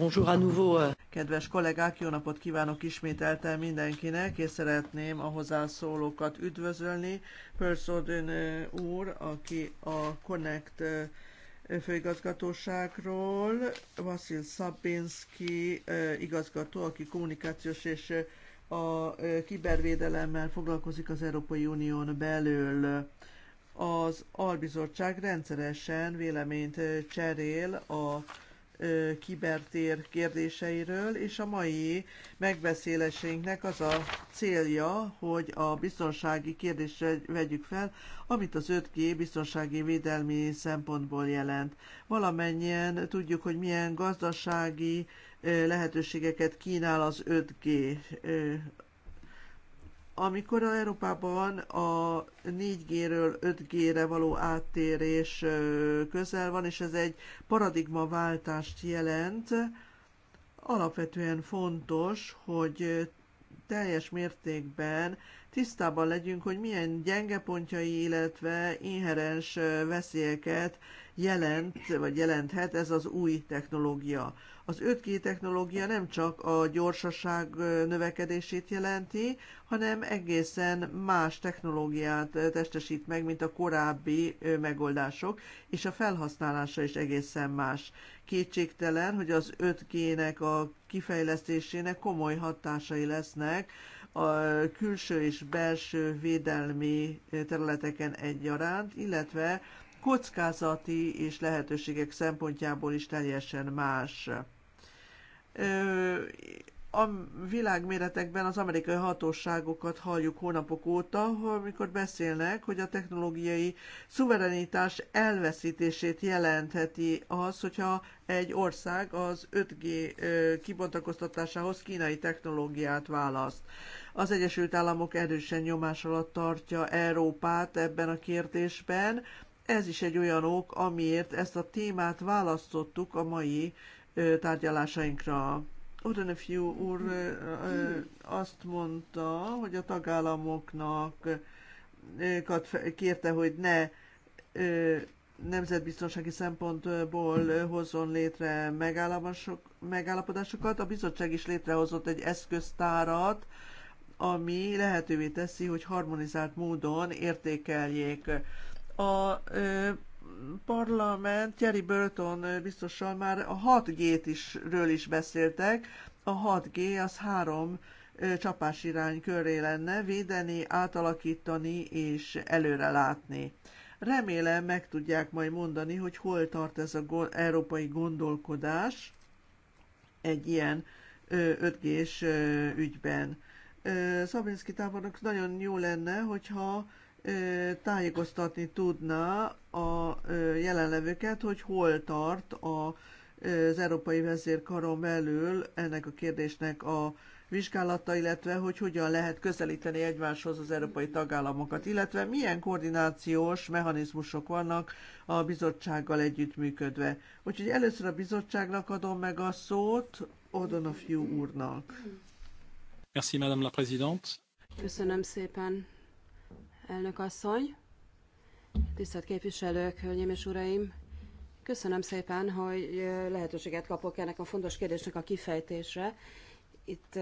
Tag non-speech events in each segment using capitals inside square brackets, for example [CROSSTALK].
Bonjour à nouveau. Euh. Kedves kollégák, jó napot kívánok ismételten mindenkinek, és szeretném a hozzászólókat üdvözölni. Pörszodön úr, aki a Connect főigazgatóságról, Vasil Szabinski igazgató, aki kommunikációs és a kibervédelemmel foglalkozik az Európai Unión belül. Az albizottság rendszeresen véleményt cserél a kibertér kérdéseiről, és a mai megbeszéléseinknek az a célja, hogy a biztonsági kérdésre vegyük fel, amit az 5G biztonsági védelmi szempontból jelent. Valamennyien tudjuk, hogy milyen gazdasági lehetőségeket kínál az 5G amikor a Európában a 4G-ről 5G-re való áttérés közel van, és ez egy paradigmaváltást jelent, alapvetően fontos, hogy teljes mértékben tisztában legyünk, hogy milyen gyenge pontjai, illetve inherens veszélyeket jelent, vagy jelenthet ez az új technológia. Az 5G technológia nem csak a gyorsaság növekedését jelenti, hanem egészen más technológiát testesít meg, mint a korábbi megoldások, és a felhasználása is egészen más. Kétségtelen, hogy az 5G-nek a kifejlesztésének komoly hatásai lesznek a külső és belső védelmi területeken egyaránt, illetve kockázati és lehetőségek szempontjából is teljesen más a világméretekben az amerikai hatóságokat halljuk hónapok óta, amikor beszélnek, hogy a technológiai szuverenitás elveszítését jelentheti az, hogyha egy ország az 5G kibontakoztatásához kínai technológiát választ. Az Egyesült Államok erősen nyomás alatt tartja Európát ebben a kérdésben. Ez is egy olyan ok, amiért ezt a témát választottuk a mai tárgyalásainkra. Orenefjú úr azt mondta, hogy a tagállamoknak kérte, hogy ne nemzetbiztonsági szempontból hozzon létre megállapodásokat. A bizottság is létrehozott egy eszköztárat, ami lehetővé teszi, hogy harmonizált módon értékeljék. A parlament Jerry Burton biztosan már a 6G-t is, ről is beszéltek. A 6G az három csapásirány köré lenne, védeni, átalakítani és előrelátni. Remélem meg tudják majd mondani, hogy hol tart ez a go- európai gondolkodás egy ilyen 5G-s ügyben. Szabinszki tábornok nagyon jó lenne, hogyha tájékoztatni tudná a jelenlevőket, hogy hol tart a, az Európai Vezérkaron belül ennek a kérdésnek a vizsgálata, illetve hogy hogyan lehet közelíteni egymáshoz az európai tagállamokat, illetve milyen koordinációs mechanizmusok vannak a bizottsággal együttműködve. Úgyhogy először a bizottságnak adom meg a szót odon úrnak. Merci, Madame la Présidente. Köszönöm szépen, elnök asszony. Tisztelt képviselők, hölgyeim és uraim! Köszönöm szépen, hogy lehetőséget kapok ennek a fontos kérdésnek a kifejtésre. Itt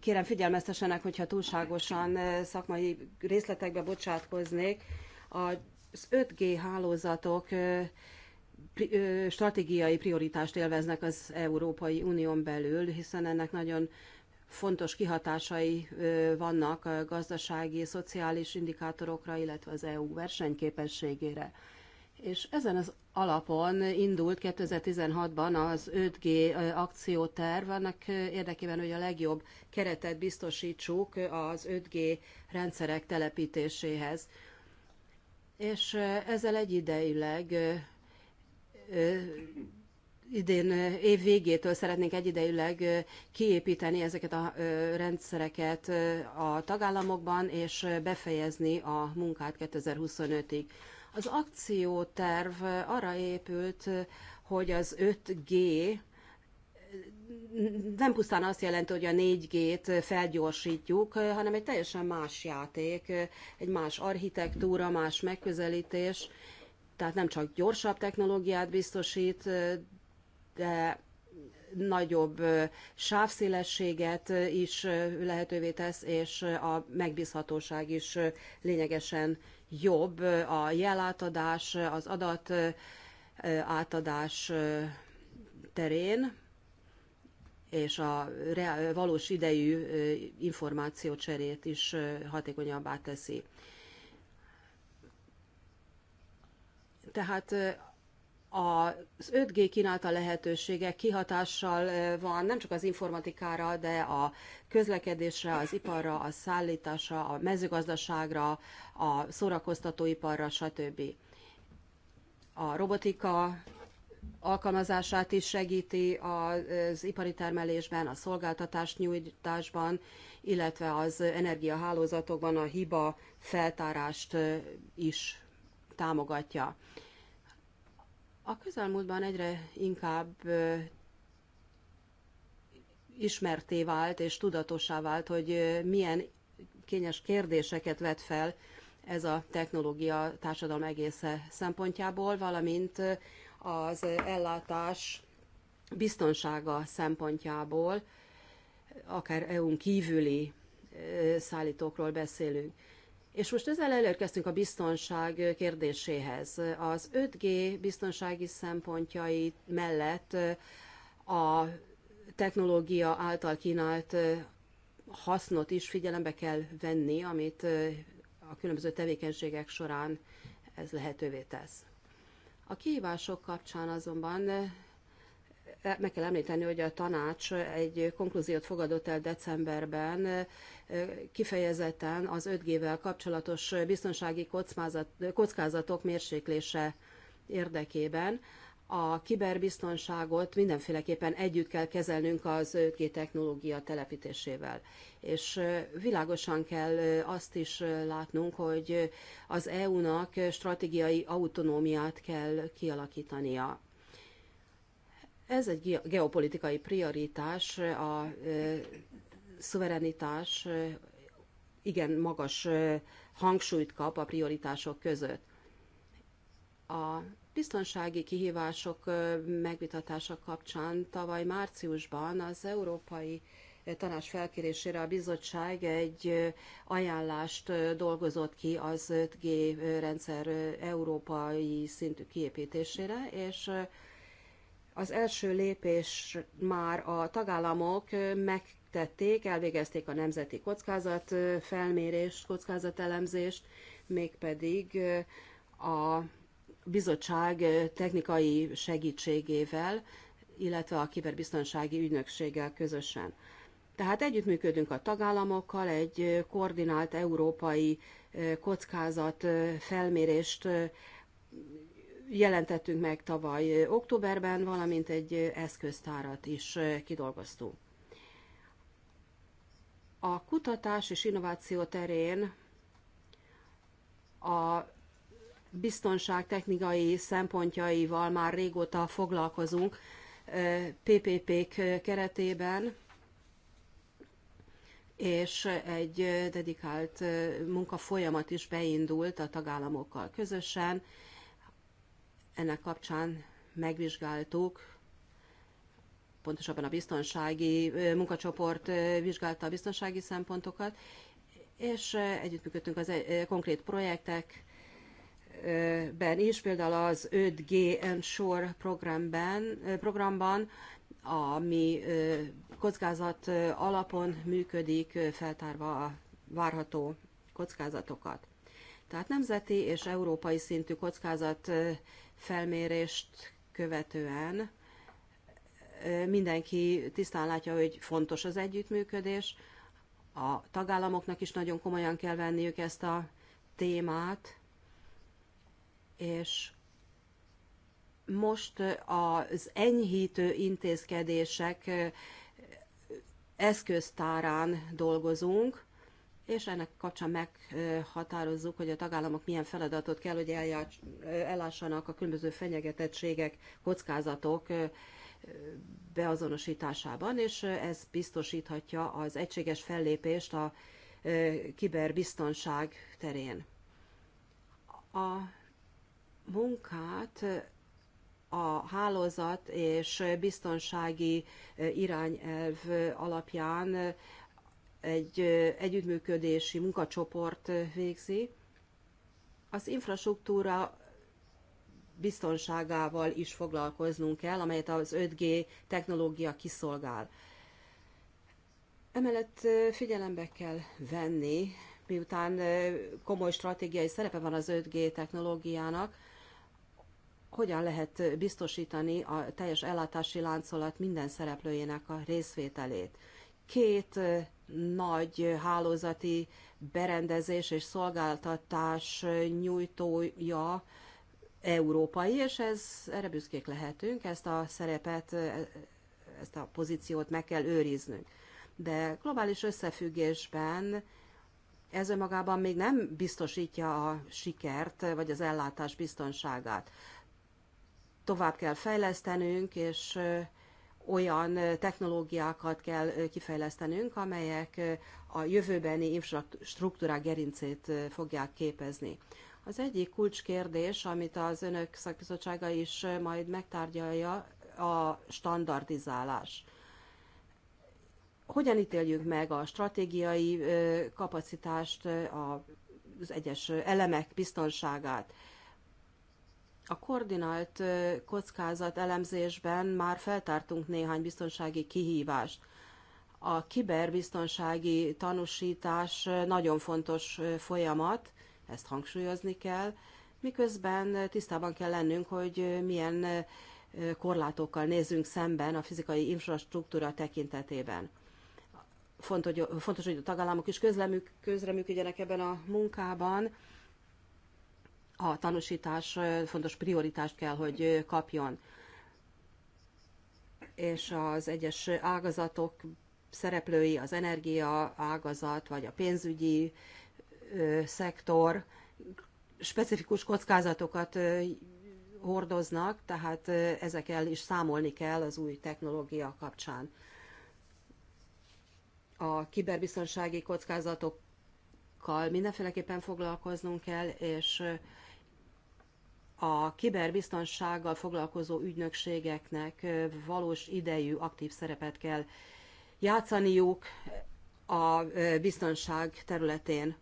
kérem figyelmeztessenek, hogyha túlságosan szakmai részletekbe bocsátkoznék. Az 5G hálózatok stratégiai prioritást élveznek az Európai Unión belül, hiszen ennek nagyon fontos kihatásai vannak a gazdasági, szociális indikátorokra, illetve az EU versenyképességére. És ezen az alapon indult 2016-ban az 5G akcióterv, annak érdekében, hogy a legjobb keretet biztosítsuk az 5G rendszerek telepítéséhez. És ezzel egyideileg idén év végétől szeretnénk egyidejűleg kiépíteni ezeket a rendszereket a tagállamokban, és befejezni a munkát 2025-ig. Az akcióterv arra épült, hogy az 5G nem pusztán azt jelenti, hogy a 4G-t felgyorsítjuk, hanem egy teljesen más játék, egy más architektúra, más megközelítés, tehát nem csak gyorsabb technológiát biztosít, de nagyobb sávszélességet is lehetővé tesz, és a megbízhatóság is lényegesen jobb. A jelátadás, az adat átadás terén és a valós idejű információcserét is hatékonyabbá teszi. Tehát az 5G kínálta lehetőségek kihatással van nem csak az informatikára, de a közlekedésre, az iparra, a szállításra, a mezőgazdaságra, a szórakoztatóiparra, stb. A robotika alkalmazását is segíti az ipari termelésben, a szolgáltatás nyújtásban, illetve az energiahálózatokban a hiba feltárást is támogatja. A közelmúltban egyre inkább ismerté vált és tudatossá vált, hogy milyen kényes kérdéseket vet fel ez a technológia társadalom egésze szempontjából, valamint az ellátás biztonsága szempontjából, akár EU-n kívüli szállítókról beszélünk. És most ezzel elérkeztünk a biztonság kérdéséhez. Az 5G biztonsági szempontjai mellett a technológia által kínált hasznot is figyelembe kell venni, amit a különböző tevékenységek során ez lehetővé tesz. A kihívások kapcsán azonban meg kell említeni, hogy a tanács egy konklúziót fogadott el decemberben, kifejezetten az 5G-vel kapcsolatos biztonsági kockázatok mérséklése érdekében. A kiberbiztonságot mindenféleképpen együtt kell kezelnünk az 5G technológia telepítésével. És világosan kell azt is látnunk, hogy az EU-nak stratégiai autonómiát kell kialakítania ez egy geopolitikai prioritás, a szuverenitás igen magas hangsúlyt kap a prioritások között. A biztonsági kihívások megvitatása kapcsán tavaly márciusban az Európai Tanács felkérésére a bizottság egy ajánlást dolgozott ki az 5G rendszer európai szintű kiépítésére, és az első lépés már a tagállamok megtették, elvégezték a nemzeti felmérést, kockázatelemzést, mégpedig a bizottság technikai segítségével, illetve a kiberbiztonsági ügynökséggel közösen. Tehát együttműködünk a tagállamokkal, egy koordinált európai kockázat felmérést jelentettünk meg tavaly októberben, valamint egy eszköztárat is kidolgoztunk. A kutatás és innováció terén a biztonság technikai szempontjaival már régóta foglalkozunk PPP-k keretében, és egy dedikált munkafolyamat is beindult a tagállamokkal közösen, ennek kapcsán megvizsgáltuk, pontosabban a biztonsági munkacsoport vizsgálta a biztonsági szempontokat, és együttműködtünk az konkrét projektekben is, például az 5G Ensure programben, programban, ami kockázat alapon működik, feltárva a várható kockázatokat. Tehát nemzeti és európai szintű kockázat felmérést követően mindenki tisztán látja, hogy fontos az együttműködés, a tagállamoknak is nagyon komolyan kell venniük ezt a témát, és most az enyhítő intézkedések eszköztárán dolgozunk, és ennek kapcsán meghatározzuk, hogy a tagállamok milyen feladatot kell, hogy eljáts, ellássanak a különböző fenyegetettségek, kockázatok beazonosításában, és ez biztosíthatja az egységes fellépést a kiberbiztonság terén. A munkát a hálózat és biztonsági irányelv alapján egy együttműködési munkacsoport végzi. Az infrastruktúra biztonságával is foglalkoznunk kell, amelyet az 5G technológia kiszolgál. Emellett figyelembe kell venni, miután komoly stratégiai szerepe van az 5G technológiának, hogyan lehet biztosítani a teljes ellátási láncolat minden szereplőjének a részvételét. Két nagy hálózati berendezés és szolgáltatás nyújtója európai, és ez, erre büszkék lehetünk, ezt a szerepet, ezt a pozíciót meg kell őriznünk. De globális összefüggésben ez önmagában még nem biztosítja a sikert, vagy az ellátás biztonságát. Tovább kell fejlesztenünk, és olyan technológiákat kell kifejlesztenünk, amelyek a jövőbeni infrastruktúrák gerincét fogják képezni. Az egyik kulcskérdés, amit az önök szakbizottsága is majd megtárgyalja, a standardizálás. Hogyan ítéljük meg a stratégiai kapacitást, az egyes elemek biztonságát? A koordinált kockázat elemzésben már feltártunk néhány biztonsági kihívást. A kiberbiztonsági tanúsítás nagyon fontos folyamat, ezt hangsúlyozni kell, miközben tisztában kell lennünk, hogy milyen korlátokkal nézünk szemben a fizikai infrastruktúra tekintetében. Fontos, hogy a tagállamok is közlemük, közreműködjenek ebben a munkában, a tanúsítás fontos prioritást kell, hogy kapjon. És az egyes ágazatok szereplői, az energia ágazat, vagy a pénzügyi ö, szektor specifikus kockázatokat ö, hordoznak, tehát ö, ezekkel is számolni kell az új technológia kapcsán. A kiberbiztonsági kockázatokkal mindenféleképpen foglalkoznunk kell, és ö, a kiberbiztonsággal foglalkozó ügynökségeknek valós idejű aktív szerepet kell játszaniuk a biztonság területén.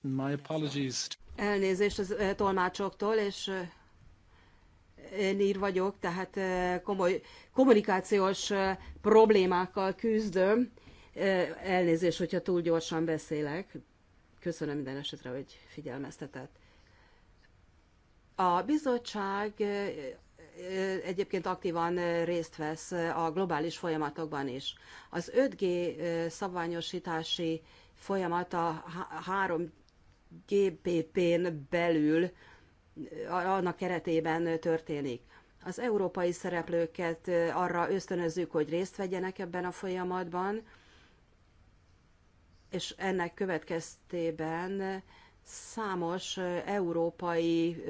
My apologies. Elnézést az tolmácsoktól, és én ír vagyok, tehát komoly kommunikációs problémákkal küzdöm. Elnézést, hogyha túl gyorsan beszélek. Köszönöm minden esetre, hogy figyelmeztetett. A bizottság egyébként aktívan részt vesz a globális folyamatokban is. Az 5G szabványosítási folyamata 3GPP-n belül annak keretében történik. Az európai szereplőket arra ösztönözzük, hogy részt vegyenek ebben a folyamatban, és ennek következtében számos európai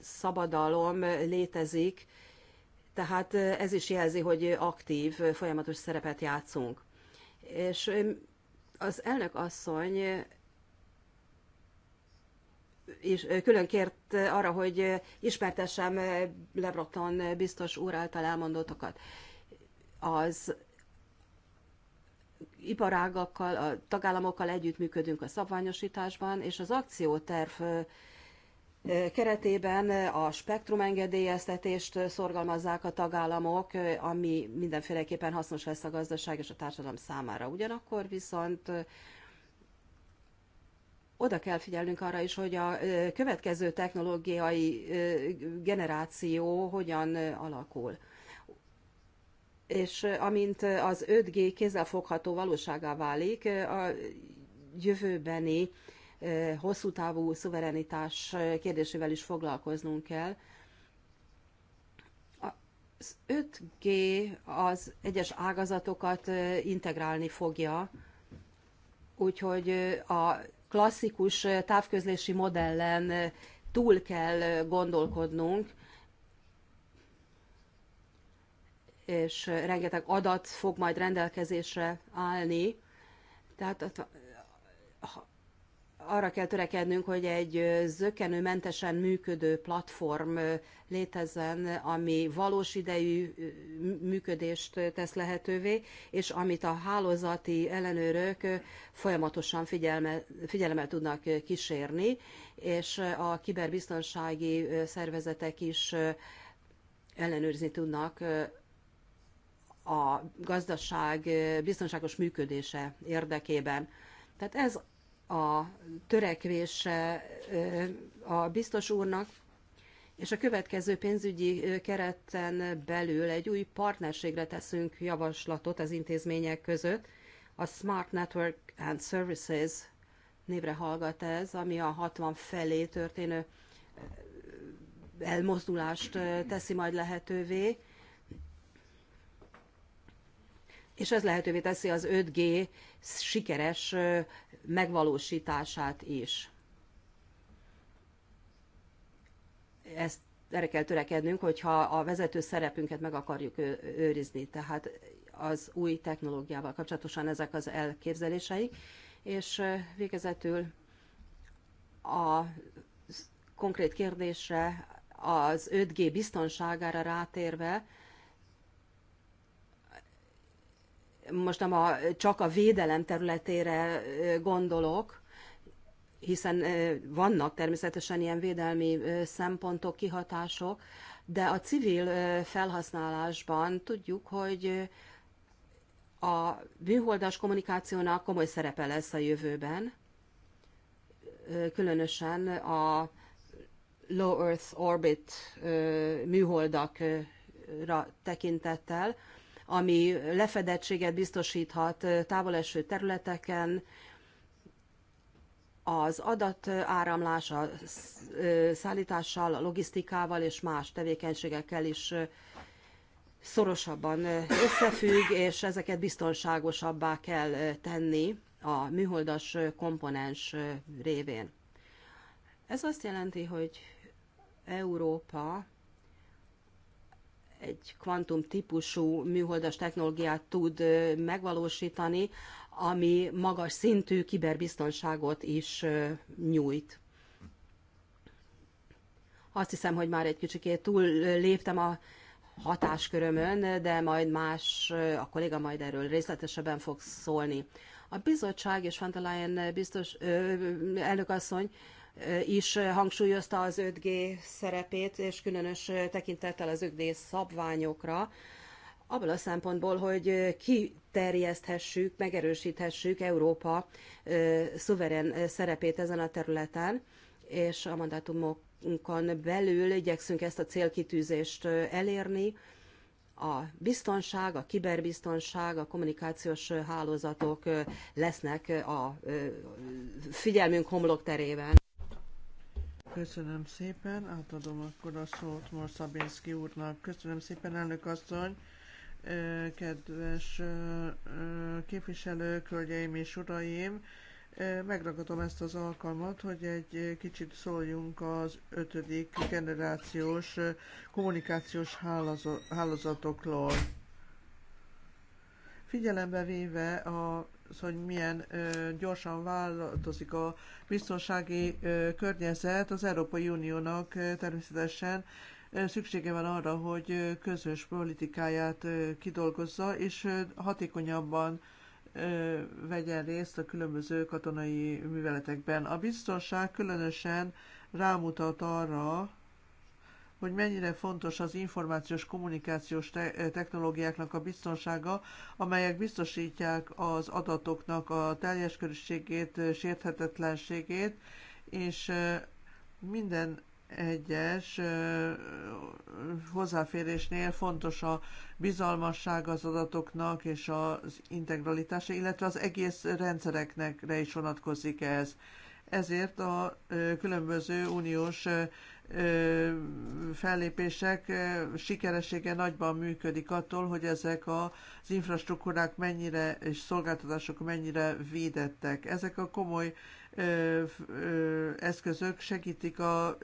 szabadalom létezik, tehát ez is jelzi, hogy aktív, folyamatos szerepet játszunk. És az elnök asszony és külön kért arra, hogy ismertessem Lebroton biztos úr által elmondottokat. Az iparágakkal, a tagállamokkal együttműködünk a szabványosításban, és az akcióterv keretében a spektrum engedélyeztetést szorgalmazzák a tagállamok, ami mindenféleképpen hasznos lesz a gazdaság és a társadalom számára. Ugyanakkor viszont oda kell figyelnünk arra is, hogy a következő technológiai generáció hogyan alakul és amint az 5G kézzelfogható valóságá válik, a jövőbeni hosszú távú szuverenitás kérdésével is foglalkoznunk kell. Az 5G az egyes ágazatokat integrálni fogja, úgyhogy a klasszikus távközlési modellen túl kell gondolkodnunk, és rengeteg adat fog majd rendelkezésre állni. Tehát arra kell törekednünk, hogy egy zökkenőmentesen működő platform létezzen, ami valós idejű működést tesz lehetővé, és amit a hálózati ellenőrök folyamatosan figyelme, figyelemmel tudnak kísérni, és a kiberbiztonsági szervezetek is ellenőrizni tudnak a gazdaság biztonságos működése érdekében. Tehát ez a törekvése a biztos úrnak, és a következő pénzügyi kereten belül egy új partnerségre teszünk javaslatot az intézmények között. A Smart Network and Services névre hallgat ez, ami a 60 felé történő elmozdulást teszi majd lehetővé és ez lehetővé teszi az 5G sikeres megvalósítását is. Ezt erre kell törekednünk, hogyha a vezető szerepünket meg akarjuk őrizni. Tehát az új technológiával kapcsolatosan ezek az elképzeléseik, és végezetül a konkrét kérdésre az 5G biztonságára rátérve, most nem a, csak a védelem területére gondolok, hiszen vannak természetesen ilyen védelmi szempontok, kihatások, de a civil felhasználásban tudjuk, hogy a műholdas kommunikációnak komoly szerepe lesz a jövőben, különösen a low Earth orbit műholdakra tekintettel, ami lefedettséget biztosíthat távoleső területeken, az adatáramlás, a szállítással, a logisztikával és más tevékenységekkel is szorosabban összefügg, és ezeket biztonságosabbá kell tenni a műholdas komponens révén. Ez azt jelenti, hogy Európa egy kvantum típusú műholdas technológiát tud megvalósítani, ami magas szintű kiberbiztonságot is nyújt. Azt hiszem, hogy már egy kicsikét túl léptem a hatáskörömön, de majd más, a kolléga majd erről részletesebben fog szólni. A bizottság és fantalajen biztos, ö, elnökasszony is hangsúlyozta az 5G szerepét, és különös tekintettel az 5G szabványokra, abban a szempontból, hogy kiterjeszthessük, megerősíthessük Európa szuverén szerepét ezen a területen, és a mandátumokon belül igyekszünk ezt a célkitűzést elérni, a biztonság, a kiberbiztonság, a kommunikációs hálózatok lesznek a figyelmünk homlokterében. Köszönöm szépen, átadom akkor a szót Morszabinszki úrnak. Köszönöm szépen, elnök asszony, kedves képviselők, hölgyeim és uraim. Megragadom ezt az alkalmat, hogy egy kicsit szóljunk az ötödik generációs kommunikációs hálózatokról. Figyelembe véve a az, hogy milyen gyorsan változik a biztonsági környezet, az Európai Uniónak természetesen szüksége van arra, hogy közös politikáját kidolgozza, és hatékonyabban vegyen részt a különböző katonai műveletekben. A biztonság különösen rámutat arra, hogy mennyire fontos az információs kommunikációs te- eh, technológiáknak a biztonsága, amelyek biztosítják az adatoknak a teljes körösségét, eh, sérthetetlenségét, és eh, minden egyes hozzáférésnél fontos a bizalmasság az adatoknak és az integritása, illetve az egész rendszereknek is vonatkozik ez. Ezért a különböző uniós fellépések sikeressége nagyban működik attól, hogy ezek az infrastruktúrák mennyire és szolgáltatások mennyire védettek. Ezek a komoly eszközök segítik a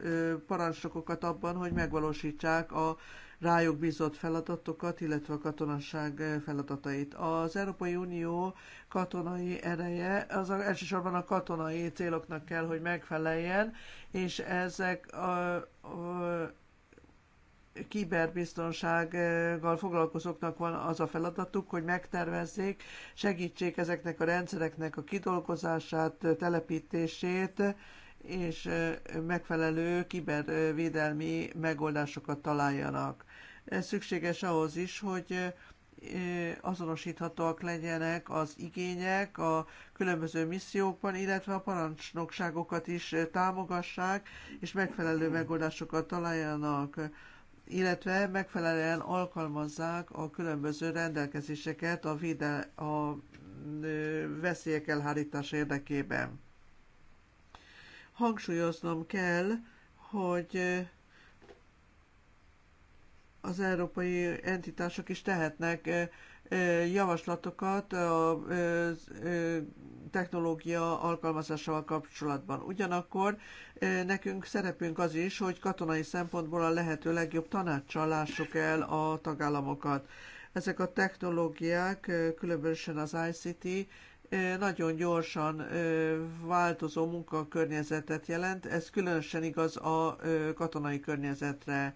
parancsnokokat abban, hogy megvalósítsák a rájuk bízott feladatokat, illetve a katonasság feladatait. Az Európai Unió katonai ereje az elsősorban a katonai céloknak kell, hogy megfeleljen, és ezek a, a kiberbiztonsággal foglalkozóknak van az a feladatuk, hogy megtervezzék, segítsék ezeknek a rendszereknek a kidolgozását, telepítését, és megfelelő kibervédelmi megoldásokat találjanak. Ez szükséges ahhoz is, hogy eh, azonosíthatóak legyenek az igények a különböző missziókban, illetve a parancsnokságokat is eh, támogassák, és megfelelő megoldásokat találjanak, illetve megfelelően alkalmazzák a különböző rendelkezéseket a, vide, a eh, veszélyek elhárítása érdekében. Hangsúlyoznom kell, hogy az európai entitások is tehetnek javaslatokat a technológia alkalmazásával kapcsolatban. Ugyanakkor nekünk szerepünk az is, hogy katonai szempontból a lehető legjobb tanácssal lássuk el a tagállamokat. Ezek a technológiák, különösen az ICT, nagyon gyorsan változó munkakörnyezetet jelent, ez különösen igaz a katonai környezetre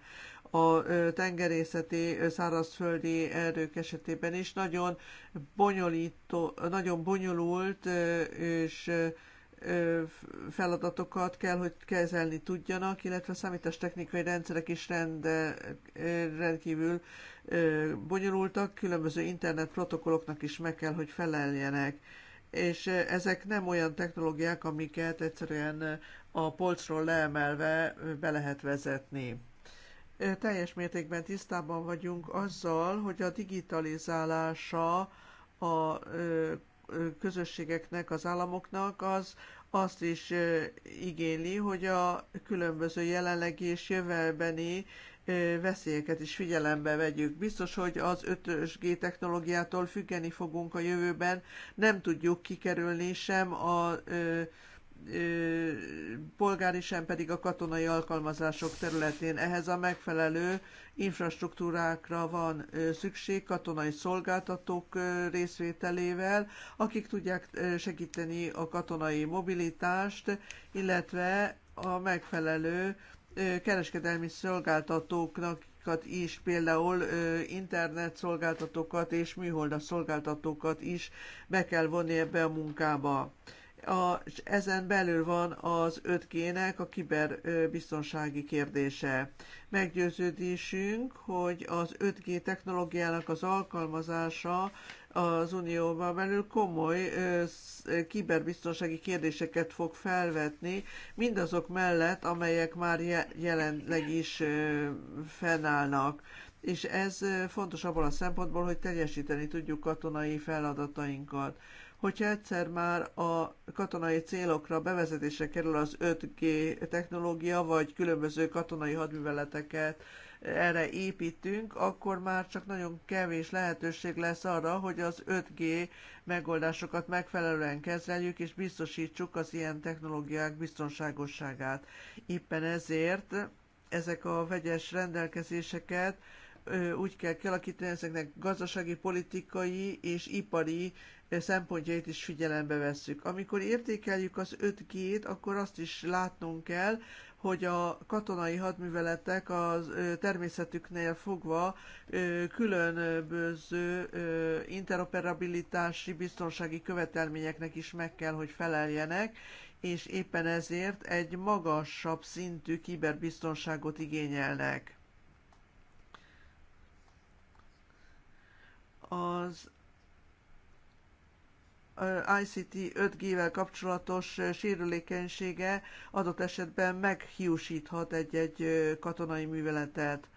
a tengerészeti, szárazföldi erők esetében is nagyon, bonyolító, nagyon bonyolult és feladatokat kell, hogy kezelni tudjanak, illetve a technikai rendszerek is rend, rendkívül bonyolultak, különböző internet protokolloknak is meg kell, hogy feleljenek. És ezek nem olyan technológiák, amiket egyszerűen a polcról leemelve be lehet vezetni teljes mértékben tisztában vagyunk azzal, hogy a digitalizálása a közösségeknek, az államoknak az azt is igényli, hogy a különböző jelenlegi és jövőbeni veszélyeket is figyelembe vegyük. Biztos, hogy az 5G technológiától függeni fogunk a jövőben, nem tudjuk kikerülni sem a polgári, sem pedig a katonai alkalmazások területén. Ehhez a megfelelő infrastruktúrákra van szükség katonai szolgáltatók részvételével, akik tudják segíteni a katonai mobilitást, illetve a megfelelő kereskedelmi szolgáltatóknak is, például internet szolgáltatókat és műholdas szolgáltatókat is be kell vonni ebbe a munkába a, ezen belül van az 5G-nek a kiberbiztonsági kérdése. Meggyőződésünk, hogy az 5G technológiának az alkalmazása az unióban belül komoly kiberbiztonsági kérdéseket fog felvetni, mindazok mellett, amelyek már jelenleg is fennállnak. És ez fontos abban a szempontból, hogy teljesíteni tudjuk katonai feladatainkat. Hogyha egyszer már a katonai célokra bevezetésre kerül az 5G technológia, vagy különböző katonai hadműveleteket erre építünk, akkor már csak nagyon kevés lehetőség lesz arra, hogy az 5G megoldásokat megfelelően kezeljük és biztosítsuk az ilyen technológiák biztonságosságát. Éppen ezért ezek a vegyes rendelkezéseket úgy kell kialakítani, ezeknek gazdasági, politikai és ipari E szempontjait is figyelembe vesszük. Amikor értékeljük az 5G-t, akkor azt is látnunk kell, hogy a katonai hadműveletek a természetüknél fogva különböző interoperabilitási biztonsági követelményeknek is meg kell, hogy feleljenek, és éppen ezért egy magasabb szintű kiberbiztonságot igényelnek. Az ICT 5G-vel kapcsolatos sérülékenysége adott esetben meghiúsíthat egy-egy katonai műveletet.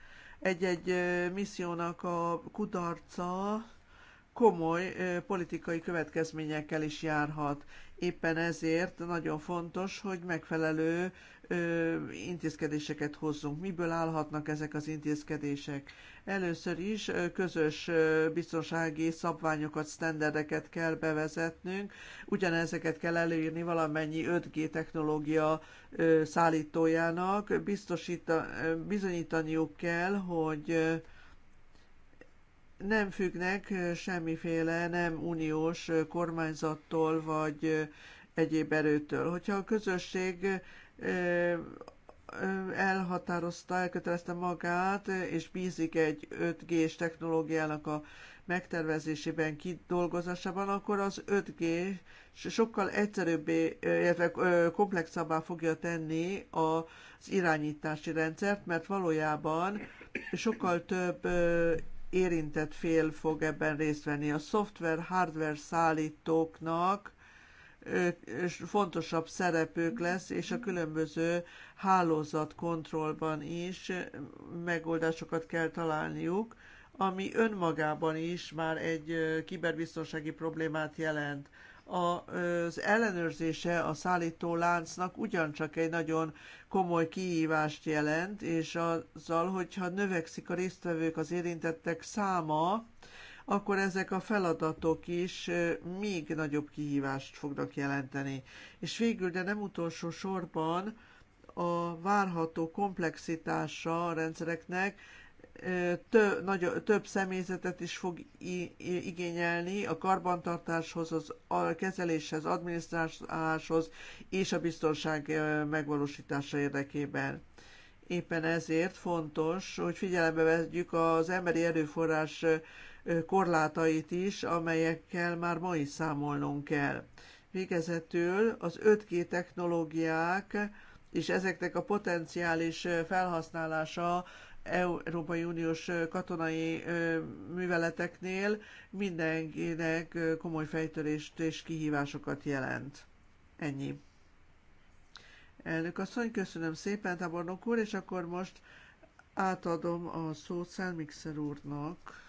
Egy-egy missziónak a kudarca komoly politikai következményekkel is járhat. Éppen ezért nagyon fontos, hogy megfelelő intézkedéseket hozzunk. Miből állhatnak ezek az intézkedések? Először is közös biztonsági szabványokat, sztenderdeket kell bevezetnünk, ugyanezeket kell előírni valamennyi 5G technológia szállítójának, Biztosít, bizonyítaniuk kell, hogy nem függnek semmiféle nem uniós kormányzattól vagy egyéb erőtől. Hogyha a közösség elhatározta, elkötelezte magát, és bízik egy 5G-s technológiának a megtervezésében, kidolgozásában, akkor az 5G sokkal egyszerűbbé, illetve komplexabbá fogja tenni az irányítási rendszert, mert valójában sokkal több érintett fél fog ebben részt venni. A szoftver, hardware szállítóknak fontosabb szerepük lesz, és a különböző hálózatkontrollban is megoldásokat kell találniuk, ami önmagában is már egy kiberbiztonsági problémát jelent. Az ellenőrzése a szállító láncnak ugyancsak egy nagyon komoly kihívást jelent, és azzal, hogyha növekszik a résztvevők, az érintettek száma, akkor ezek a feladatok is még nagyobb kihívást fognak jelenteni. És végül, de nem utolsó sorban, a várható komplexitása a rendszereknek több, nagy, több személyzetet is fog igényelni a karbantartáshoz, az, a kezeléshez, adminisztráláshoz és a biztonság megvalósítása érdekében. Éppen ezért fontos, hogy figyelembe vegyük az emberi erőforrás korlátait is, amelyekkel már ma is számolnunk kell. Végezetül az 5G technológiák és ezeknek a potenciális felhasználása Európai Uniós katonai műveleteknél mindenkinek komoly fejtörést és kihívásokat jelent. Ennyi. Elnök asszony, köszönöm szépen, tábornok úr, és akkor most átadom a szót Szelmixer úrnak.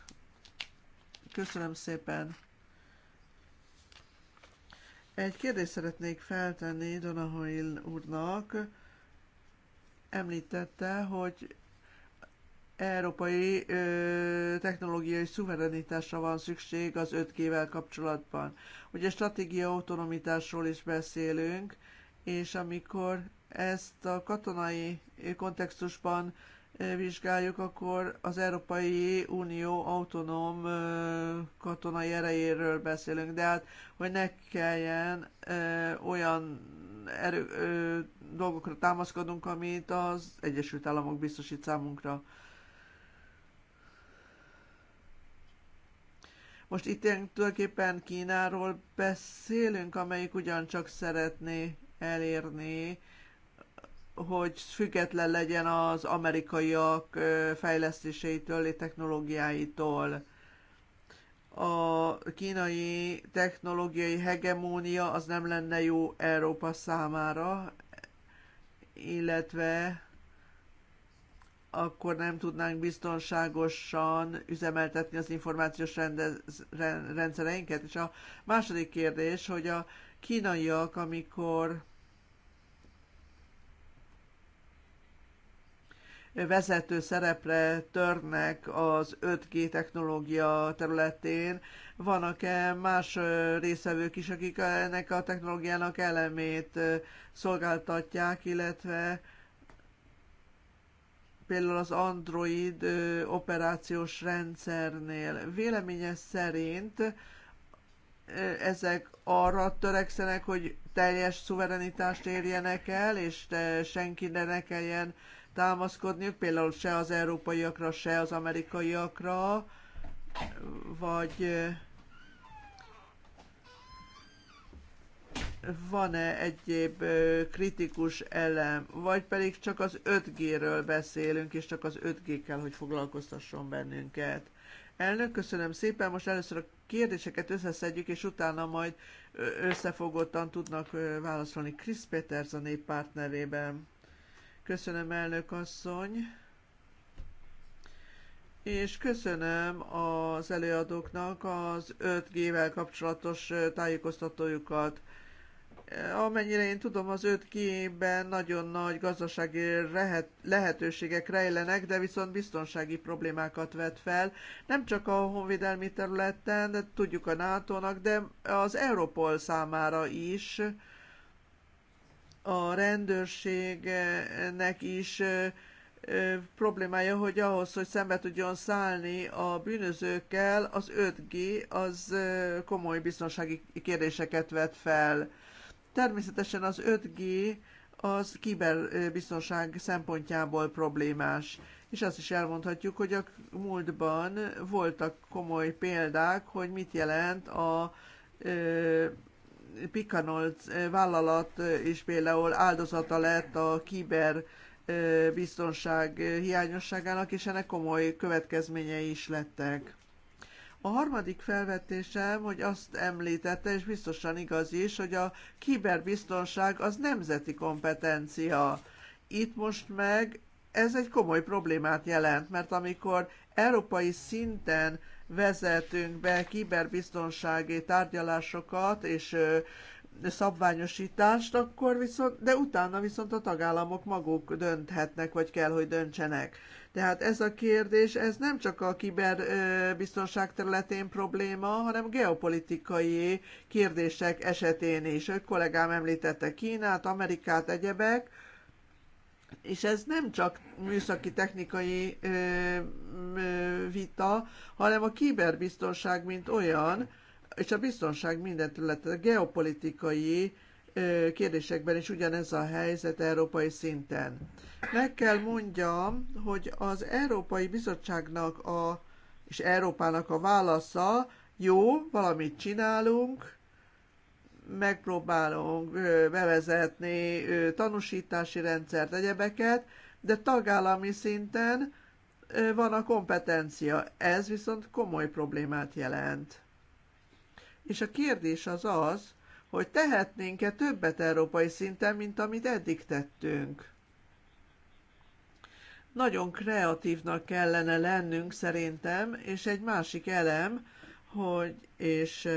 Köszönöm szépen. Egy kérdést szeretnék feltenni Donahoil úrnak. Említette, hogy európai ö, technológiai szuverenitásra van szükség az 5G-vel kapcsolatban. Ugye stratégia autonomitásról is beszélünk, és amikor ezt a katonai kontextusban vizsgáljuk, akkor az Európai Unió autonóm katonai erejéről beszélünk, de hát, hogy ne kelljen olyan erő, dolgokra támaszkodunk, amit az Egyesült Államok biztosít számunkra. Most itt tulajdonképpen Kínáról beszélünk, amelyik ugyancsak szeretné elérni hogy független legyen az amerikaiak fejlesztéseitől, technológiáitól. A kínai technológiai hegemónia az nem lenne jó Európa számára, illetve akkor nem tudnánk biztonságosan üzemeltetni az információs rendez, rendszereinket. És a második kérdés, hogy a kínaiak, amikor vezető szerepre törnek az 5G technológia területén. Vannak-e más részevők is, akik ennek a technológiának elemét szolgáltatják, illetve például az Android operációs rendszernél. Véleménye szerint ezek arra törekszenek, hogy teljes szuverenitást érjenek el, és senki ne kelljen támaszkodniuk, például se az európaiakra, se az amerikaiakra, vagy eh, van-e egyéb eh, kritikus elem, vagy pedig csak az 5G-ről beszélünk, és csak az 5G kell, hogy foglalkoztasson bennünket. Elnök, köszönöm szépen, most először a kérdéseket összeszedjük, és utána majd összefogottan tudnak válaszolni Krisz Péterz a néppárt nevében. Köszönöm, elnök asszony. És köszönöm az előadóknak az 5G-vel kapcsolatos tájékoztatójukat. Amennyire én tudom, az 5G-ben nagyon nagy gazdasági lehetőségek rejlenek, de viszont biztonsági problémákat vet fel. Nem csak a honvédelmi területen, de tudjuk a NATO-nak, de az Europol számára is a rendőrségnek is problémája, hogy ahhoz, hogy szembe tudjon szállni a bűnözőkkel, az 5G az komoly biztonsági kérdéseket vet fel. Természetesen az 5G az kiberbiztonság szempontjából problémás. És azt is elmondhatjuk, hogy a múltban voltak komoly példák, hogy mit jelent a Picanol eh, vállalat is eh, például áldozata lett a kiber eh, biztonság hiányosságának, és ennek komoly következményei is lettek. A harmadik felvetésem, hogy azt említette, és biztosan igaz is, hogy a kiberbiztonság az nemzeti kompetencia. Itt most meg ez egy komoly problémát jelent, mert amikor európai szinten vezetünk be kiberbiztonsági tárgyalásokat és szabványosítást, akkor viszont, de utána viszont a tagállamok maguk dönthetnek, vagy kell, hogy döntsenek. Tehát ez a kérdés, ez nem csak a kiberbiztonság területén probléma, hanem geopolitikai kérdések esetén is. Öt kollégám említette Kínát, Amerikát, egyebek, és ez nem csak műszaki technikai ö, ö, vita, hanem a kiberbiztonság, mint olyan, és a biztonság minden területen, a geopolitikai ö, kérdésekben is ugyanez a helyzet európai szinten. Meg kell mondjam, hogy az Európai Bizottságnak a, és Európának a válasza jó, valamit csinálunk, megpróbálunk bevezetni tanúsítási rendszert, egyebeket, de tagállami szinten van a kompetencia. Ez viszont komoly problémát jelent. És a kérdés az az, hogy tehetnénk-e többet európai szinten, mint amit eddig tettünk. Nagyon kreatívnak kellene lennünk szerintem, és egy másik elem, hogy és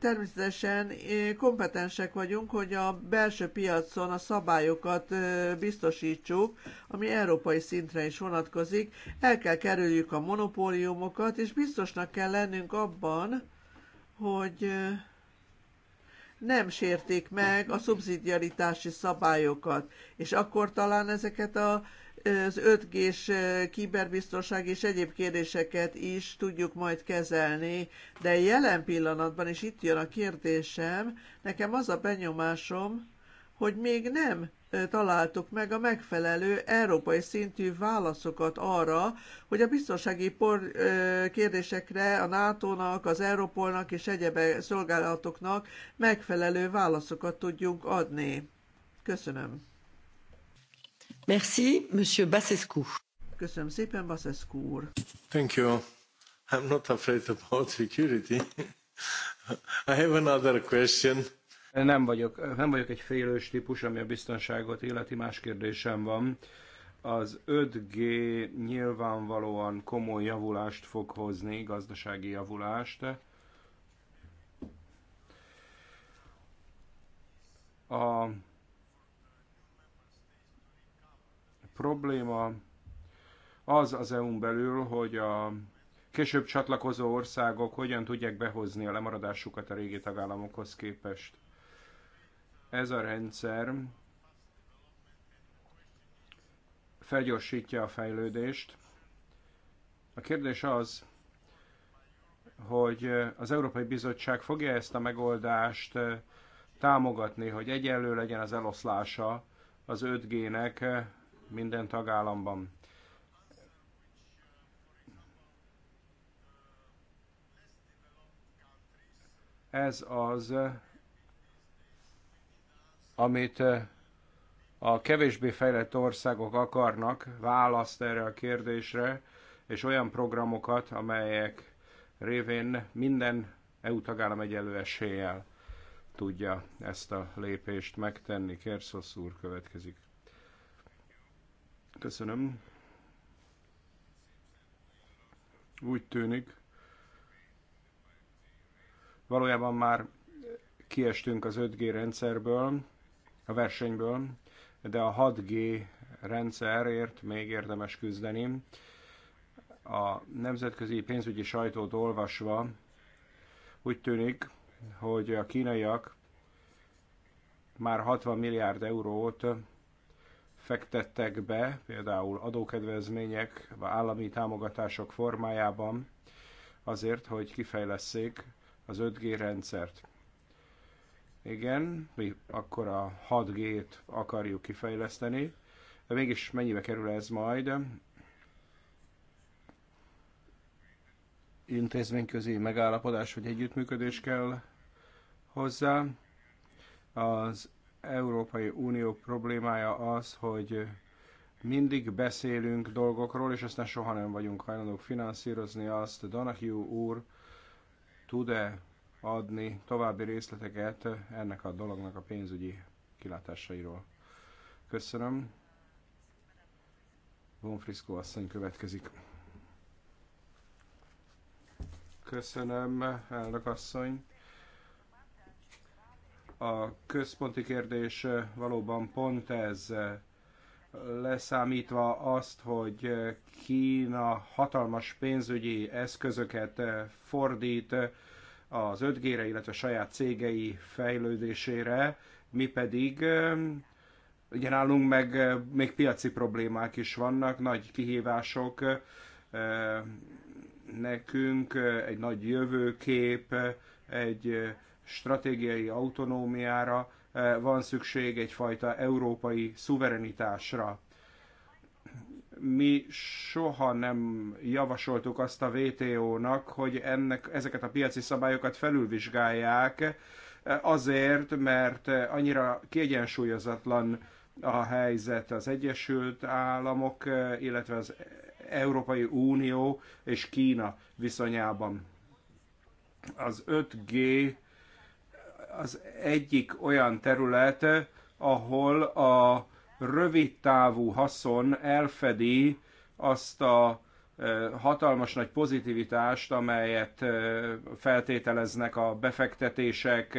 természetesen eh, kompetensek vagyunk, hogy a belső piacon a szabályokat eh, biztosítsuk, ami európai szintre is vonatkozik. El kell kerüljük a monopóliumokat, és biztosnak kell lennünk abban, hogy eh, nem sérték meg a szubszidiaritási szabályokat, és akkor talán ezeket a az 5G-s kiberbiztonság és egyéb kérdéseket is tudjuk majd kezelni, de jelen pillanatban, is itt jön a kérdésem, nekem az a benyomásom, hogy még nem találtuk meg a megfelelő európai szintű válaszokat arra, hogy a biztonsági por, kérdésekre a NATO-nak, az Európolnak és egyéb szolgálatoknak megfelelő válaszokat tudjunk adni. Köszönöm. Merci, Monsieur Basescu. Köszönöm szépen, Basescu úr. Thank you. I'm not afraid about security. [LAUGHS] I have another question. Nem vagyok, nem vagyok egy félős típus, ami a biztonságot illeti, más kérdésem van. Az 5G nyilvánvalóan komoly javulást fog hozni, gazdasági javulást. A probléma az az EU-n belül, hogy a később csatlakozó országok hogyan tudják behozni a lemaradásukat a régi tagállamokhoz képest. Ez a rendszer felgyorsítja a fejlődést. A kérdés az, hogy az Európai Bizottság fogja ezt a megoldást támogatni, hogy egyenlő legyen az eloszlása az 5G-nek minden tagállamban. Ez az, amit eh, a kevésbé fejlett országok akarnak, választ erre a kérdésre, és olyan programokat, amelyek révén minden EU tagállam egyenlő eséllyel tudja ezt a lépést megtenni. Kerszosz úr következik. Köszönöm. Úgy tűnik, valójában már kiestünk az 5G rendszerből, a versenyből, de a 6G rendszerért még érdemes küzdeni. A nemzetközi pénzügyi sajtót olvasva úgy tűnik, hogy a kínaiak már 60 milliárd eurót fektettek be, például adókedvezmények, vagy állami támogatások formájában, azért, hogy kifejlesszék az 5G rendszert. Igen, mi akkor a 6G-t akarjuk kifejleszteni, de mégis mennyibe kerül ez majd? Intézményközi megállapodás vagy együttműködés kell hozzá. Az Európai Unió problémája az, hogy mindig beszélünk dolgokról, és aztán soha nem vagyunk hajlandók finanszírozni azt. Donahue úr tud-e adni további részleteket ennek a dolognak a pénzügyi kilátásairól? Köszönöm. Bonfrisco asszony következik. Köszönöm, elnök asszony. A központi kérdés eh, valóban pont ez, eh, leszámítva azt, hogy eh, Kína hatalmas pénzügyi eszközöket fordít az 5G-re, illetve saját cégei fejlődésére, mi pedig ugye nálunk meg még piaci problémák is vannak, nagy kihívások, nekünk egy nagy jövőkép, egy stratégiai autonómiára, eh, van szükség egyfajta európai szuverenitásra. Mi soha nem javasoltuk azt a VTO-nak, hogy ennek, ezeket a piaci szabályokat felülvizsgálják, eh, azért, mert eh, annyira kiegyensúlyozatlan a helyzet az Egyesült Államok, illetve az Európai Unió és Kína viszonyában. Az 5G az egyik olyan terület, ahol a rövidtávú haszon elfedi azt a hatalmas nagy pozitivitást, amelyet feltételeznek a befektetések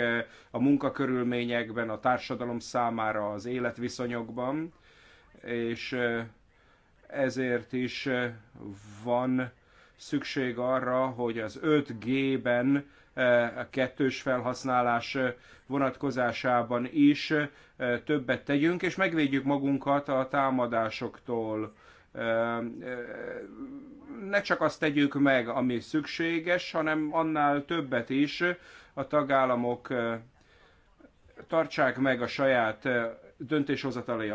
a munkakörülményekben, a társadalom számára, az életviszonyokban, és ezért is van szükség arra, hogy az 5G-ben a kettős felhasználás vonatkozásában is többet tegyünk, és megvédjük magunkat a támadásoktól. Ne csak azt tegyük meg, ami szükséges, hanem annál többet is a tagállamok tartsák meg a saját döntéshozatali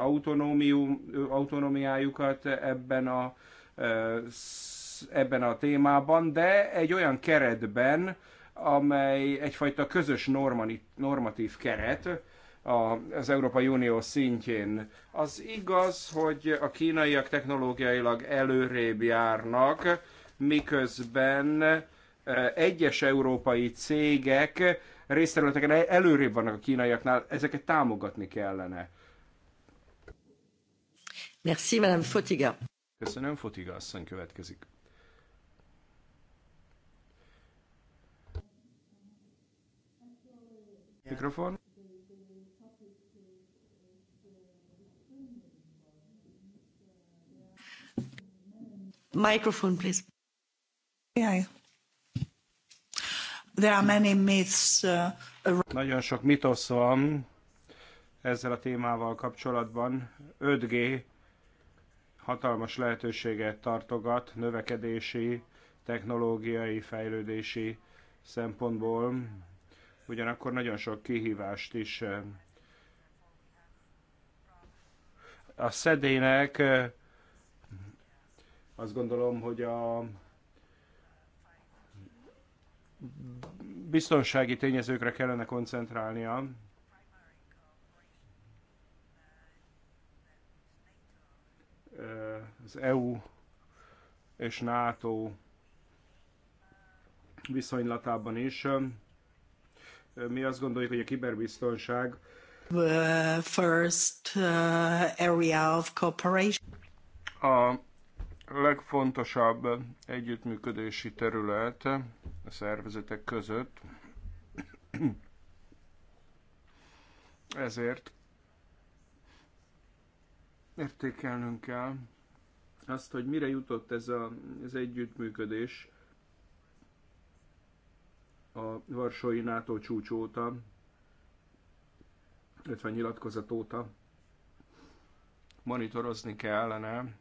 autonómiájukat ebben a, ebben a témában, de egy olyan keretben, amely egyfajta közös normani, normatív keret az Európai Unió szintjén. Az igaz, hogy a kínaiak technológiailag előrébb járnak, miközben e, egyes európai cégek részterületeken e- előrébb vannak a kínaiaknál, ezeket támogatni kellene. Merci, Madame Fotiga. Köszönöm, Fotiga asszony következik. Mikrofon. Microphone, please. Yeah. There are many myths, uh, Nagyon sok mitosz van ezzel a témával kapcsolatban. 5G hatalmas lehetőséget tartogat növekedési, technológiai, fejlődési szempontból ugyanakkor nagyon sok kihívást is eh, a szedének eh, azt gondolom, hogy a biztonsági tényezőkre kellene koncentrálnia. Eh, az EU és NATO viszonylatában is. Mi azt gondoljuk, hogy a kiberbiztonság the first uh, area of cooperation. A legfontosabb együttműködési terület a szervezetek között. Ezért értékelnünk kell azt, hogy mire jutott ez a, az együttműködés a Varsói NATO csúcs óta, 50 nyilatkozat óta monitorozni kellene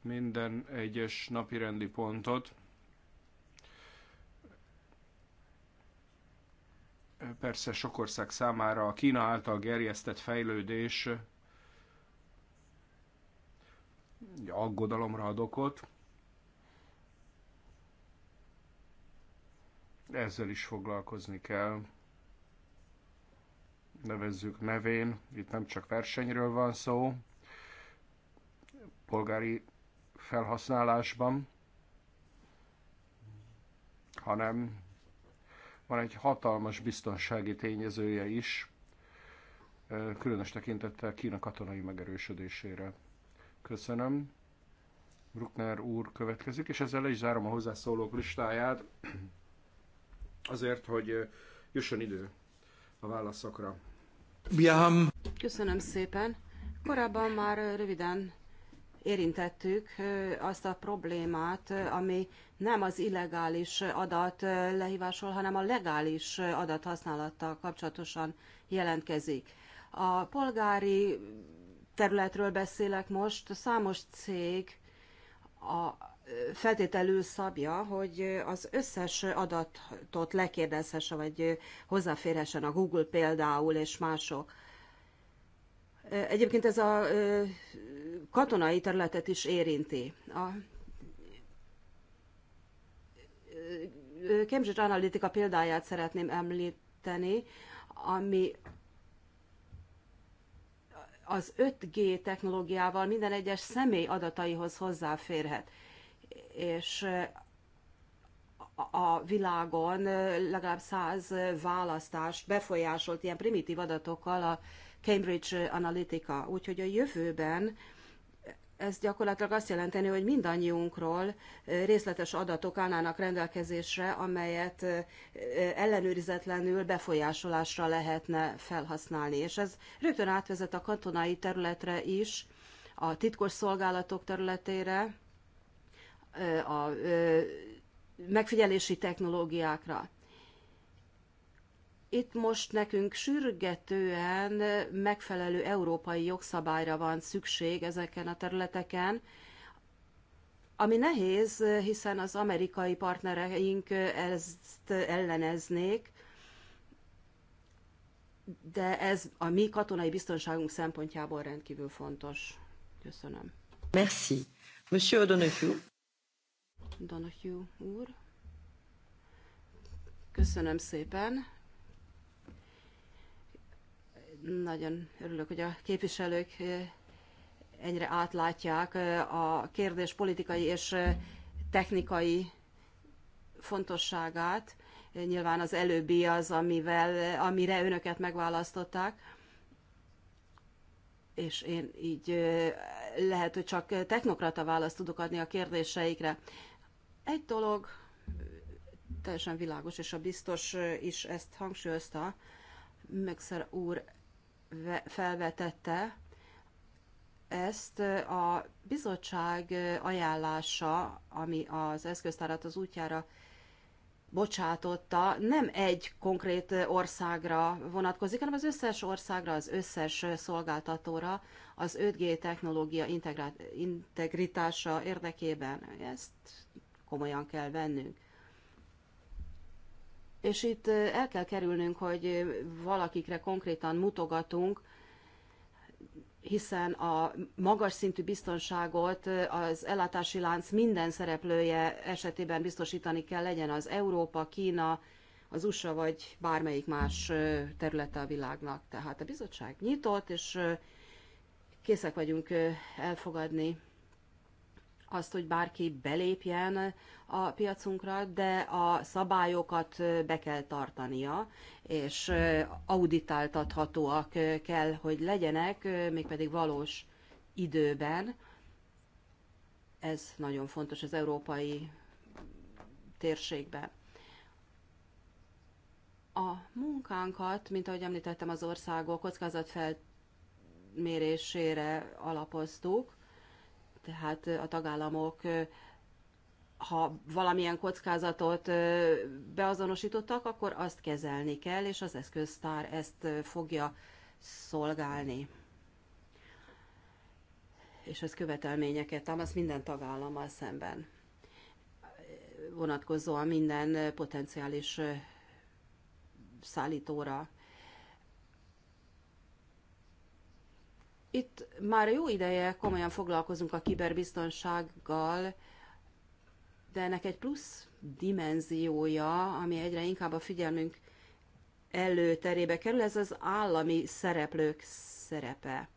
minden egyes napirendi pontot. Persze sok ország számára a Kína által gerjesztett fejlődés aggodalomra ad okot, ezzel is foglalkozni kell. Nevezzük nevén, itt nem csak versenyről van szó, polgári felhasználásban, hanem van egy hatalmas biztonsági tényezője is, különös tekintettel Kína katonai megerősödésére. Köszönöm. Bruckner úr következik, és ezzel is zárom a hozzászólók listáját azért, hogy jusson idő a válaszokra. Biam. Köszönöm szépen. Korábban már röviden érintettük azt a problémát, ami nem az illegális adat lehívásról, hanem a legális adat használattal kapcsolatosan jelentkezik. A polgári területről beszélek most, számos cég a feltételül szabja, hogy az összes adatot lekérdezhesse, vagy hozzáférhessen a Google például, és mások. Egyébként ez a katonai területet is érinti. A Cambridge Analytica példáját szeretném említeni, ami az 5G technológiával minden egyes személy adataihoz hozzáférhet és eh, a világon eh, legalább száz választást befolyásolt ilyen primitív adatokkal a Cambridge Analytica. Úgyhogy a jövőben ez gyakorlatilag azt jelenteni, hogy mindannyiunkról eh, részletes adatok állnának rendelkezésre, amelyet ellenőrizetlenül befolyásolásra lehetne felhasználni. És ez rögtön átvezet a katonai területre is, a titkos szolgálatok területére, a megfigyelési technológiákra. Itt most nekünk sürgetően megfelelő európai jogszabályra van szükség ezeken a területeken, ami nehéz, hiszen az amerikai partnereink ezt elleneznék, de ez a mi katonai biztonságunk szempontjából rendkívül fontos. Köszönöm. Merci. Monsieur O'Donoghue. Donahue úr. Köszönöm szépen. Nagyon örülök, hogy a képviselők ennyire eh, átlátják eh, a kérdés politikai és eh, technikai fontosságát. Nyilván az előbbi az, amivel, amire önöket megválasztották és én így lehet, hogy csak technokrata választ tudok adni a kérdéseikre. Egy dolog teljesen világos, és a biztos is ezt hangsúlyozta, Mexer úr felvetette, ezt a bizottság ajánlása, ami az eszköztárat az útjára bocsátotta, nem egy konkrét országra vonatkozik, hanem az összes országra, az összes szolgáltatóra az 5G technológia integritása érdekében. Ezt komolyan kell vennünk. És itt el kell kerülnünk, hogy valakikre konkrétan mutogatunk, hiszen a magas szintű biztonságot az ellátási lánc minden szereplője esetében biztosítani kell legyen az Európa, Kína, az USA vagy bármelyik más területe a világnak. Tehát a bizottság nyitott, és készek vagyunk elfogadni azt, hogy bárki belépjen a piacunkra, de a szabályokat be kell tartania, és auditáltathatóak kell, hogy legyenek, mégpedig valós időben. Ez nagyon fontos az európai térségben. A munkánkat, mint ahogy említettem, az országok kockázatfelmérésére alapoztuk, tehát a tagállamok, ha valamilyen kockázatot beazonosítottak, akkor azt kezelni kell, és az eszköztár ezt fogja szolgálni. És ez követelményeket támasz minden tagállammal szemben vonatkozóan minden potenciális szállítóra. Itt már jó ideje komolyan foglalkozunk a kiberbiztonsággal, de ennek egy plusz dimenziója, ami egyre inkább a figyelmünk előterébe kerül, ez az állami szereplők szerepe.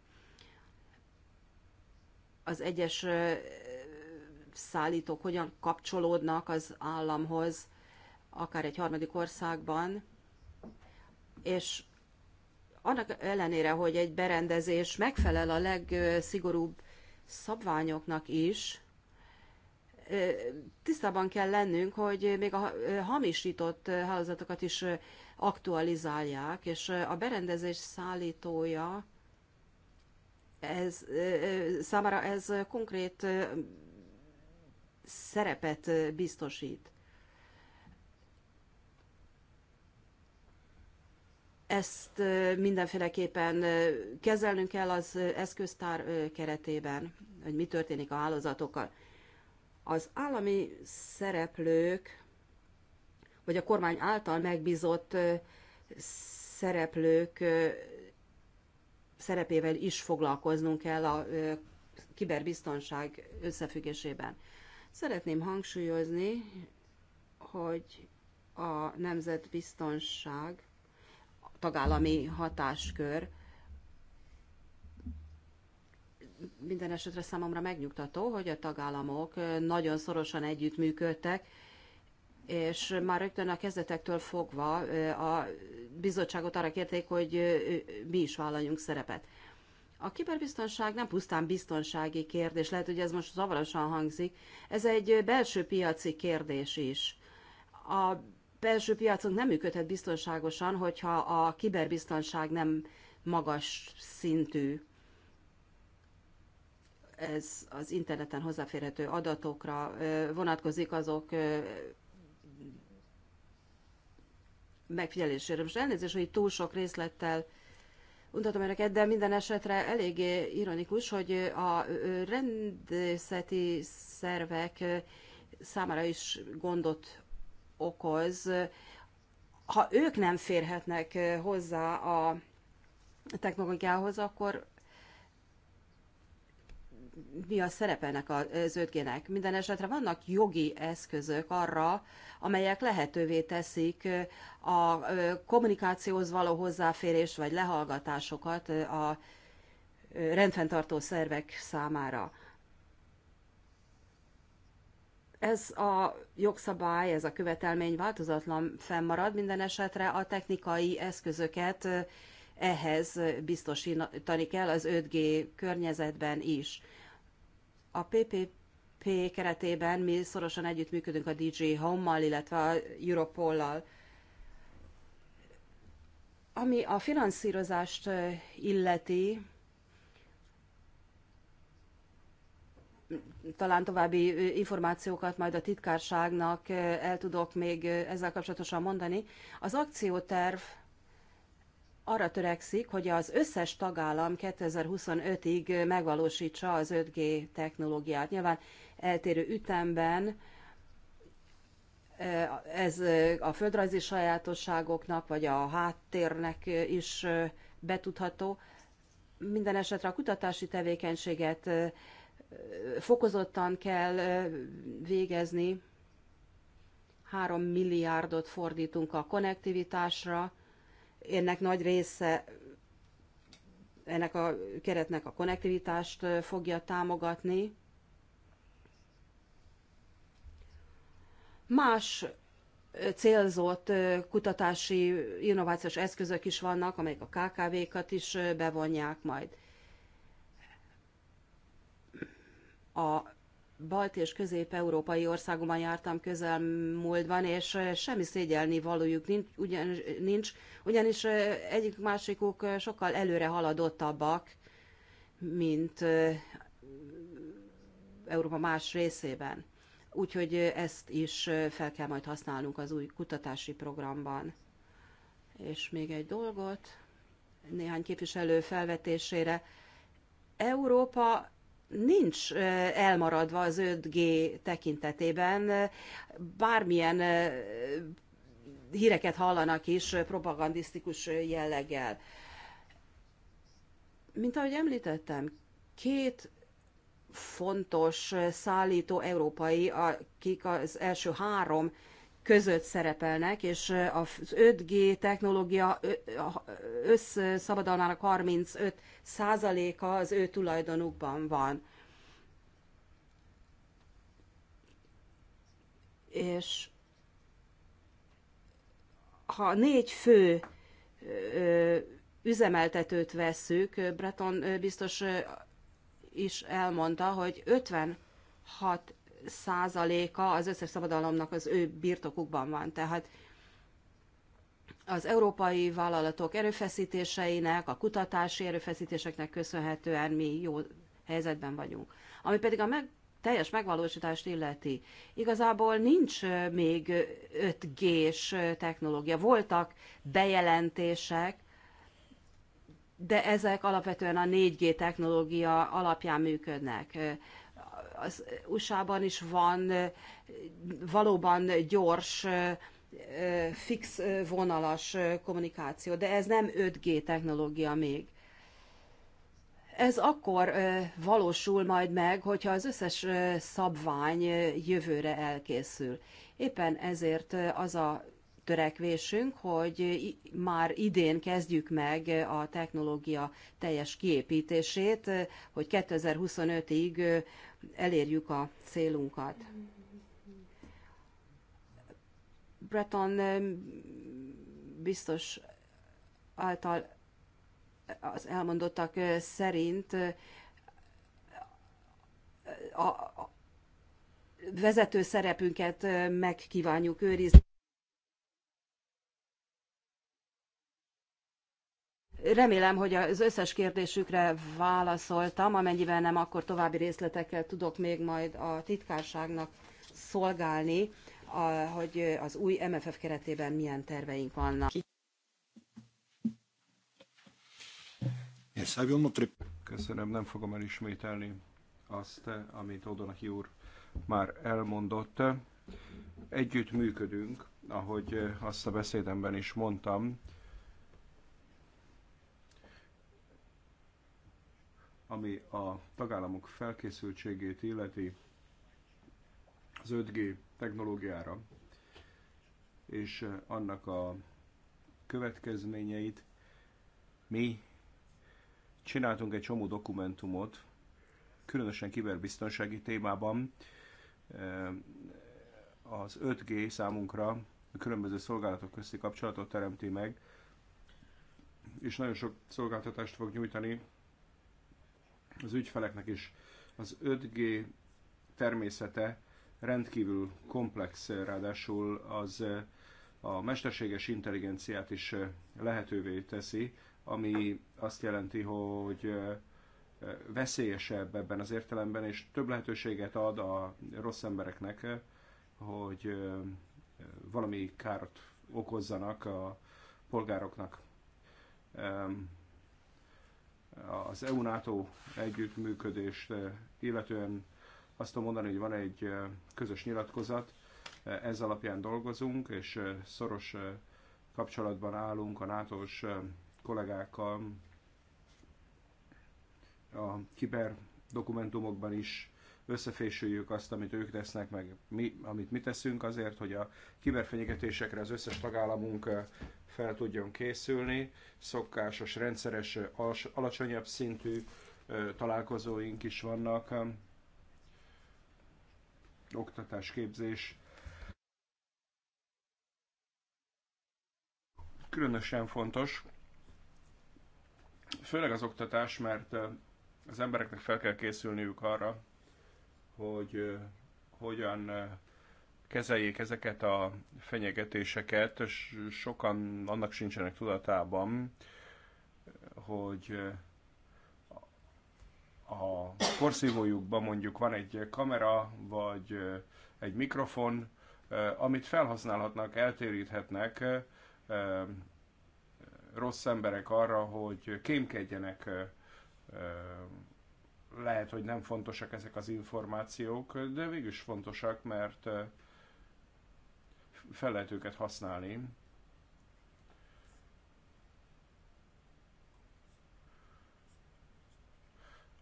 Az egyes szállítók hogyan kapcsolódnak az államhoz, akár egy harmadik országban, és annak ellenére, hogy egy berendezés megfelel a legszigorúbb szabványoknak is, tisztában kell lennünk, hogy még a hamisított hálózatokat is aktualizálják, és a berendezés szállítója ez, számára ez konkrét szerepet biztosít. Ezt mindenféleképpen kezelnünk kell az eszköztár keretében, hogy mi történik a hálózatokkal. Az állami szereplők, vagy a kormány által megbízott szereplők szerepével is foglalkoznunk kell a kiberbiztonság összefüggésében. Szeretném hangsúlyozni, hogy a nemzetbiztonság tagállami hatáskör. Minden esetre számomra megnyugtató, hogy a tagállamok nagyon szorosan együttműködtek, és már rögtön a kezdetektől fogva a bizottságot arra kérték, hogy mi is vállaljunk szerepet. A kiberbiztonság nem pusztán biztonsági kérdés, lehet, hogy ez most zavarosan hangzik, ez egy belső piaci kérdés is. A belső piacunk nem működhet biztonságosan, hogyha a kiberbiztonság nem magas szintű. Ez az interneten hozzáférhető adatokra vonatkozik azok megfigyelésére. Most elnézést, hogy túl sok részlettel mutatom önöket, de minden esetre eléggé ironikus, hogy a rendészeti szervek számára is gondot okoz, ha ők nem férhetnek eh, hozzá a technológiához, akkor mi a szerepelnek az eh, 5 Minden esetre vannak jogi eszközök arra, amelyek lehetővé teszik eh, a kommunikációhoz való hozzáférés vagy lehallgatásokat a rendfenntartó szervek számára. Ez a jogszabály, ez a követelmény változatlan fennmarad, minden esetre a technikai eszközöket ehhez biztosítani kell az 5G környezetben is. A PPP keretében mi szorosan együttműködünk a DJ Home-mal, illetve a Europol-lal. Ami a finanszírozást illeti, talán további információkat majd a titkárságnak el tudok még ezzel kapcsolatosan mondani. Az akcióterv arra törekszik, hogy az összes tagállam 2025-ig megvalósítsa az 5G technológiát. Nyilván eltérő ütemben ez a földrajzi sajátosságoknak, vagy a háttérnek is betudható. Minden esetre a kutatási tevékenységet fokozottan kell végezni. 3 milliárdot fordítunk a konnektivitásra, ennek nagy része ennek a keretnek a konnektivitást fogja támogatni. Más célzott kutatási innovációs eszközök is vannak, amelyek a KKV-kat is bevonják majd. a Balt és közép-európai országokban jártam közel múltban, és eh, semmi szégyelni valójuk nincs, ugyan, nincs, ugyanis eh, egyik másikuk eh, sokkal előre haladottabbak, mint Európa más részében. Úgyhogy ezt is fel kell majd használnunk az új kutatási programban. És még egy dolgot, néhány képviselő felvetésére. Európa nincs elmaradva az 5G tekintetében, bármilyen híreket hallanak is propagandisztikus jelleggel. Mint ahogy említettem, két fontos szállító európai, akik az első három között szerepelnek, és az 5G technológia összszabadalmának 35 százaléka az ő tulajdonukban van. És ha négy fő üzemeltetőt vesszük, Breton biztos is elmondta, hogy 56 százaléka az összes szabadalomnak az ő birtokukban van. Tehát az európai vállalatok erőfeszítéseinek, a kutatási erőfeszítéseknek köszönhetően mi jó helyzetben vagyunk. Ami pedig a meg, teljes megvalósítást illeti, igazából nincs még 5G-s technológia. Voltak bejelentések, de ezek alapvetően a 4G technológia alapján működnek az USA-ban is van valóban gyors, fix vonalas kommunikáció, de ez nem 5G technológia még. Ez akkor valósul majd meg, hogyha az összes szabvány jövőre elkészül. Éppen ezért az a törekvésünk, hogy már idén kezdjük meg a technológia teljes kiépítését, hogy 2025-ig elérjük a célunkat. Breton biztos által az elmondottak szerint a vezető szerepünket meg kívánjuk őrizni. Remélem, hogy az összes kérdésükre válaszoltam, amennyiben nem, akkor további részletekkel tudok még majd a titkárságnak szolgálni, hogy az új MFF keretében milyen terveink vannak. Köszönöm, nem fogom elismételni azt, amit Odonaki úr már elmondott. Együtt működünk, ahogy azt a beszédemben is mondtam, ami a tagállamok felkészültségét illeti az 5G technológiára, és eh, annak a következményeit. Mi csináltunk egy csomó dokumentumot, különösen kiberbiztonsági témában. Eh, az 5G számunkra a különböző szolgálatok közti kapcsolatot teremti meg, és nagyon sok szolgáltatást fog nyújtani az ügyfeleknek is. Az 5G természete rendkívül komplex, ráadásul az eh, a mesterséges intelligenciát is eh, lehetővé teszi, ami azt jelenti, hogy eh, veszélyesebb ebben az értelemben, és több lehetőséget ad a rossz embereknek, hogy valami kárt okozzanak a polgároknak az EU-NATO együttműködést illetően azt tudom mondani, hogy van egy közös nyilatkozat, ez alapján dolgozunk, és szoros kapcsolatban állunk a NATO-s kollégákkal a kiber dokumentumokban is összefésüljük azt, amit ők tesznek, meg mi, amit mi teszünk azért, hogy a kiberfenyegetésekre az összes tagállamunk fel tudjon készülni. Szokásos, rendszeres, alacsonyabb szintű találkozóink is vannak, oktatás, képzés. Különösen fontos, főleg az oktatás, mert az embereknek fel kell készülniük arra, hogy hogyan kezeljék ezeket a fenyegetéseket. és Sokan annak sincsenek tudatában, hogy a korszívójukban mondjuk van egy kamera, vagy egy mikrofon, amit felhasználhatnak, eltéríthetnek rossz emberek arra, hogy kémkedjenek lehet, hogy nem fontosak ezek az információk, de végül is fontosak, mert fel lehet őket használni.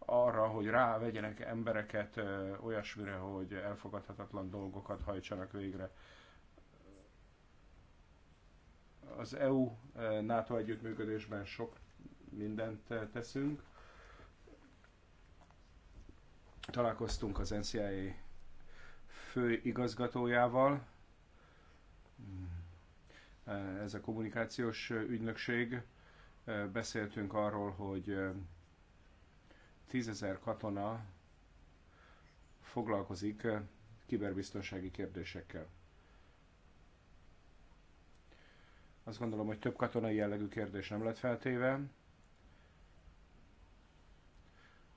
arra, hogy rávegyenek embereket olyasmire, hogy elfogadhatatlan dolgokat hajtsanak végre. Az EU-NATO együttműködésben sok mindent teszünk Találkoztunk az NCIA főigazgatójával, ez a kommunikációs ügynökség. Beszéltünk arról, hogy tízezer katona foglalkozik kiberbiztonsági kérdésekkel. Azt gondolom, hogy több katonai jellegű kérdés nem lett feltéve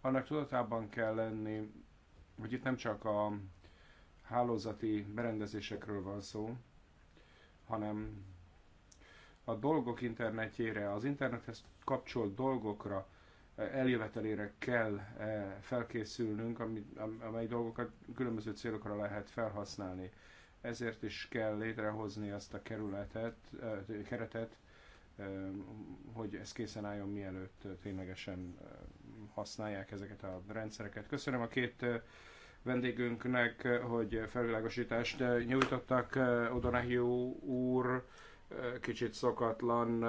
annak tudatában kell lenni, hogy itt nem csak a hálózati berendezésekről van szó, hanem a dolgok internetjére, az internethez kapcsolt dolgokra, eh, eljövetelére kell eh, felkészülnünk, amely dolgokat különböző célokra lehet felhasználni. Ezért is kell létrehozni azt a kerületet, eh, keretet, hogy ez készen álljon mielőtt ténylegesen használják ezeket a rendszereket. Köszönöm a két vendégünknek, hogy felvilágosítást nyújtottak. Odonahiu úr, kicsit szokatlan,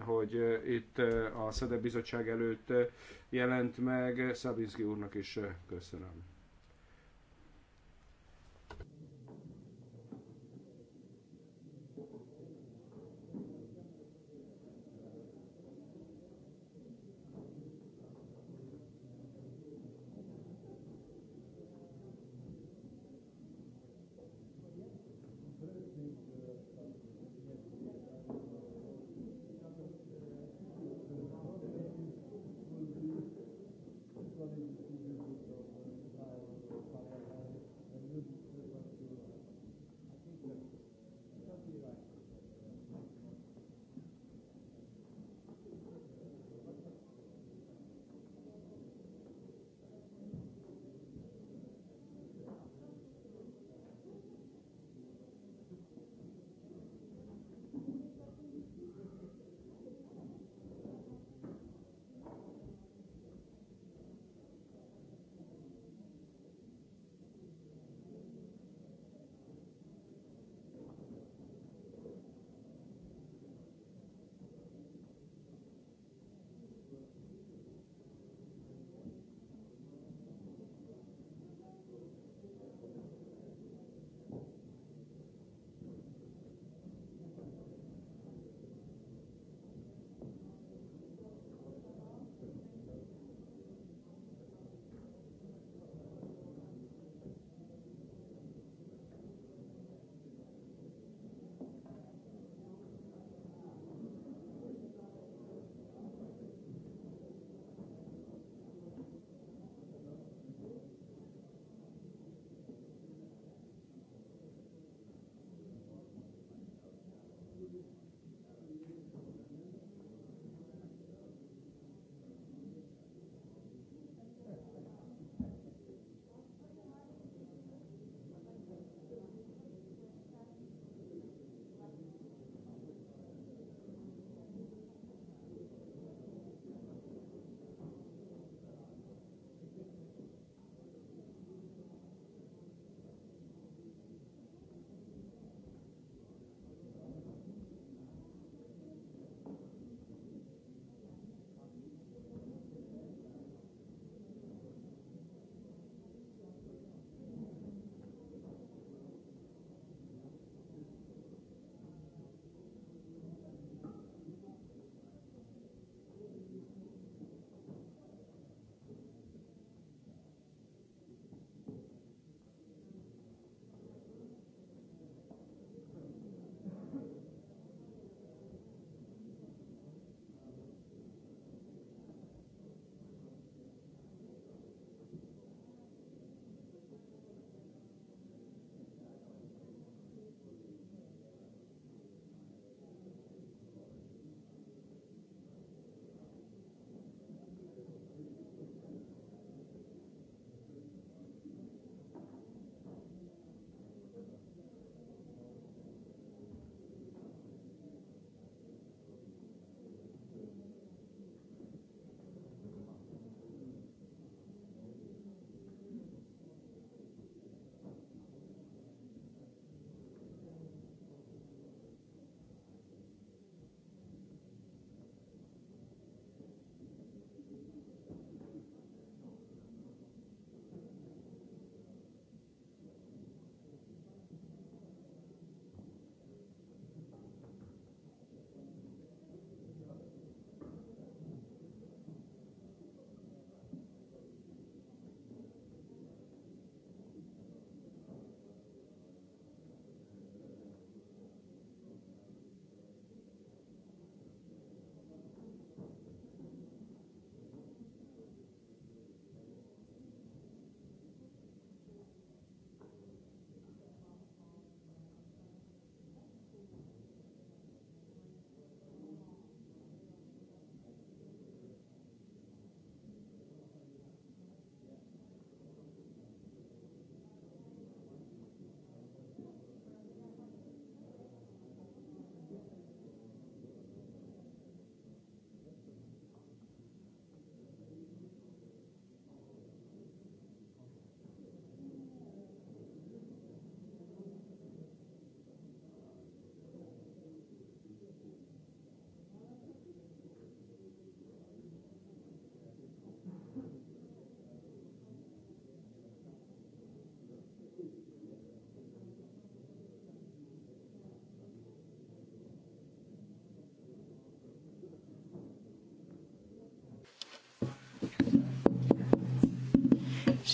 hogy itt a Szede Bizottság előtt jelent meg. Szabinszki úrnak is köszönöm.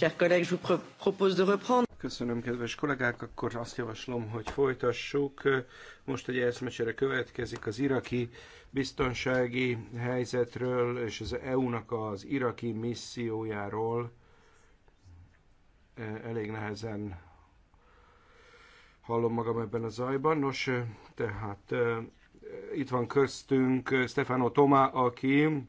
chers collègues, je vous propose de reprendre. Köszönöm, kedves kollégák, akkor azt javaslom, hogy folytassuk. Most egy eszmecsere következik az iraki biztonsági helyzetről és az EU-nak az iraki missziójáról. E, elég nehezen hallom magam ebben a zajban. Nos, e, tehát e, itt van köztünk Stefano Toma, aki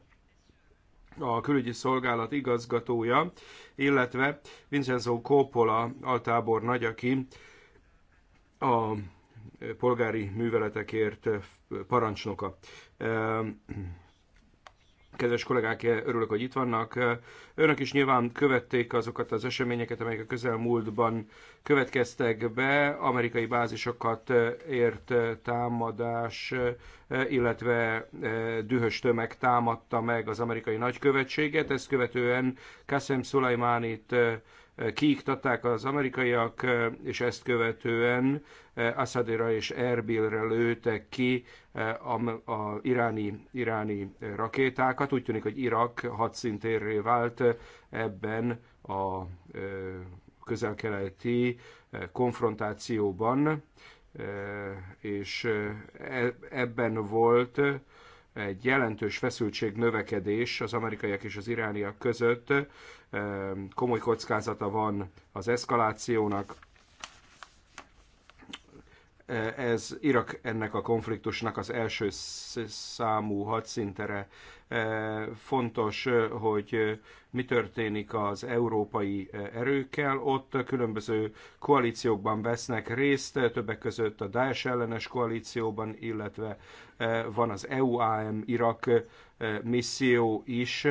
a külügyi szolgálat igazgatója, illetve Vincenzo Coppola altábor nagy, aki a polgári műveletekért parancsnoka. Kedves kollégák, örülök, hogy itt vannak. Önök is nyilván követték azokat az eseményeket, amelyek a közelmúltban következtek be. Amerikai bázisokat ért támadás, illetve eh, dühös tömeg támadta meg az amerikai nagykövetséget. Ezt követően kassem Szulajmánit eh, kiiktatták az amerikaiak, és ezt követően eh, Assadira és Erbilre lőttek ki eh, az a iráni, iráni rakétákat. Úgy tűnik, hogy Irak hadszintérré vált ebben a eh, közelkeleti konfrontációban, és e, ebben volt egy jelentős feszültség növekedés az amerikaiak és az irániak között, ehm, komoly kockázata van az eszkalációnak, ez Irak ennek a konfliktusnak az első számú hadszintere. E, fontos, hogy mi történik az európai erőkkel. Ott különböző koalíciókban vesznek részt, többek között a Daesh ellenes koalícióban, illetve van az EUAM Irak misszió is,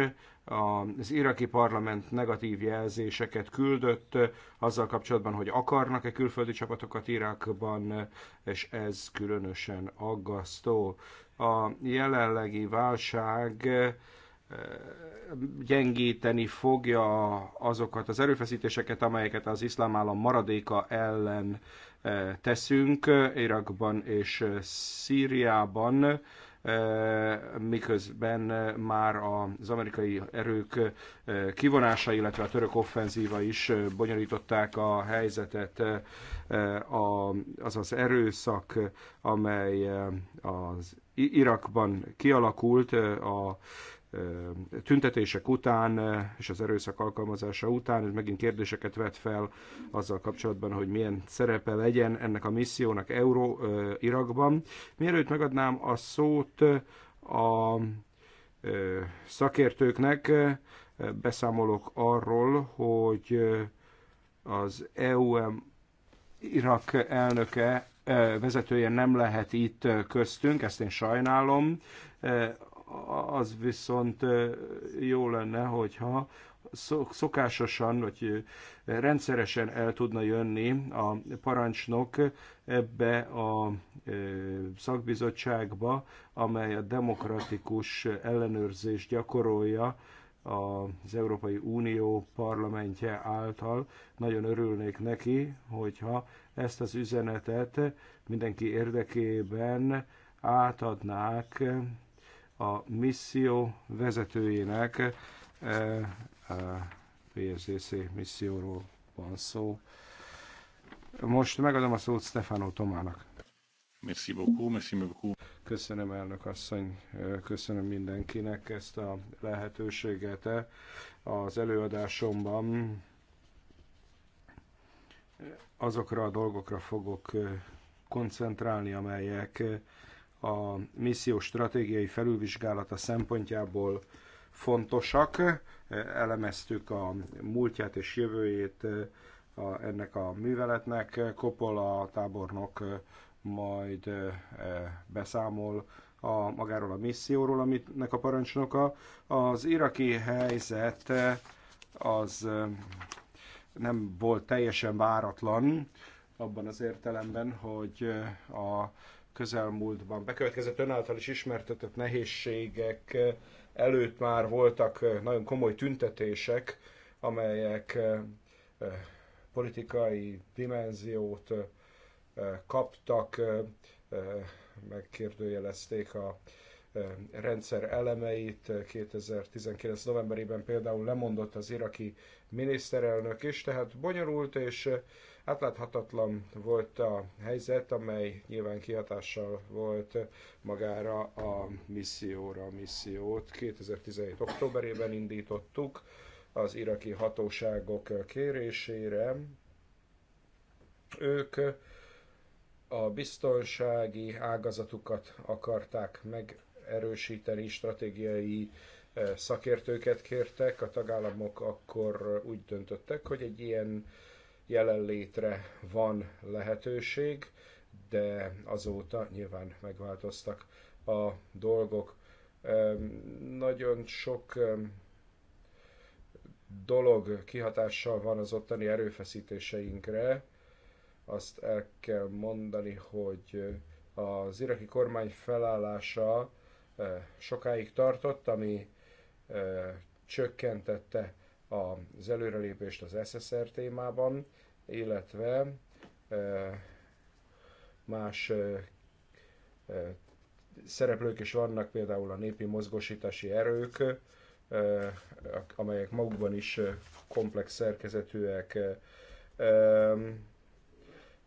az iraki parlament negatív jelzéseket küldött azzal kapcsolatban, hogy akarnak-e külföldi csapatokat Irakban, és ez különösen aggasztó. A jelenlegi válság e, gyengíteni fogja azokat az erőfeszítéseket, amelyeket az iszlám állam maradéka ellen e, teszünk Irakban és Szíriában miközben már az amerikai erők kivonása, illetve a török offenzíva is bonyolították a helyzetet. Az az erőszak, amely az Irakban kialakult a tüntetések után és az erőszak alkalmazása után, ez megint kérdéseket vet fel azzal kapcsolatban, hogy milyen szerepe legyen ennek a missziónak Euró Irakban. Mielőtt megadnám a szót a szakértőknek, beszámolok arról, hogy az EU Irak elnöke vezetője nem lehet itt köztünk, ezt én sajnálom az viszont jó lenne, hogyha szokásosan, vagy rendszeresen el tudna jönni a parancsnok ebbe a szakbizottságba, amely a demokratikus ellenőrzést gyakorolja az Európai Unió parlamentje által. Nagyon örülnék neki, hogyha ezt az üzenetet mindenki érdekében átadnák a misszió vezetőjének, eh, a PSDC misszióról van szó. Most megadom a szót Stefano Tomának. Merci beaucoup, merci beaucoup. Köszönöm, elnök asszony, eh, köszönöm mindenkinek ezt a lehetőséget az előadásomban. Azokra a dolgokra fogok eh, koncentrálni, amelyek a misszió stratégiai felülvizsgálata szempontjából fontosak. Elemeztük a múltját és jövőjét eh, a, ennek a műveletnek. Kopola tábornok eh, majd eh, beszámol a, magáról a misszióról, aminek a parancsnoka. Az iraki helyzet az nem volt teljesen váratlan, abban az értelemben, hogy a közelmúltban bekövetkezett önáltal is ismertetett nehézségek eh, előtt már voltak eh, nagyon komoly tüntetések, amelyek eh, politikai dimenziót kaptak, megkérdőjelezték a rendszer elemeit. 2019. novemberében például lemondott az iraki miniszterelnök is, tehát bonyolult és Átláthatatlan volt a helyzet, amely nyilván kihatással volt magára a misszióra, a missziót. 2017. októberében indítottuk az iraki hatóságok kérésére. Ők a biztonsági ágazatukat akarták megerősíteni, stratégiai eh, szakértőket kértek, a tagállamok akkor úgy döntöttek, hogy egy ilyen jelenlétre van lehetőség, de azóta nyilván megváltoztak a dolgok. Nagyon sok dolog kihatással van az ottani erőfeszítéseinkre. Azt el kell mondani, hogy az iraki kormány felállása sokáig tartott, ami csökkentette az előrelépést az SSR témában, illetve más szereplők is vannak, például a népi mozgósítási erők, amelyek magukban is komplex szerkezetűek.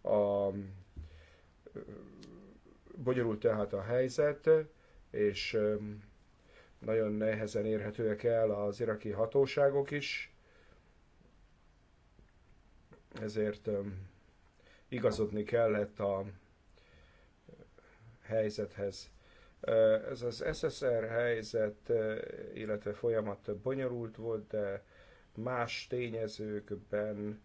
A, bonyolult tehát a helyzet, és nagyon nehezen érhetőek el az iraki hatóságok is, ezért igazodni kellett a helyzethez. Ez az SSR helyzet, illetve folyamat bonyolult volt, de más tényezőkben,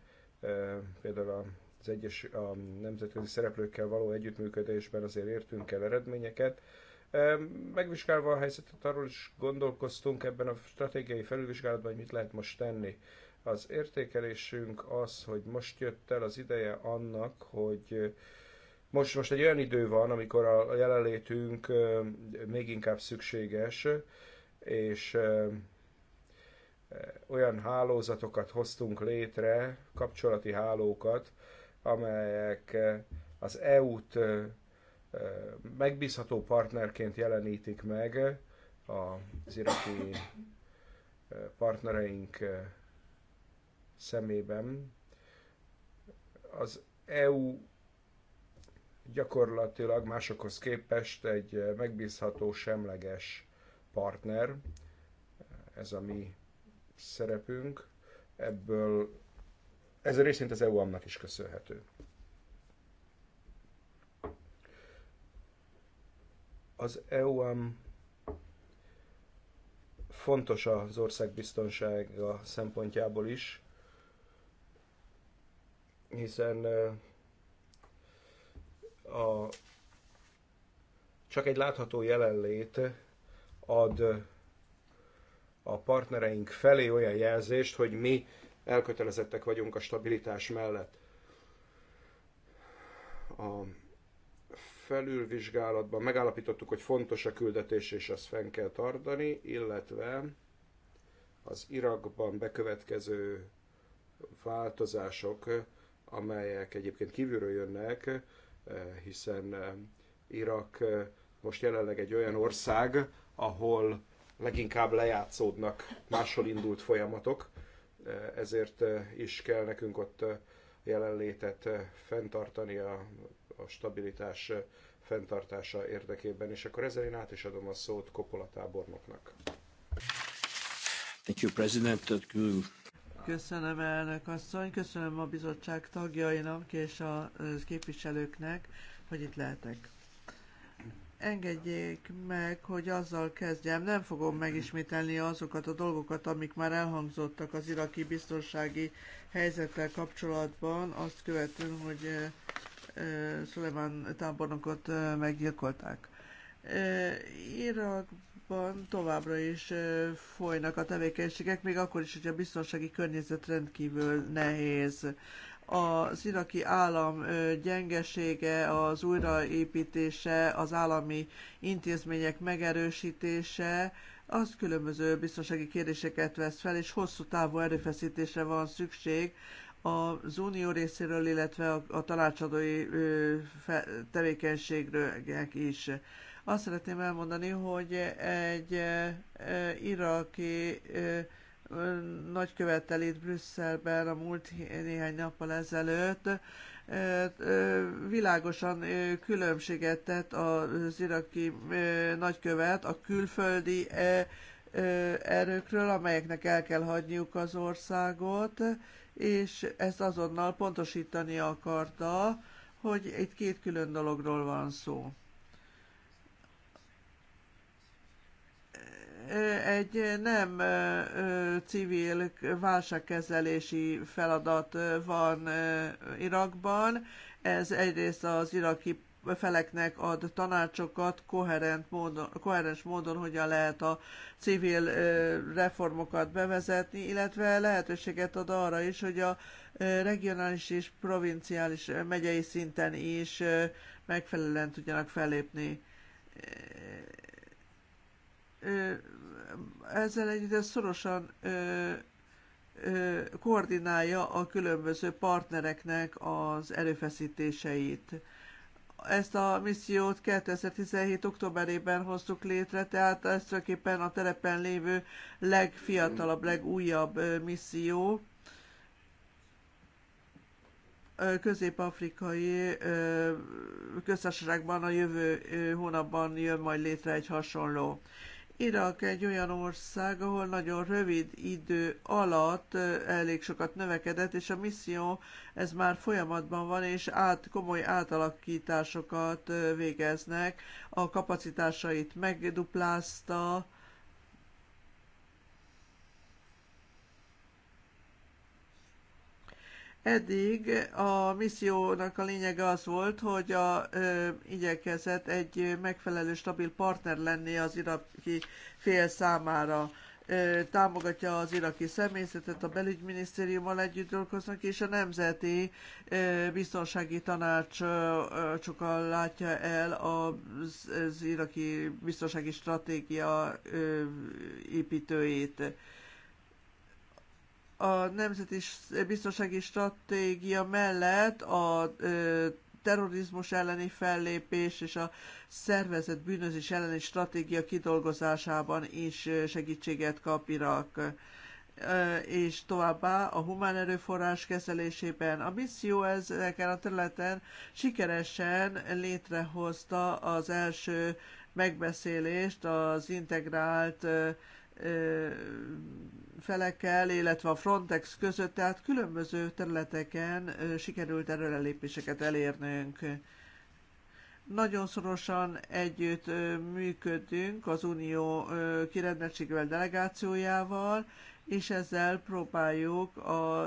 például az egyes a nemzetközi szereplőkkel való együttműködésben azért értünk el eredményeket. Megvizsgálva a helyzetet, arról is gondolkoztunk ebben a stratégiai felülvizsgálatban, hogy mit lehet most tenni. Az értékelésünk az, hogy most jött el az ideje annak, hogy most, most egy olyan idő van, amikor a jelenlétünk még inkább szükséges, és olyan hálózatokat hoztunk létre, kapcsolati hálókat, amelyek az EU-t megbízható partnerként jelenítik meg az iraki partnereink szemében. Az EU gyakorlatilag másokhoz képest egy megbízható, semleges partner. Ez a mi szerepünk. Ebből ez a részint az EU-annak is köszönhető. Az EUAM fontos az ország biztonsága szempontjából is, hiszen a, csak egy látható jelenlét ad a partnereink felé olyan jelzést, hogy mi elkötelezettek vagyunk a stabilitás mellett. A felülvizsgálatban megállapítottuk, hogy fontos a küldetés, és ezt fenn kell tartani, illetve az Irakban bekövetkező változások, amelyek egyébként kívülről jönnek, hiszen Irak most jelenleg egy olyan ország, ahol leginkább lejátszódnak máshol indult folyamatok, ezért is kell nekünk ott jelenlétet fenntartani a a stabilitás eh, fenntartása érdekében. És akkor ezzel én át is adom a szót Kopola tábornoknak. Thank you, President. Köszönöm, elnök asszony, köszönöm a bizottság tagjainak és a képviselőknek, hogy itt lehetek. Engedjék meg, hogy azzal kezdjem. Nem fogom megismételni azokat a dolgokat, amik már elhangzottak az iraki biztonsági helyzettel kapcsolatban. Azt követően, hogy eh, Suleiman tábornokot meggyilkolták. Irakban továbbra is folynak a tevékenységek, még akkor is, hogy a biztonsági környezet rendkívül nehéz. Az iraki állam gyengesége, az újraépítése, az állami intézmények megerősítése, az különböző biztonsági kérdéseket vesz fel, és hosszú távú erőfeszítésre van szükség az unió részéről, illetve a, a tanácsadói ö, fe, tevékenységről is. Azt szeretném elmondani, hogy egy ö, iraki ö, nagykövettel itt Brüsszelben a múlt néhány nappal ezelőtt világosan különbséget tett az iraki nagykövet a külföldi erőkről, amelyeknek el kell hagyniuk az országot, és ezt azonnal pontosítani akarta, hogy itt két külön dologról van szó. egy nem civil válságkezelési feladat van Irakban. Ez egyrészt az iraki feleknek ad tanácsokat koherent módon, koherens módon, hogyan lehet a civil reformokat bevezetni, illetve lehetőséget ad arra is, hogy a regionális és provinciális megyei szinten is megfelelően tudjanak fellépni ezzel együtt szorosan koordinálja a különböző partnereknek az erőfeszítéseit ezt a missziót 2017. októberében hoztuk létre, tehát ez tulajdonképpen a terepen lévő legfiatalabb, legújabb misszió közép-afrikai köztársaságban a jövő hónapban jön majd létre egy hasonló. Irak egy olyan ország, ahol nagyon rövid idő alatt elég sokat növekedett, és a misszió ez már folyamatban van, és át, komoly átalakításokat végeznek. A kapacitásait megduplázta, Eddig a missziónak a lényege az volt, hogy a, ö, igyekezett egy megfelelő stabil partner lenni az iraki fél számára. Ö, támogatja az iraki személyzetet, a belügyminisztériummal együtt dolgoznak, és a Nemzeti ö, Biztonsági csokkal látja el az, az iraki biztonsági stratégia ö, építőjét. Ö, a nemzeti biztonsági stratégia mellett a terrorizmus elleni fellépés és a szervezett bűnözés elleni stratégia kidolgozásában is segítséget kap Irak és továbbá a humán erőforrás kezelésében. A misszió ezeken a területen sikeresen létrehozta az első megbeszélést az integrált felekkel, illetve a Frontex között, tehát különböző területeken sikerült előrelépéseket elérnünk. Nagyon szorosan együtt működünk az Unió kirendeltségvel delegációjával, és ezzel próbáljuk a,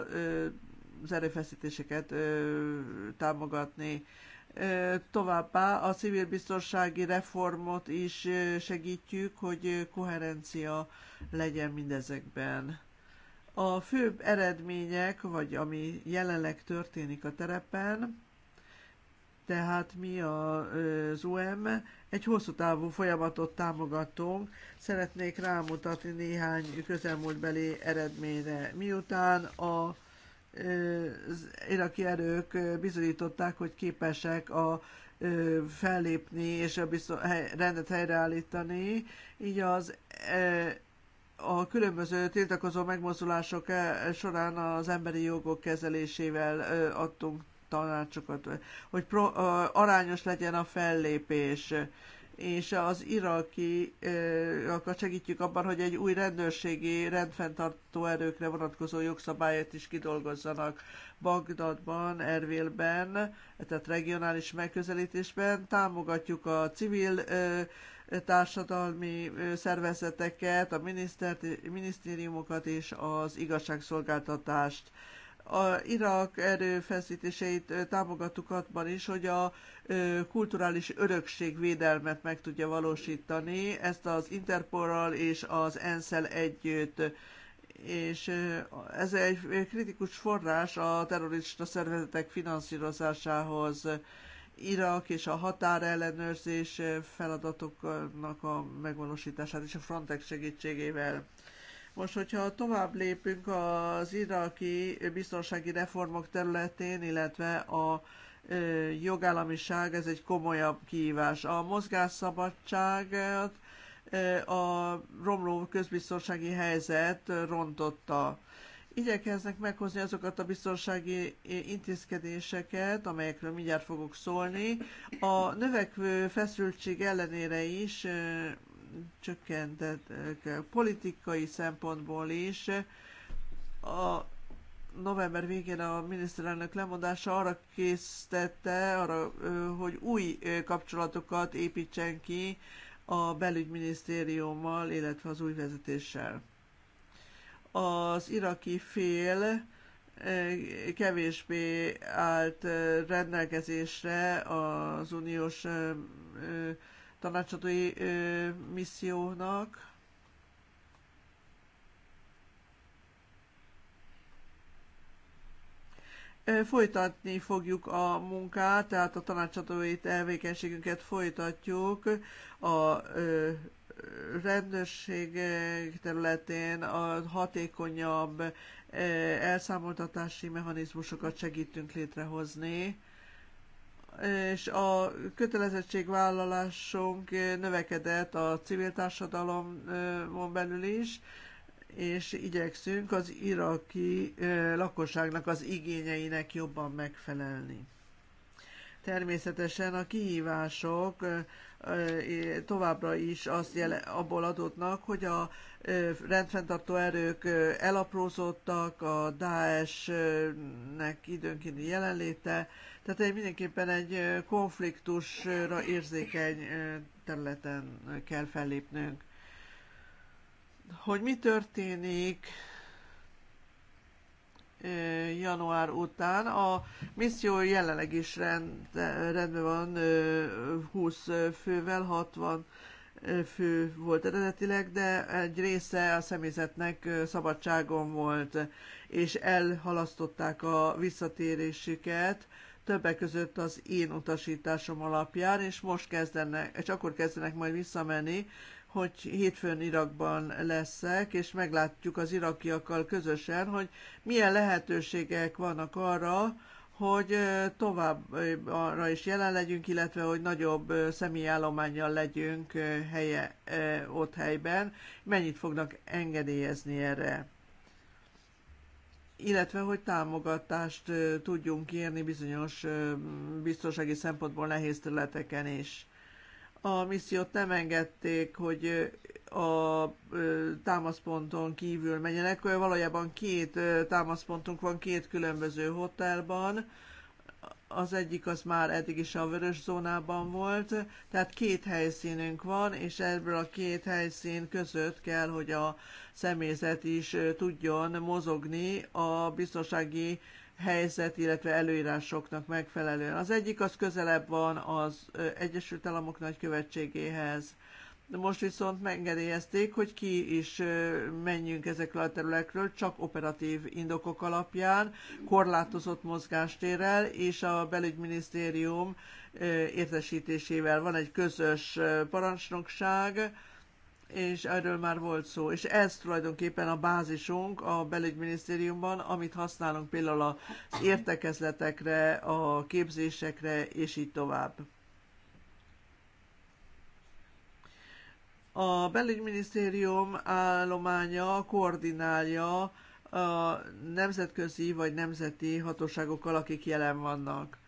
az erőfeszítéseket támogatni. Továbbá a civil biztonsági reformot is segítjük, hogy koherencia legyen mindezekben. A főbb eredmények, vagy ami jelenleg történik a terepen, tehát mi az UM egy hosszú távú folyamatot támogatunk. Szeretnék rámutatni néhány közelmúltbeli eredményre. Miután a az iraki erők bizonyították, hogy képesek a fellépni és a biztos, hely, rendet helyreállítani. Így az a különböző tiltakozó megmozdulások során az emberi jogok kezelésével adtunk tanácsokat, hogy pro, arányos legyen a fellépés és az irakiakat segítjük abban, hogy egy új rendőrségi, rendfenntartó erőkre vonatkozó jogszabályt is kidolgozzanak. Bagdadban, Ervélben, tehát regionális megközelítésben támogatjuk a civil társadalmi szervezeteket, a minisztériumokat és az igazságszolgáltatást a Irak erőfeszítéseit támogattuk abban is, hogy a kulturális örökség védelmet meg tudja valósítani, ezt az Interpolral és az Enszel együtt és ez egy kritikus forrás a terrorista szervezetek finanszírozásához. Irak és a határellenőrzés feladatoknak a megvalósítását és a Frontex segítségével. Most, hogyha tovább lépünk az iraki biztonsági reformok területén, illetve a jogállamiság, ez egy komolyabb kihívás. A mozgásszabadság, a romló közbiztonsági helyzet rontotta. Igyekeznek meghozni azokat a biztonsági intézkedéseket, amelyekről mindjárt fogok szólni. A növekvő feszültség ellenére is csökkentett politikai szempontból is. A november végén a miniszterelnök lemondása arra késztette, arra, hogy új kapcsolatokat építsen ki a belügyminisztériummal, illetve az új vezetéssel. Az iraki fél kevésbé állt rendelkezésre az uniós tanácsadói missziónak. Folytatni fogjuk a munkát, tehát a tanácsadói tevékenységünket folytatjuk a rendőrség területén a hatékonyabb elszámoltatási mechanizmusokat segítünk létrehozni és a kötelezettségvállalásunk növekedett a civil társadalomon belül is, és igyekszünk az iraki lakosságnak az igényeinek jobban megfelelni. Természetesen a kihívások továbbra is azt jele, abból adódnak, hogy a rendfenntartó erők elaprózottak, a Daesh-nek időnkénti jelenléte, tehát egy, mindenképpen egy konfliktusra érzékeny területen kell fellépnünk. Hogy mi történik január után. A misszió jelenleg is rend, rendben van 20 fővel, 60 fő volt eredetileg, de egy része a személyzetnek szabadságon volt, és elhalasztották a visszatérésüket többek között az én utasításom alapján, és most kezdenek, és akkor kezdenek majd visszamenni, hogy hétfőn Irakban leszek, és meglátjuk az irakiakkal közösen, hogy milyen lehetőségek vannak arra, hogy tovább arra is jelen legyünk, illetve hogy nagyobb személyállományjal legyünk helye, ott helyben. Mennyit fognak engedélyezni erre? illetve hogy támogatást tudjunk kérni bizonyos biztonsági szempontból nehéz területeken is. A missziót nem engedték, hogy a támaszponton kívül menjenek. Valójában két támaszpontunk van két különböző hotelban, az egyik az már eddig is a vörös zónában volt, tehát két helyszínünk van, és ebből a két helyszín között kell, hogy a személyzet is tudjon mozogni a biztonsági helyzet, illetve előírásoknak megfelelően. Az egyik az közelebb van az Egyesült Államok nagykövetségéhez. De most viszont megengedélyezték, hogy ki is menjünk ezekről a területről, csak operatív indokok alapján, korlátozott mozgástérrel és a belügyminisztérium értesítésével. Van egy közös parancsnokság, és erről már volt szó. És ez tulajdonképpen a bázisunk a belügyminisztériumban, amit használunk például az értekezletekre, a képzésekre, és így tovább. A belügyminisztérium állománya koordinálja a nemzetközi vagy nemzeti hatóságokkal, akik jelen vannak.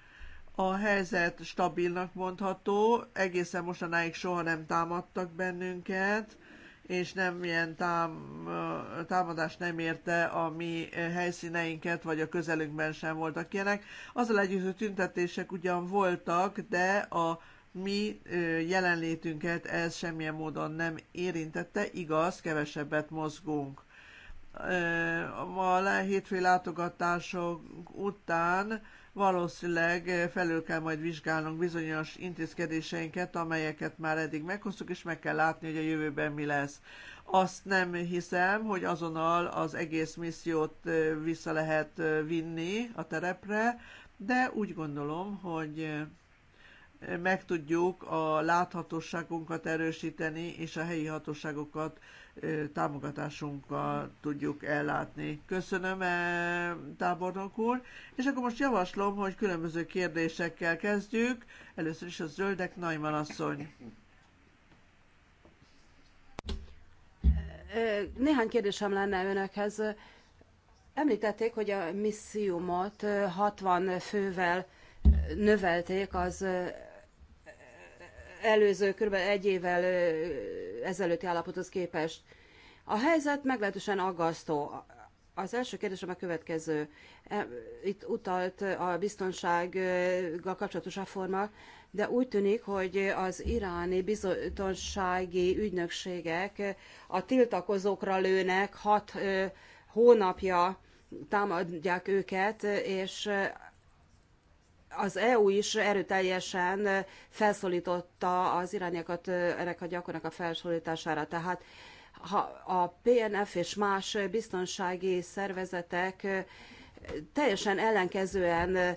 A helyzet stabilnak mondható, egészen mostanáig soha nem támadtak bennünket, és nem ilyen tám, támadás nem érte a mi helyszíneinket, vagy a közelünkben sem voltak ilyenek. Azzal együtt, hogy tüntetések ugyan voltak, de a mi jelenlétünket ez semmilyen módon nem érintette, igaz, kevesebbet mozgunk. A hétfői látogatások után valószínűleg felül kell majd vizsgálnunk bizonyos intézkedéseinket, amelyeket már eddig meghoztuk, és meg kell látni, hogy a jövőben mi lesz. Azt nem hiszem, hogy azonnal az egész missziót vissza lehet vinni a terepre, de úgy gondolom, hogy meg tudjuk a láthatóságunkat erősíteni, és a helyi hatóságokat támogatásunkkal tudjuk ellátni. Köszönöm, e, tábornok úr, és akkor most javaslom, hogy különböző kérdésekkel kezdjük. Először is a zöldek, Naiman asszony. Néhány kérdésem lenne önökhez. Említették, hogy a missziumot 60 fővel növelték az előző kb. egy évvel ezelőtti állapothoz képest. A helyzet meglehetősen aggasztó. Az első kérdésem a következő. E, itt utalt a biztonsággal kapcsolatos reforma, de úgy tűnik, hogy az iráni biztonsági ügynökségek a tiltakozókra lőnek, hat hónapja támadják őket, és az EU is erőteljesen felszólította az irániakat ennek a gyakornak a felszólítására. Tehát ha a PNF és más biztonsági szervezetek teljesen ellenkezően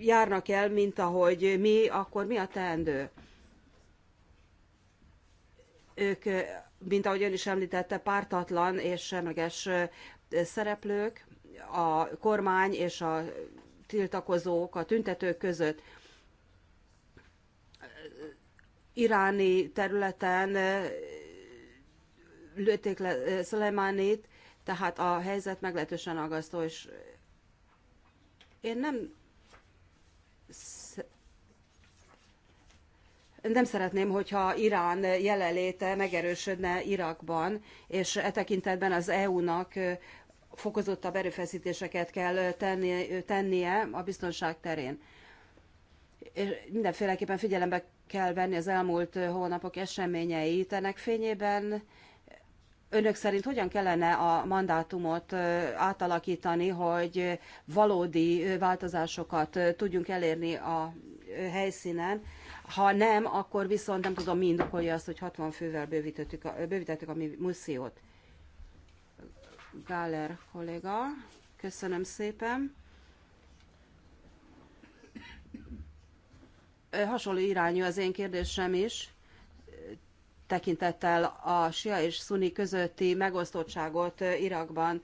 járnak el, mint ahogy mi, akkor mi a teendő? Ők, mint ahogy ön is említette, pártatlan és semleges szereplők, a kormány és a tiltakozók, a tüntetők között. Iráni területen lőtték le Szulemánét, tehát a helyzet meglehetősen aggasztó, és én nem nem szeretném, hogyha Irán jelenléte megerősödne Irakban, és e tekintetben az EU-nak fokozottabb erőfeszítéseket kell tenni, tennie a biztonság terén. És mindenféleképpen figyelembe kell venni az elmúlt hónapok eseményeit. Ennek fényében önök szerint hogyan kellene a mandátumot átalakítani, hogy valódi változásokat tudjunk elérni a helyszínen? Ha nem, akkor viszont nem tudom, mi indokolja azt, hogy 60 fővel bővítettük a, bővítettük a missziót. Gáler kolléga. Köszönöm szépen. Hasonló irányú az én kérdésem is, tekintettel a sia és szuni közötti megosztottságot Irakban,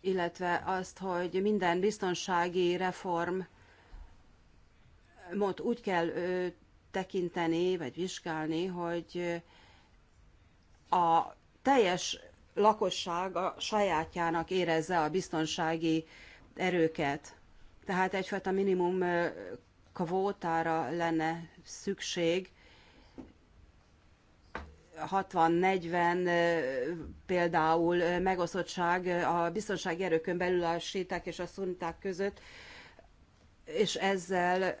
illetve azt, hogy minden biztonsági reform mot úgy kell tekinteni, vagy vizsgálni, hogy a teljes lakosság a sajátjának érezze a biztonsági erőket. Tehát egyfajta minimum kvótára lenne szükség, 60-40 például megosztottság a biztonsági erőkön belül a síták és a szuniták között, és ezzel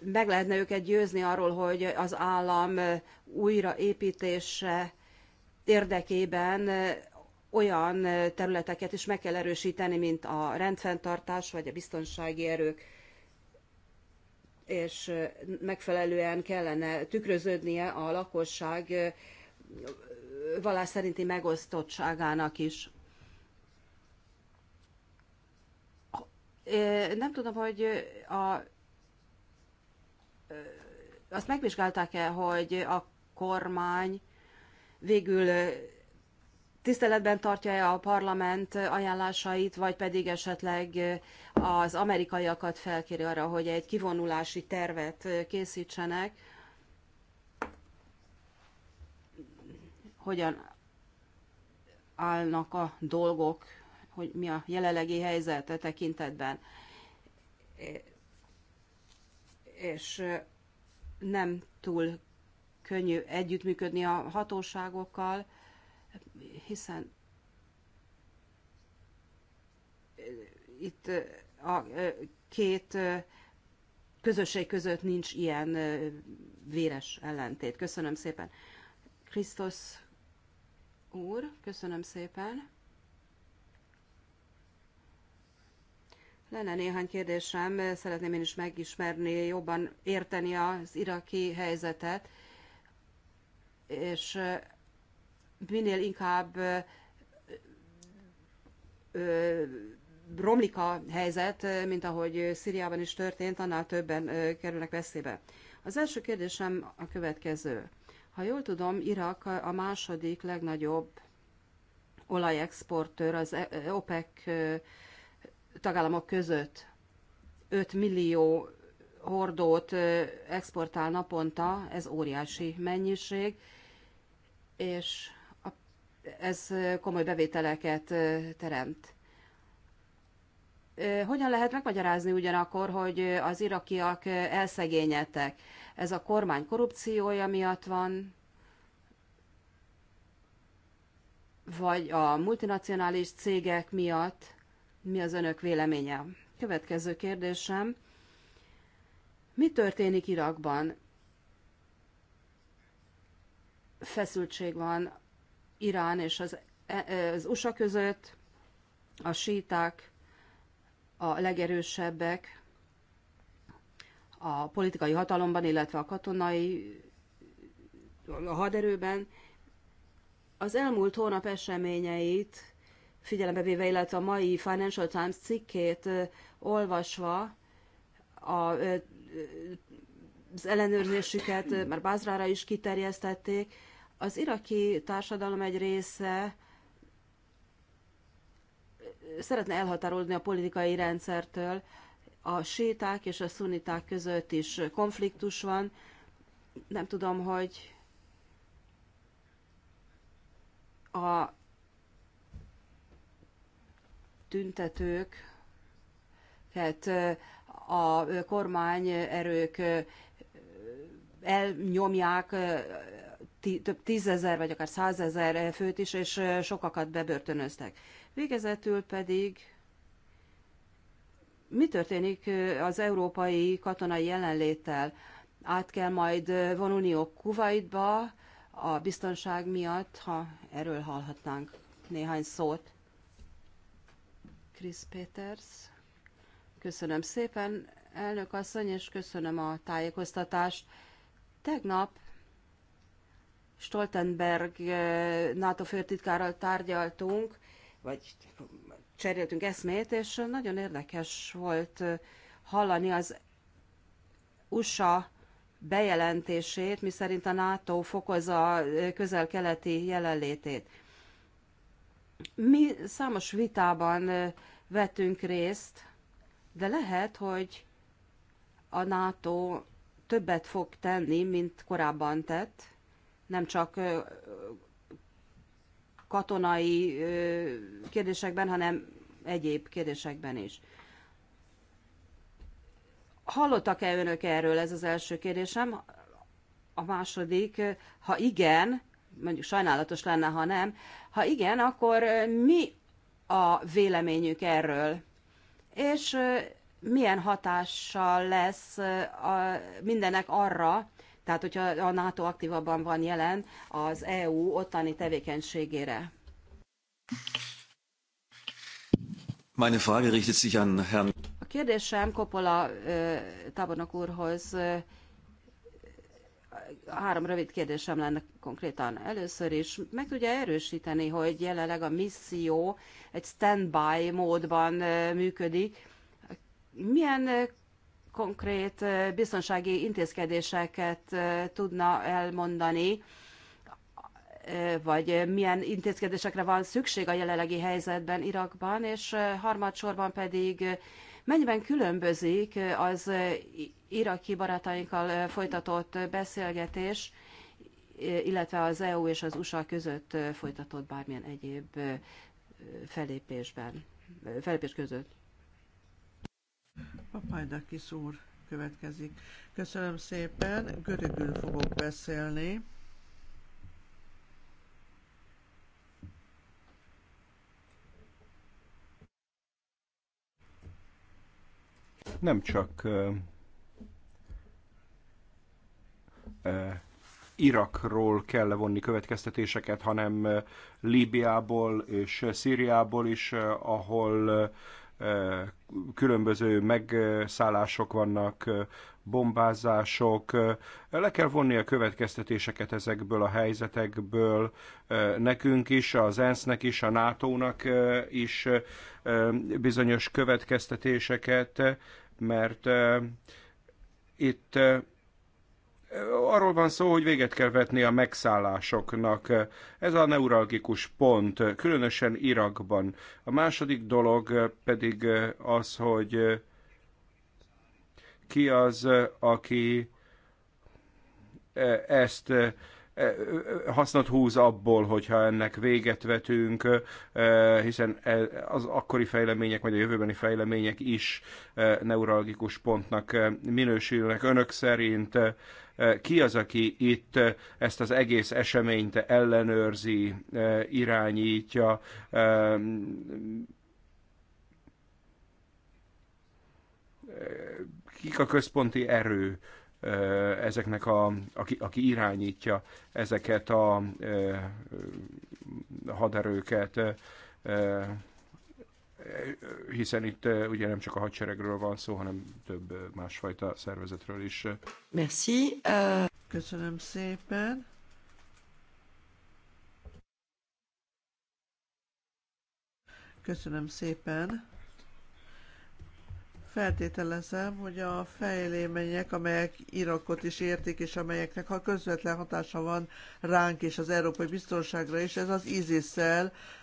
meg lehetne őket győzni arról, hogy az állam újraépítése érdekében olyan területeket is meg kell erősíteni, mint a rendfenntartás vagy a biztonsági erők, és megfelelően kellene tükröződnie a lakosság vallás szerinti megosztottságának is. Nem tudom, hogy a, azt megvizsgálták-e, hogy a kormány végül tiszteletben tartja-e a parlament ajánlásait, vagy pedig esetleg az amerikaiakat felkéri arra, hogy egy kivonulási tervet készítsenek, hogyan állnak a dolgok, hogy mi a jelenlegi helyzet a e tekintetben. És nem túl könnyű együttműködni a hatóságokkal, hiszen itt a két közösség között nincs ilyen véres ellentét. Köszönöm szépen. Krisztus úr, köszönöm szépen. Lenne néhány kérdésem, szeretném én is megismerni, jobban érteni az iraki helyzetet, és minél inkább romlik a helyzet, mint ahogy Szíriában is történt, annál többen kerülnek veszélybe. Az első kérdésem a következő. Ha jól tudom, Irak a második legnagyobb olajexportőr az e, e, OPEC tagállamok között. 5 millió hordót exportál naponta, ez óriási mennyiség, és ez komoly bevételeket teremt. Hogyan lehet megmagyarázni ugyanakkor, hogy az irakiak elszegényedtek? Ez a kormány korrupciója miatt van, vagy a multinacionális cégek miatt? Mi az önök véleménye? Következő kérdésem. Mi történik Irakban? feszültség van Irán és az, e, e, az USA között, a síták a legerősebbek a politikai hatalomban, illetve a katonai, a haderőben. Az elmúlt hónap eseményeit figyelembe véve, illetve a mai Financial Times cikkét olvasva a, az ellenőrzésüket már Bázrára is kiterjesztették, az iraki társadalom egy része szeretne elhatárolni a politikai rendszertől, a séták és a szuniták között is konfliktus van. Nem tudom, hogy a tüntetők tehát a kormányerők elnyomják több tízezer vagy akár százezer főt is, és sokakat bebörtönöztek. Végezetül pedig mi történik az európai katonai jelenléttel? Át kell majd vonulniok Kuwaitba a biztonság miatt, ha erről hallhatnánk néhány szót. Chris Peters. Köszönöm szépen, elnök asszony, és köszönöm a tájékoztatást. Tegnap Stoltenberg eh, NATO főtitkárral tárgyaltunk, vagy cseréltünk eszmét, és nagyon érdekes volt eh, hallani az USA bejelentését, miszerint a NATO fokozza a eh, közel-keleti jelenlétét. Mi számos vitában vettünk részt, de lehet, hogy a NATO többet fog tenni, mint korábban tett, nem csak katonai kérdésekben, hanem egyéb kérdésekben is. Hallottak-e önök erről? Ez az első kérdésem. A második, ha igen, mondjuk sajnálatos lenne, ha nem, ha igen, akkor mi a véleményük erről? És milyen hatással lesz a mindenek arra, tehát, hogyha a NATO aktívabban van jelen az EU ottani tevékenységére. Meine Frage richtet sich an Herrn a kérdésem Kopola tábornok úrhoz három rövid kérdésem lenne konkrétan. Először is meg tudja erősíteni, hogy jelenleg a misszió egy standby módban működik. Milyen konkrét biztonsági intézkedéseket tudna elmondani, vagy milyen intézkedésekre van szükség a jelenlegi helyzetben Irakban, és harmadsorban pedig mennyiben különbözik az iraki barátainkkal folytatott beszélgetés, illetve az EU és az USA között folytatott bármilyen egyéb felépésben, felépés között. Papajdakis úr következik. Köszönöm szépen, görögül fogok beszélni. Nem csak uh, uh, Irakról kell levonni következtetéseket, hanem Líbiából és Szíriából is, ahol különböző megszállások vannak, bombázások. Le kell vonni a következtetéseket ezekből a helyzetekből nekünk is, az ENSZ-nek is, a NATO-nak is bizonyos következtetéseket, mert itt arról van szó, hogy véget kell vetni a megszállásoknak. Ez a neuralgikus pont, különösen Irakban. A második dolog pedig az, hogy ki az, aki e, ezt hasznot húz abból, hogyha ennek véget vetünk, hiszen e, az akkori fejlemények, vagy a jövőbeni fejlemények is neuralgikus pontnak minősülnek. Önök szerint ki az, aki itt ezt az egész eseményt ellenőrzi, irányítja, kik a központi erő ezeknek, a, aki, aki irányítja ezeket a e, haderőket, e, hiszen itt e, ugye nem csak a hadseregről van szó, hanem több másfajta szervezetről is. Merci. Uh... Köszönöm szépen. Köszönöm szépen. Feltételezem, hogy a fejlémények, amelyek Irakot is értik, és amelyeknek ha közvetlen hatása van ránk és az európai biztonságra is, ez az isis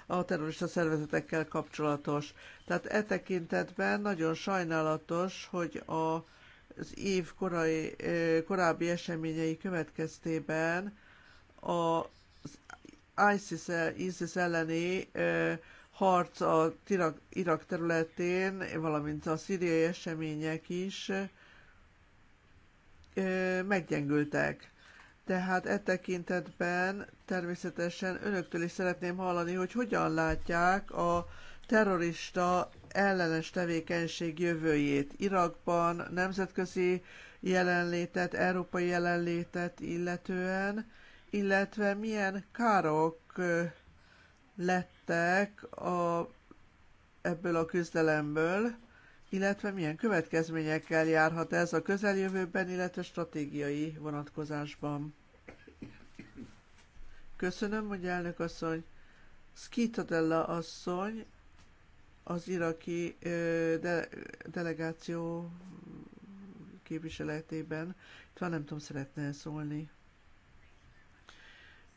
a terrorista szervezetekkel kapcsolatos. Tehát e tekintetben nagyon sajnálatos, hogy a, az év korai, korábbi eseményei következtében a ISIS, ISIS elleni harc a Irak, Irak területén, valamint a szíriai események is meggyengültek. Tehát e tekintetben természetesen önöktől is szeretném hallani, hogy hogyan látják a terrorista ellenes tevékenység jövőjét Irakban, nemzetközi jelenlétet, európai jelenlétet illetően, illetve milyen károk lett lettek a, ebből a küzdelemből, illetve milyen következményekkel járhat ez a közeljövőben, illetve stratégiai vonatkozásban. Köszönöm, hogy elnök asszony. Skitadella asszony az iraki de, delegáció képviseletében. Itt van, nem tudom, szeretne szólni.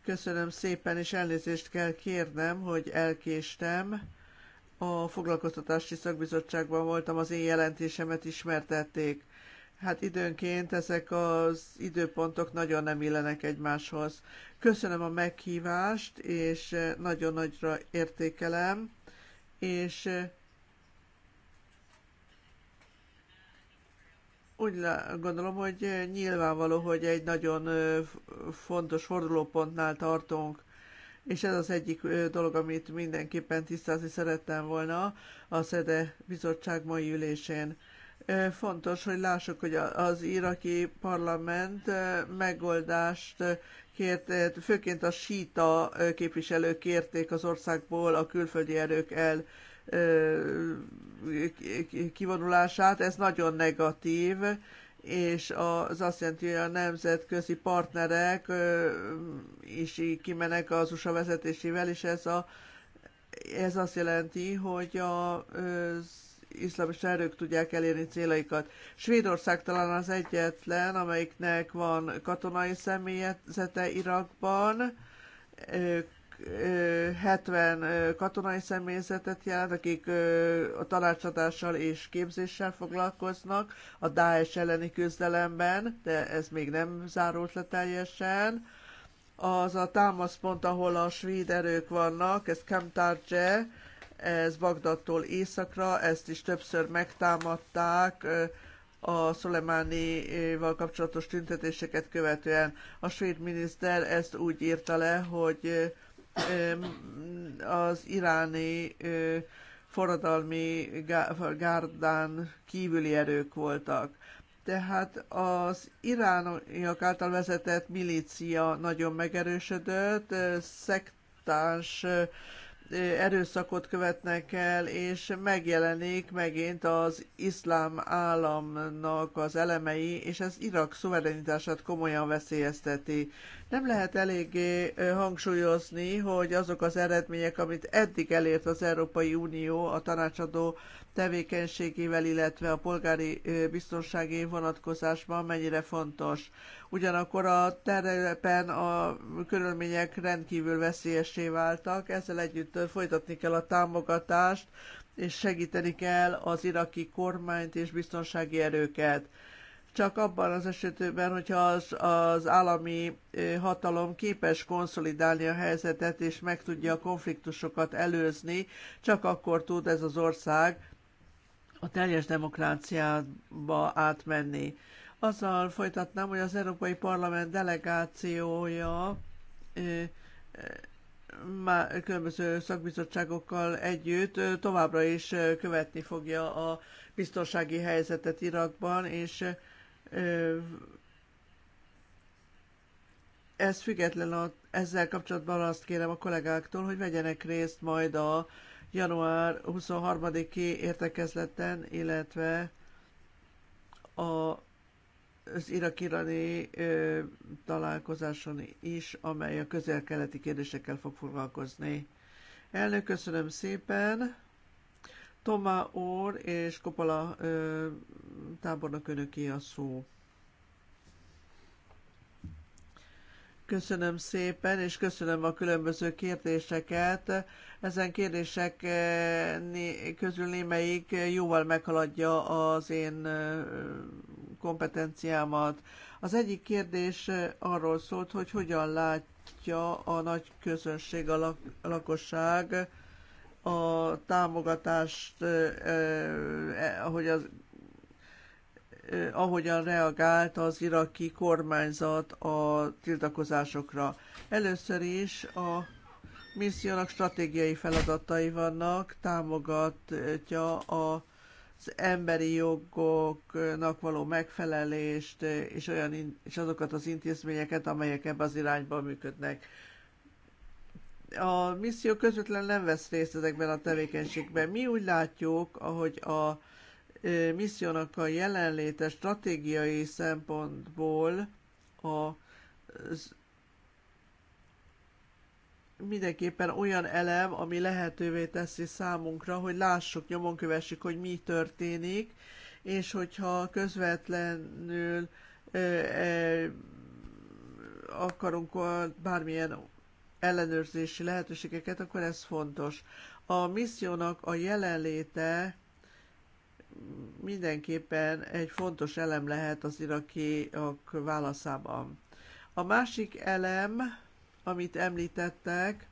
Köszönöm szépen, és elnézést kell kérnem, hogy elkéstem. A foglalkoztatási szakbizottságban voltam, az én jelentésemet ismertették. Hát időnként ezek az időpontok nagyon nem illenek egymáshoz. Köszönöm a meghívást, és nagyon nagyra értékelem, és úgy gondolom, hogy nyilvánvaló, hogy egy nagyon fontos fordulópontnál tartunk, és ez az egyik dolog, amit mindenképpen tisztázni szerettem volna a SZEDE bizottság mai ülésén. Fontos, hogy lássuk, hogy az iraki parlament megoldást kért, főként a síta képviselők kérték az országból a külföldi erők el kivonulását, ez nagyon negatív, és az azt jelenti, hogy a nemzetközi partnerek is kimenek az USA vezetésével, és ez, a, ez azt jelenti, hogy a iszlamista erők tudják elérni céljaikat. Svédország talán az egyetlen, amelyiknek van katonai személyzete Irakban, ők 70 katonai személyzetet jelent, akik a tanácsadással és képzéssel foglalkoznak a Daesh elleni küzdelemben, de ez még nem zárult le teljesen. Az a támaszpont, ahol a svéd erők vannak, ez Kemtárdzse, ez Bagdadtól északra, ezt is többször megtámadták, a Szolemánival kapcsolatos tüntetéseket követően. A svéd miniszter ezt úgy írta le, hogy az iráni forradalmi gárdán kívüli erők voltak. Tehát az irániak által vezetett milícia nagyon megerősödött, szektáns erőszakot követnek el, és megjelenik megint az iszlám államnak az elemei, és ez Irak szuverenitását komolyan veszélyezteti. Nem lehet eléggé hangsúlyozni, hogy azok az eredmények, amit eddig elért az Európai Unió a tanácsadó tevékenységével, illetve a polgári biztonsági vonatkozásban mennyire fontos. Ugyanakkor a terepen a körülmények rendkívül veszélyessé váltak, ezzel együtt folytatni kell a támogatást, és segíteni kell az iraki kormányt és biztonsági erőket csak abban az esetben, hogyha az, az állami hatalom képes konszolidálni a helyzetet és meg tudja a konfliktusokat előzni, csak akkor tud ez az ország a teljes demokráciába átmenni. Azzal folytatnám, hogy az Európai Parlament delegációja különböző szakbizottságokkal együtt továbbra is követni fogja a biztonsági helyzetet Irakban, és ez független a, ezzel kapcsolatban azt kérem a kollégáktól, hogy vegyenek részt majd a január 23-i értekezleten, illetve a, az irakirani irani találkozáson is, amely a közel-keleti kérdésekkel fog foglalkozni. Elnök, köszönöm szépen! Toma úr és Kopola tábornok önöké a szó. Köszönöm szépen, és köszönöm a különböző kérdéseket. Ezen kérdések közül némelyik jóval meghaladja az én kompetenciámat. Az egyik kérdés arról szólt, hogy hogyan látja a nagy közönség, a lakosság a támogatást, e, ahogy az ahogyan reagált az iraki kormányzat a tiltakozásokra. Először is a missziónak stratégiai feladatai vannak, támogatja a az emberi jogoknak való megfelelést, és, olyan, és azokat az intézményeket, amelyek ebbe az irányba működnek a misszió közvetlen nem vesz részt ezekben a tevékenységben. Mi úgy látjuk, ahogy a missziónak a jelenléte stratégiai szempontból a mindenképpen olyan elem, ami lehetővé teszi számunkra, hogy lássuk, nyomon kövessük, hogy mi történik, és hogyha közvetlenül ö, ö, akarunk bármilyen ellenőrzési lehetőségeket, akkor ez fontos. A missziónak a jelenléte mindenképpen egy fontos elem lehet az irakiak válaszában. A másik elem, amit említettek,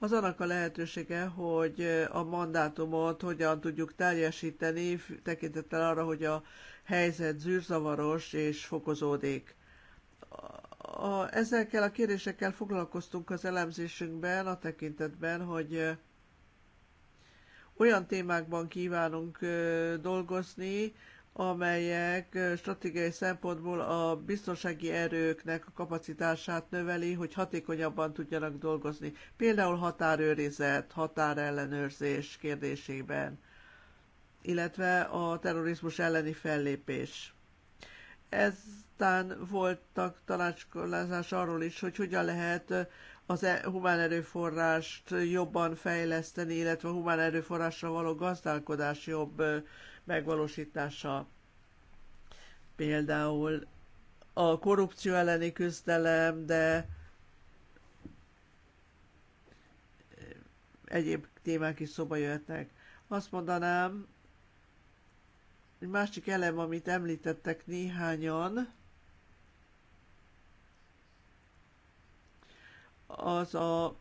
az annak a lehetősége, hogy a mandátumot hogyan tudjuk teljesíteni, tekintettel arra, hogy a helyzet zűrzavaros és fokozódik a, ezekkel a kérdésekkel foglalkoztunk az elemzésünkben, a tekintetben, hogy olyan témákban kívánunk dolgozni, amelyek stratégiai szempontból a biztonsági erőknek a kapacitását növeli, hogy hatékonyabban tudjanak dolgozni. Például határőrizet, határellenőrzés kérdésében, illetve a terrorizmus elleni fellépés. Ez aztán voltak tanácskolázás arról is, hogy hogyan lehet az e- humán erőforrást jobban fejleszteni, illetve a humán erőforrásra való gazdálkodás jobb megvalósítása. Például a korrupció elleni küzdelem, de egyéb témák is szoba jöhetnek. Azt mondanám, egy másik elem, amit említettek néhányan, az a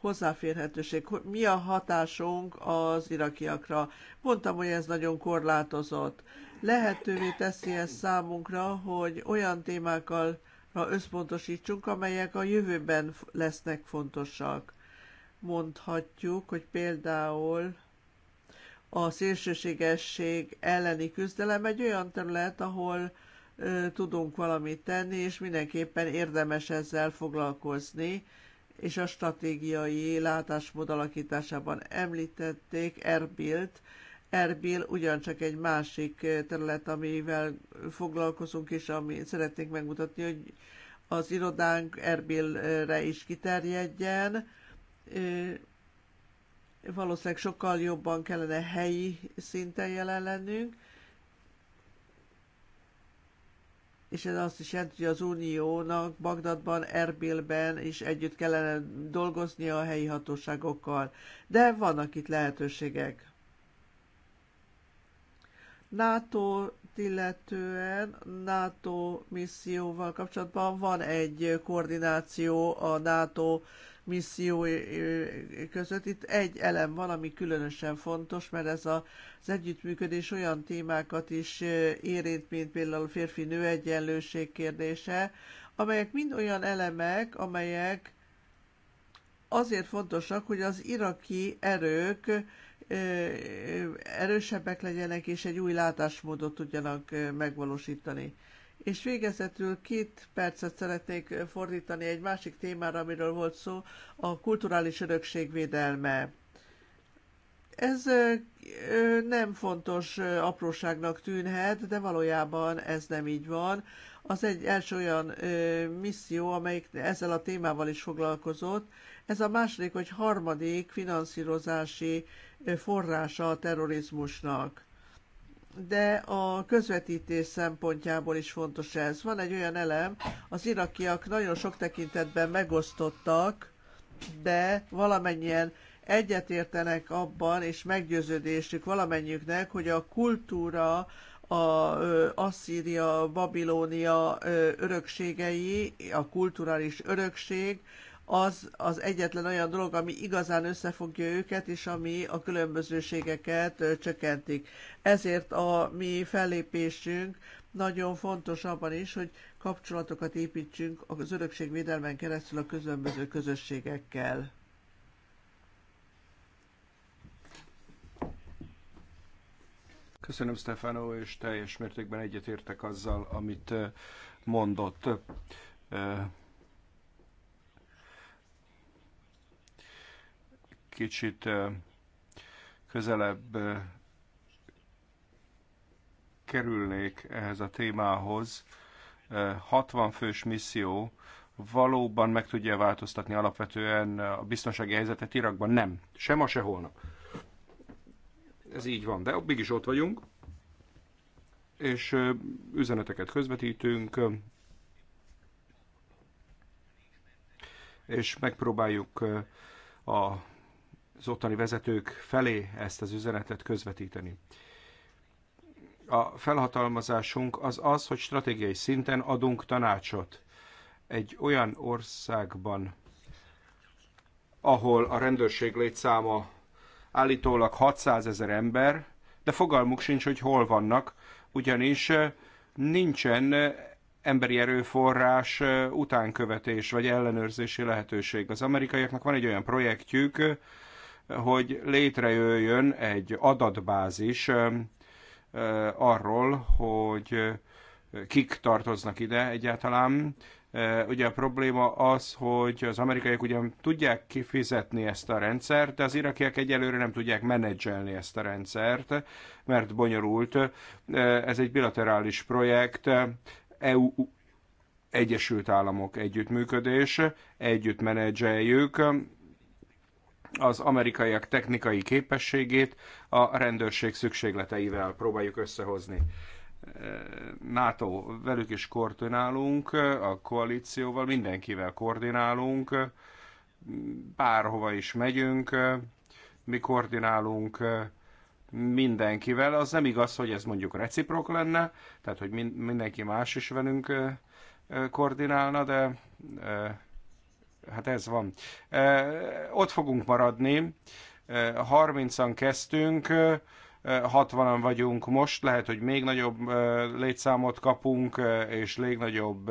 hozzáférhetőség, mi a hatásunk az irakiakra. Mondtam, hogy ez nagyon korlátozott. Lehetővé teszi ez számunkra, hogy olyan témákkal összpontosítsunk, amelyek a jövőben lesznek fontosak. Mondhatjuk, hogy például a szélsőségesség elleni küzdelem egy olyan terület, ahol tudunk valamit tenni, és mindenképpen érdemes ezzel foglalkozni, és a stratégiai látásmód alakításában említették Erbilt. Erbil ugyancsak egy másik terület, amivel foglalkozunk, és ami szeretnénk megmutatni, hogy az irodánk Erbilre is kiterjedjen. Valószínűleg sokkal jobban kellene helyi szinten jelen lennünk, és ez azt is jelenti, hogy az Uniónak Bagdadban, Erbilben is együtt kellene dolgoznia a helyi hatóságokkal. De vannak itt lehetőségek. NATO illetően NATO misszióval kapcsolatban van egy koordináció a NATO misszió között. Itt egy elem van, ami különösen fontos, mert ez a, az együttműködés olyan témákat is érint, mint például férfi-nő egyenlőség kérdése, amelyek mind olyan elemek, amelyek azért fontosak, hogy az iraki erők erősebbek legyenek, és egy új látásmódot tudjanak megvalósítani. És végezetül két percet szeretnék fordítani egy másik témára, amiről volt szó, a kulturális örökség védelme. Ez nem fontos apróságnak tűnhet, de valójában ez nem így van. Az egy első olyan misszió, amelyik ezzel a témával is foglalkozott. Ez a második vagy harmadik finanszírozási forrása a terrorizmusnak de a közvetítés szempontjából is fontos ez. Van egy olyan elem, az irakiak nagyon sok tekintetben megosztottak, de valamennyien egyetértenek abban, és meggyőződésük valamennyiüknek, hogy a kultúra, a Asszíria, Babilónia örökségei, a kulturális örökség az az egyetlen olyan dolog, ami igazán összefogja őket, és ami a különbözőségeket csökkentik. Ezért a mi fellépésünk nagyon fontos abban is, hogy kapcsolatokat építsünk az örökségvédelmen keresztül a különböző közösségekkel. Köszönöm, Stefano, és teljes mértékben egyetértek azzal, amit mondott kicsit közelebb kerülnék ehhez a témához. 60 fős misszió valóban meg tudja változtatni alapvetően a biztonsági helyzetet Irakban? Nem. Sem ma, se holnap. Ez így van, de mégis ott vagyunk, és üzeneteket közvetítünk, és megpróbáljuk a az ottani vezetők felé ezt az üzenetet közvetíteni. A felhatalmazásunk az az, hogy stratégiai szinten adunk tanácsot egy olyan országban, ahol a rendőrség létszáma állítólag 600 ezer ember, de fogalmuk sincs, hogy hol vannak, ugyanis nincsen emberi erőforrás utánkövetés vagy ellenőrzési lehetőség. Az amerikaiaknak van egy olyan projektjük, hogy létrejöjjön egy adatbázis arról, hogy kik tartoznak ide egyáltalán. Ugye a probléma az, hogy az amerikaiak ugyan tudják kifizetni ezt a rendszert, de az irakiak egyelőre nem tudják menedzselni ezt a rendszert, mert bonyolult. Ez egy bilaterális projekt, EU, Egyesült Államok együttműködés, együtt menedzseljük, az amerikaiak technikai képességét a rendőrség szükségleteivel próbáljuk összehozni. NATO, velük is koordinálunk, a koalícióval, mindenkivel koordinálunk, bárhova is megyünk, mi koordinálunk mindenkivel. Az nem igaz, hogy ez mondjuk reciprok lenne, tehát hogy mindenki más is velünk koordinálna, de Hát ez van. Ott fogunk maradni. 30-an kezdtünk, 60-an vagyunk most, lehet, hogy még nagyobb létszámot kapunk, és még nagyobb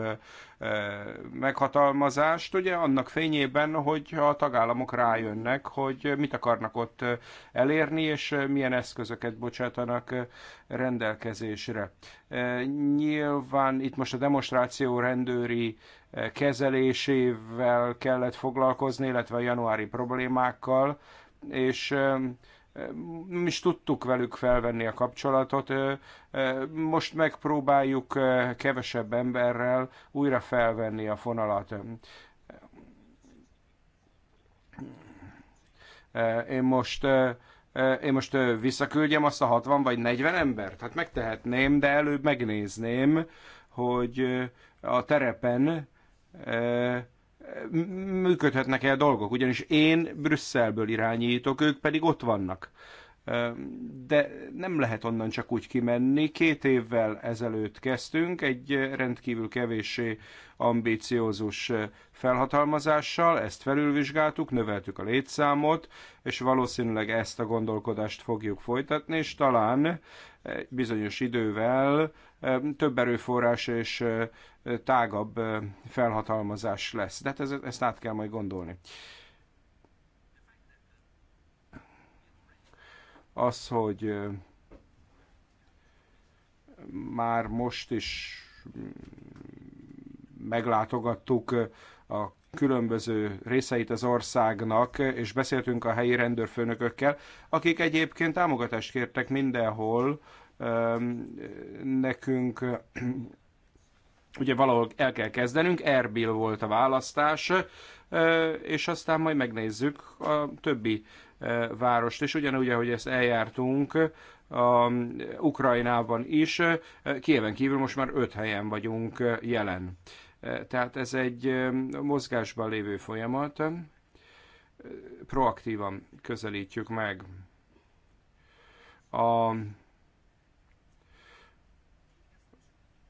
meghatalmazást, ugye annak fényében, hogy a tagállamok rájönnek, hogy mit akarnak ott elérni, és milyen eszközöket bocsátanak rendelkezésre. Nyilván itt most a demonstráció rendőri kezelésével kellett foglalkozni, illetve a januári problémákkal, és nem is tudtuk velük felvenni a kapcsolatot. Most megpróbáljuk kevesebb emberrel újra felvenni a fonalat. Én most én most visszaküldjem azt a 60 vagy 40 embert? Hát megtehetném, de előbb megnézném, hogy a terepen működhetnek el dolgok, ugyanis én Brüsszelből irányítok, ők pedig ott vannak. De nem lehet onnan csak úgy kimenni. Két évvel ezelőtt kezdtünk egy rendkívül kevéssé ambíciózus felhatalmazással, ezt felülvizsgáltuk, növeltük a létszámot, és valószínűleg ezt a gondolkodást fogjuk folytatni, és talán bizonyos idővel több erőforrás és tágabb felhatalmazás lesz. De hát ezt, ezt át kell majd gondolni. Az, hogy már most is mm, meglátogattuk a különböző részeit az országnak, és beszéltünk a helyi rendőrfőnökökkel, akik egyébként támogatást kértek mindenhol. Nekünk [CLEARS THROAT] ugye valahol el kell kezdenünk, Erbil volt a választás, és aztán majd megnézzük a többi várost, és ugyanúgy, ahogy ezt eljártunk, a Ukrajnában is, Kieven kívül most már öt helyen vagyunk jelen. Tehát ez egy mozgásban lévő folyamat. Proaktívan közelítjük meg a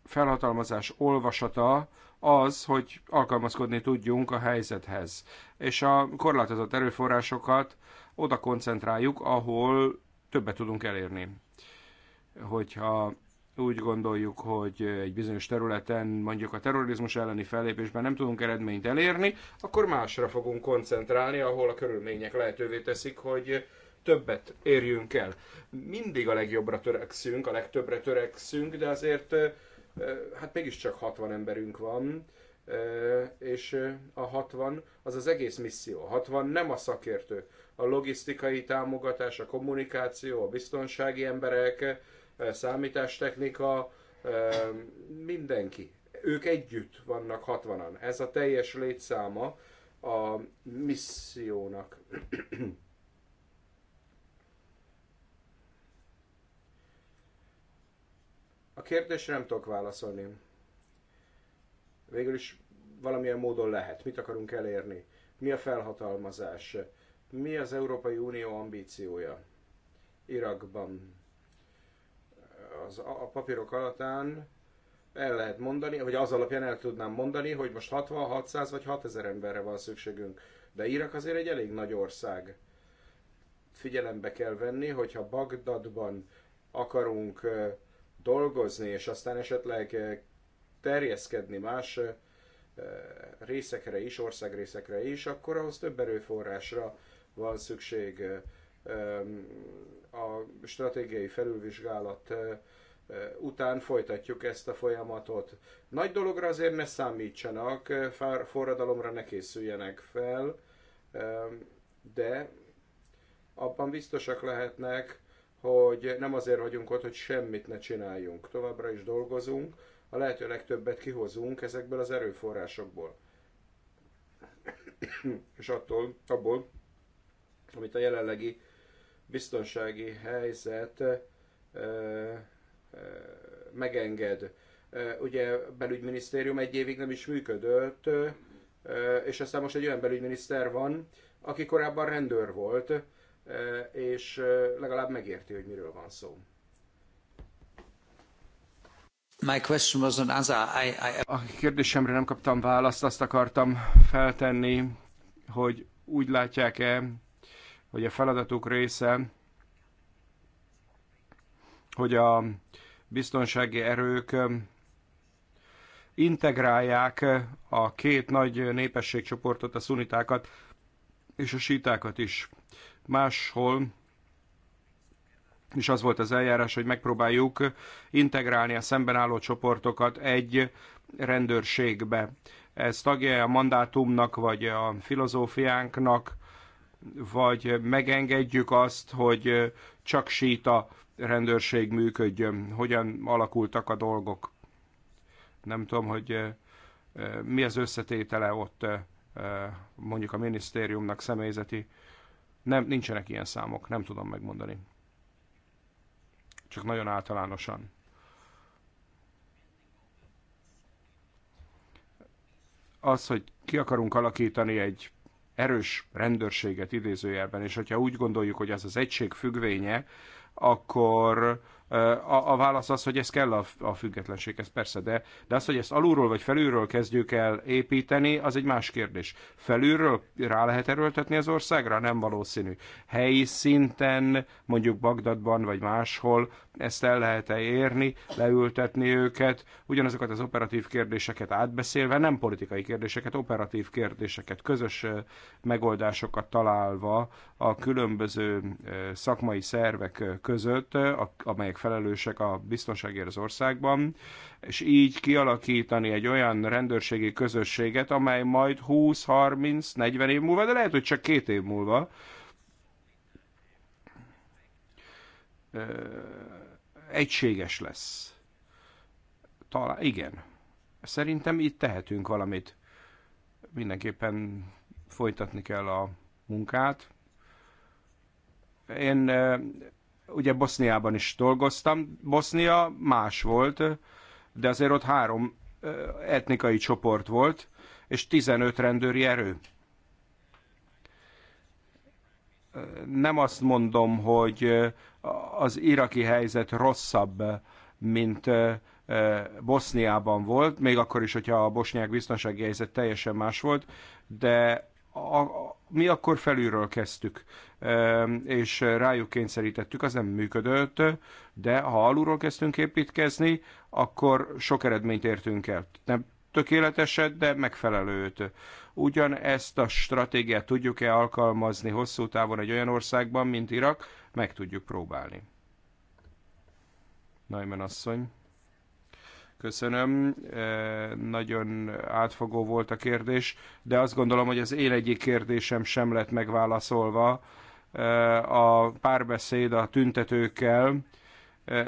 felhatalmazás olvasata az, hogy alkalmazkodni tudjunk a helyzethez. És a korlátozott erőforrásokat oda koncentráljuk, ahol többet tudunk elérni. Hogyha úgy gondoljuk, hogy egy bizonyos területen, mondjuk a terrorizmus elleni fellépésben nem tudunk eredményt elérni, akkor másra fogunk koncentrálni, ahol a körülmények lehetővé teszik, hogy többet érjünk el. Mindig a legjobbra törekszünk, a legtöbbre törekszünk, de azért hát mégiscsak 60 emberünk van, és a 60 az az egész misszió. A 60 nem a szakértő, a logisztikai támogatás, a kommunikáció, a biztonsági emberek, számítástechnika, mindenki. Ők együtt vannak 60-an. Ez a teljes létszáma a missziónak. A kérdésre nem tudok válaszolni. Végül is valamilyen módon lehet. Mit akarunk elérni? Mi a felhatalmazás? Mi az Európai Unió ambíciója Irakban? az, a papírok alatán el lehet mondani, vagy az alapján el tudnám mondani, hogy most 60, 600 vagy 6000 emberre van szükségünk. De Irak azért egy elég nagy ország. Figyelembe kell venni, hogyha Bagdadban akarunk dolgozni, és aztán esetleg terjeszkedni más részekre is, országrészekre is, akkor ahhoz több erőforrásra van szükség a stratégiai felülvizsgálat után folytatjuk ezt a folyamatot. Nagy dologra azért ne számítsanak, forradalomra ne készüljenek fel, de abban biztosak lehetnek, hogy nem azért vagyunk ott, hogy semmit ne csináljunk. Továbbra is dolgozunk, a lehető legtöbbet kihozunk ezekből az erőforrásokból. És attól, abból, amit a jelenlegi biztonsági helyzet megenged. Ugye belügyminisztérium egy évig nem is működött, és aztán most egy olyan belügyminiszter van, aki korábban rendőr volt, és legalább megérti, hogy miről van szó. My question was on Azar. I, I... A kérdésemre nem kaptam választ, azt akartam feltenni, hogy úgy látják-e, hogy a feladatuk része, hogy a biztonsági erők um, integrálják uh, a két nagy népességcsoportot, a szunitákat és a sítákat is. Máshol és az volt az eljárás, hogy megpróbáljuk integrálni a szemben álló csoportokat egy rendőrségbe. Ez tagja a mandátumnak, vagy a filozófiánknak, vagy megengedjük azt, hogy csak síta rendőrség működjön. Hogyan alakultak a dolgok? Nem tudom, hogy eh, eh, mi az összetétele ott eh, mondjuk a minisztériumnak személyzeti. Nem, nincsenek ilyen számok, nem tudom megmondani. Csak nagyon általánosan. Az, hogy ki akarunk alakítani egy erős rendőrséget idézőjelben, és hogyha úgy gondoljuk, hogy ez az egység függvénye, akkor a, a válasz az, hogy ez kell a, a függetlenséghez, persze, de, de az, hogy ezt alulról vagy felülről kezdjük el építeni, az egy más kérdés. Felülről rá lehet erőltetni az országra? Nem valószínű. Helyi szinten, mondjuk Bagdadban vagy máshol ezt el lehet-e érni, leültetni őket, ugyanazokat az operatív kérdéseket átbeszélve, nem politikai kérdéseket, operatív kérdéseket, közös megoldásokat találva a különböző szakmai szervek között, amelyek felelősek a biztonságért az országban, és így kialakítani egy olyan rendőrségi közösséget, amely majd 20-30-40 év múlva, de lehet, hogy csak két év múlva, egységes lesz. Talán, igen. Szerintem itt tehetünk valamit. Mindenképpen folytatni kell a munkát. Én ugye Boszniában is dolgoztam. Bosznia más volt, de azért ott három etnikai csoport volt, és 15 rendőri erő nem azt mondom, hogy eh, az iraki helyzet rosszabb, mint eh, eh, Boszniában volt, még akkor is, hogyha a bosnyák biztonsági helyzet teljesen más volt, de a, a, mi akkor felülről kezdtük, és rájuk kényszerítettük, az nem működött, de ha alulról kezdtünk építkezni, akkor sok eredményt értünk el. Nem, tökéleteset, de megfelelőt. Ugyan ezt a stratégiát tudjuk-e alkalmazni hosszú távon egy olyan országban, mint Irak? Meg tudjuk próbálni. Naimen asszony. Köszönöm. E, nagyon átfogó volt a kérdés, de azt gondolom, hogy az én egyik kérdésem sem lett megválaszolva. E, a párbeszéd a tüntetőkkel,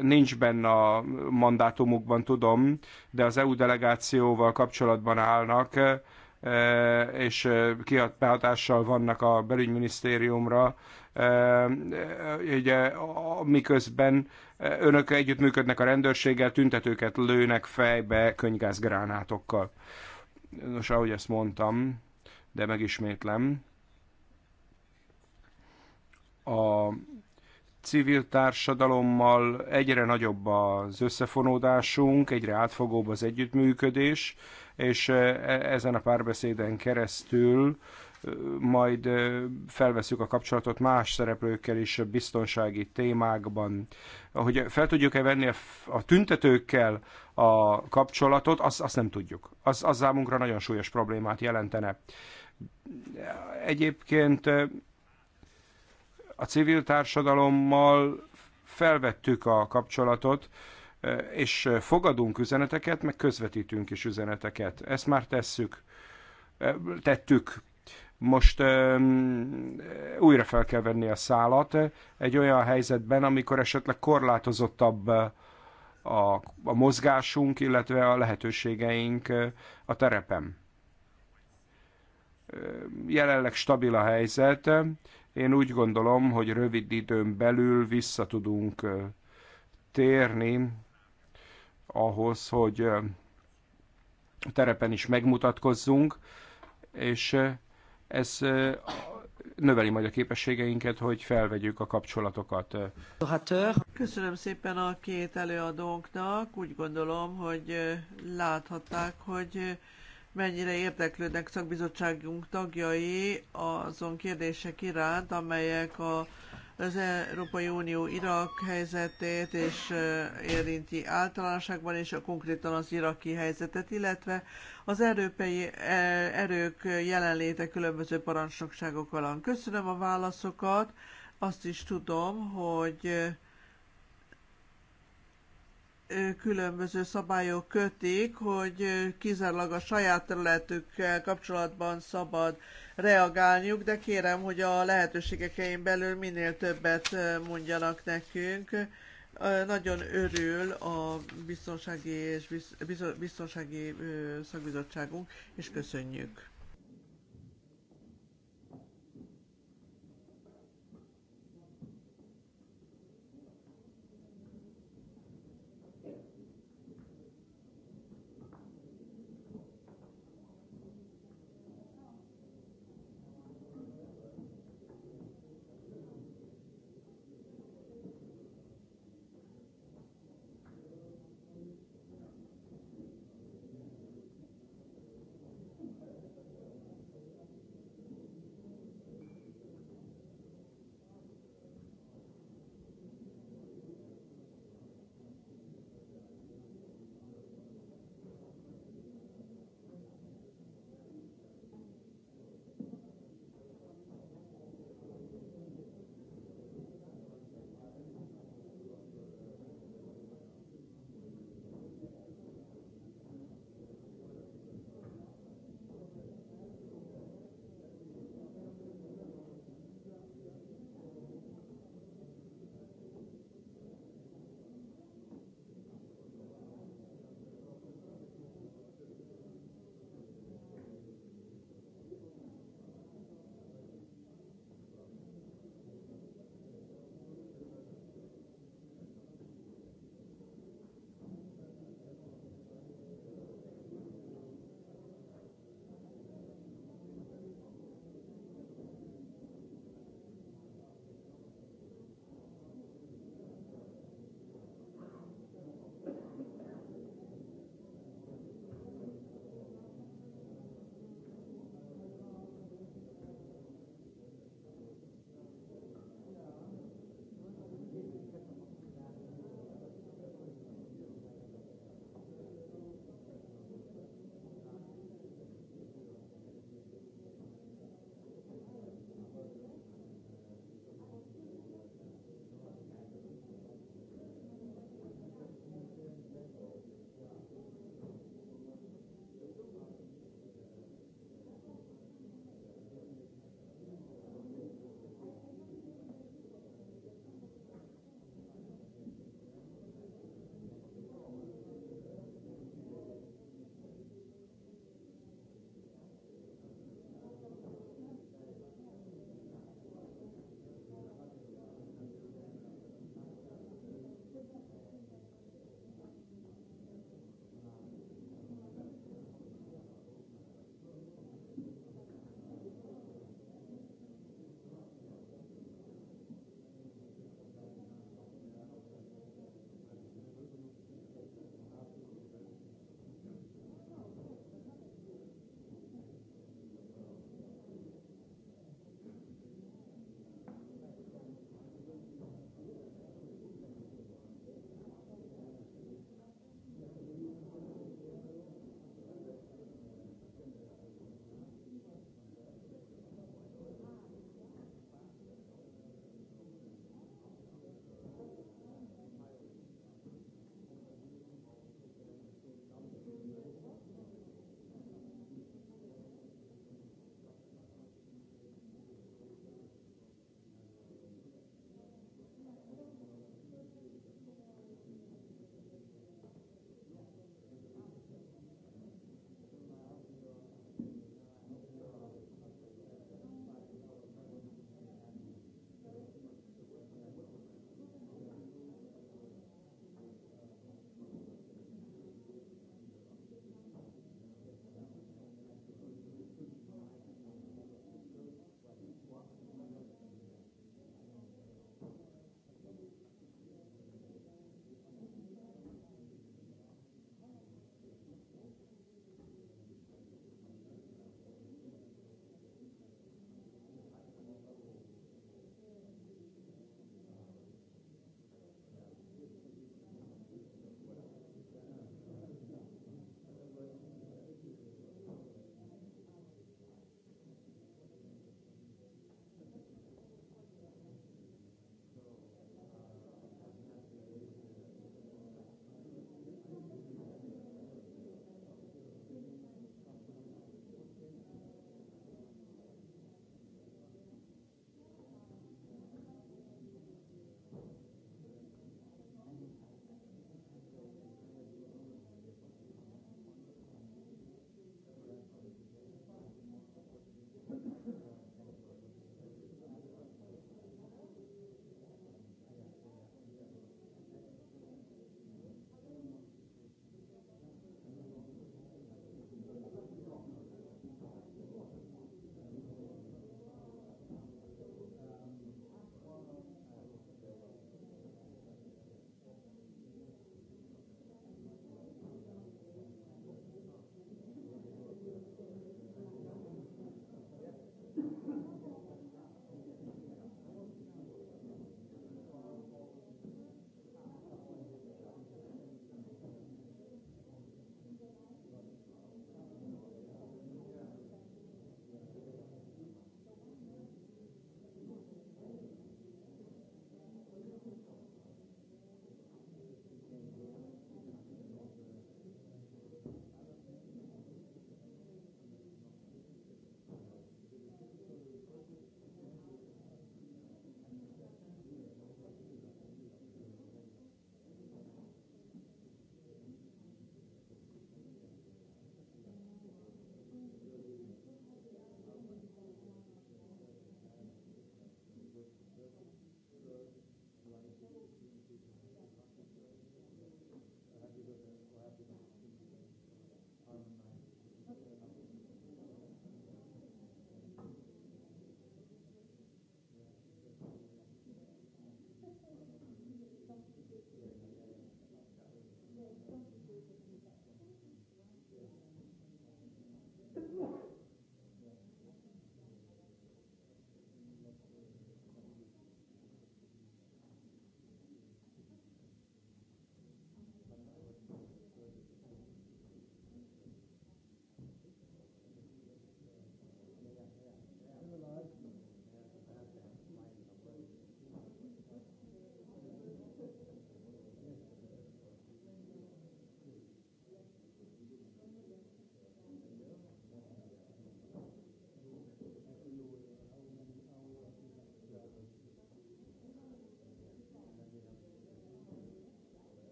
nincs benne a mandátumukban, tudom, de az EU delegációval kapcsolatban állnak, és kihatással vannak a belügyminisztériumra, ugye, miközben önök együttműködnek a rendőrséggel, tüntetőket lőnek fejbe könygázgránátokkal. Nos, ahogy ezt mondtam, de megismétlem, a civil társadalommal egyre nagyobb az összefonódásunk, egyre átfogóbb az együttműködés, és e, e, ezen a párbeszéden keresztül e, majd felveszük a kapcsolatot más szereplőkkel is biztonsági témákban. Hogy fel tudjuk-e venni a tüntetőkkel a kapcsolatot, azt, azt nem tudjuk. Az, az számunkra nagyon súlyos problémát jelentene. Egyébként a civil társadalommal felvettük a kapcsolatot, és fogadunk üzeneteket, meg közvetítünk is üzeneteket. Ezt már tesszük, tettük. Most um, újra fel kell venni a szálat egy olyan helyzetben, amikor esetleg korlátozottabb a, a mozgásunk, illetve a lehetőségeink a terepen. Jelenleg stabil a helyzet, én úgy gondolom, hogy rövid időn belül vissza tudunk térni ahhoz, hogy terepen is megmutatkozzunk, és ez növeli majd a képességeinket, hogy felvegyük a kapcsolatokat. Köszönöm szépen a két előadónknak. Úgy gondolom, hogy láthatták, hogy mennyire érdeklődnek szakbizottságunk tagjai azon kérdések iránt, amelyek a, az Európai Unió Irak helyzetét és érinti általánosságban, és a konkrétan az iraki helyzetet, illetve az erőpei, e, erők jelenléte különböző parancsnokságok alatt. Köszönöm a válaszokat, azt is tudom, hogy különböző szabályok kötik, hogy kizárólag a saját területükkel kapcsolatban szabad reagálniuk, de kérem, hogy a lehetőségekein belül minél többet mondjanak nekünk. Nagyon örül a biztonsági és biztonsági szakbizottságunk, és köszönjük.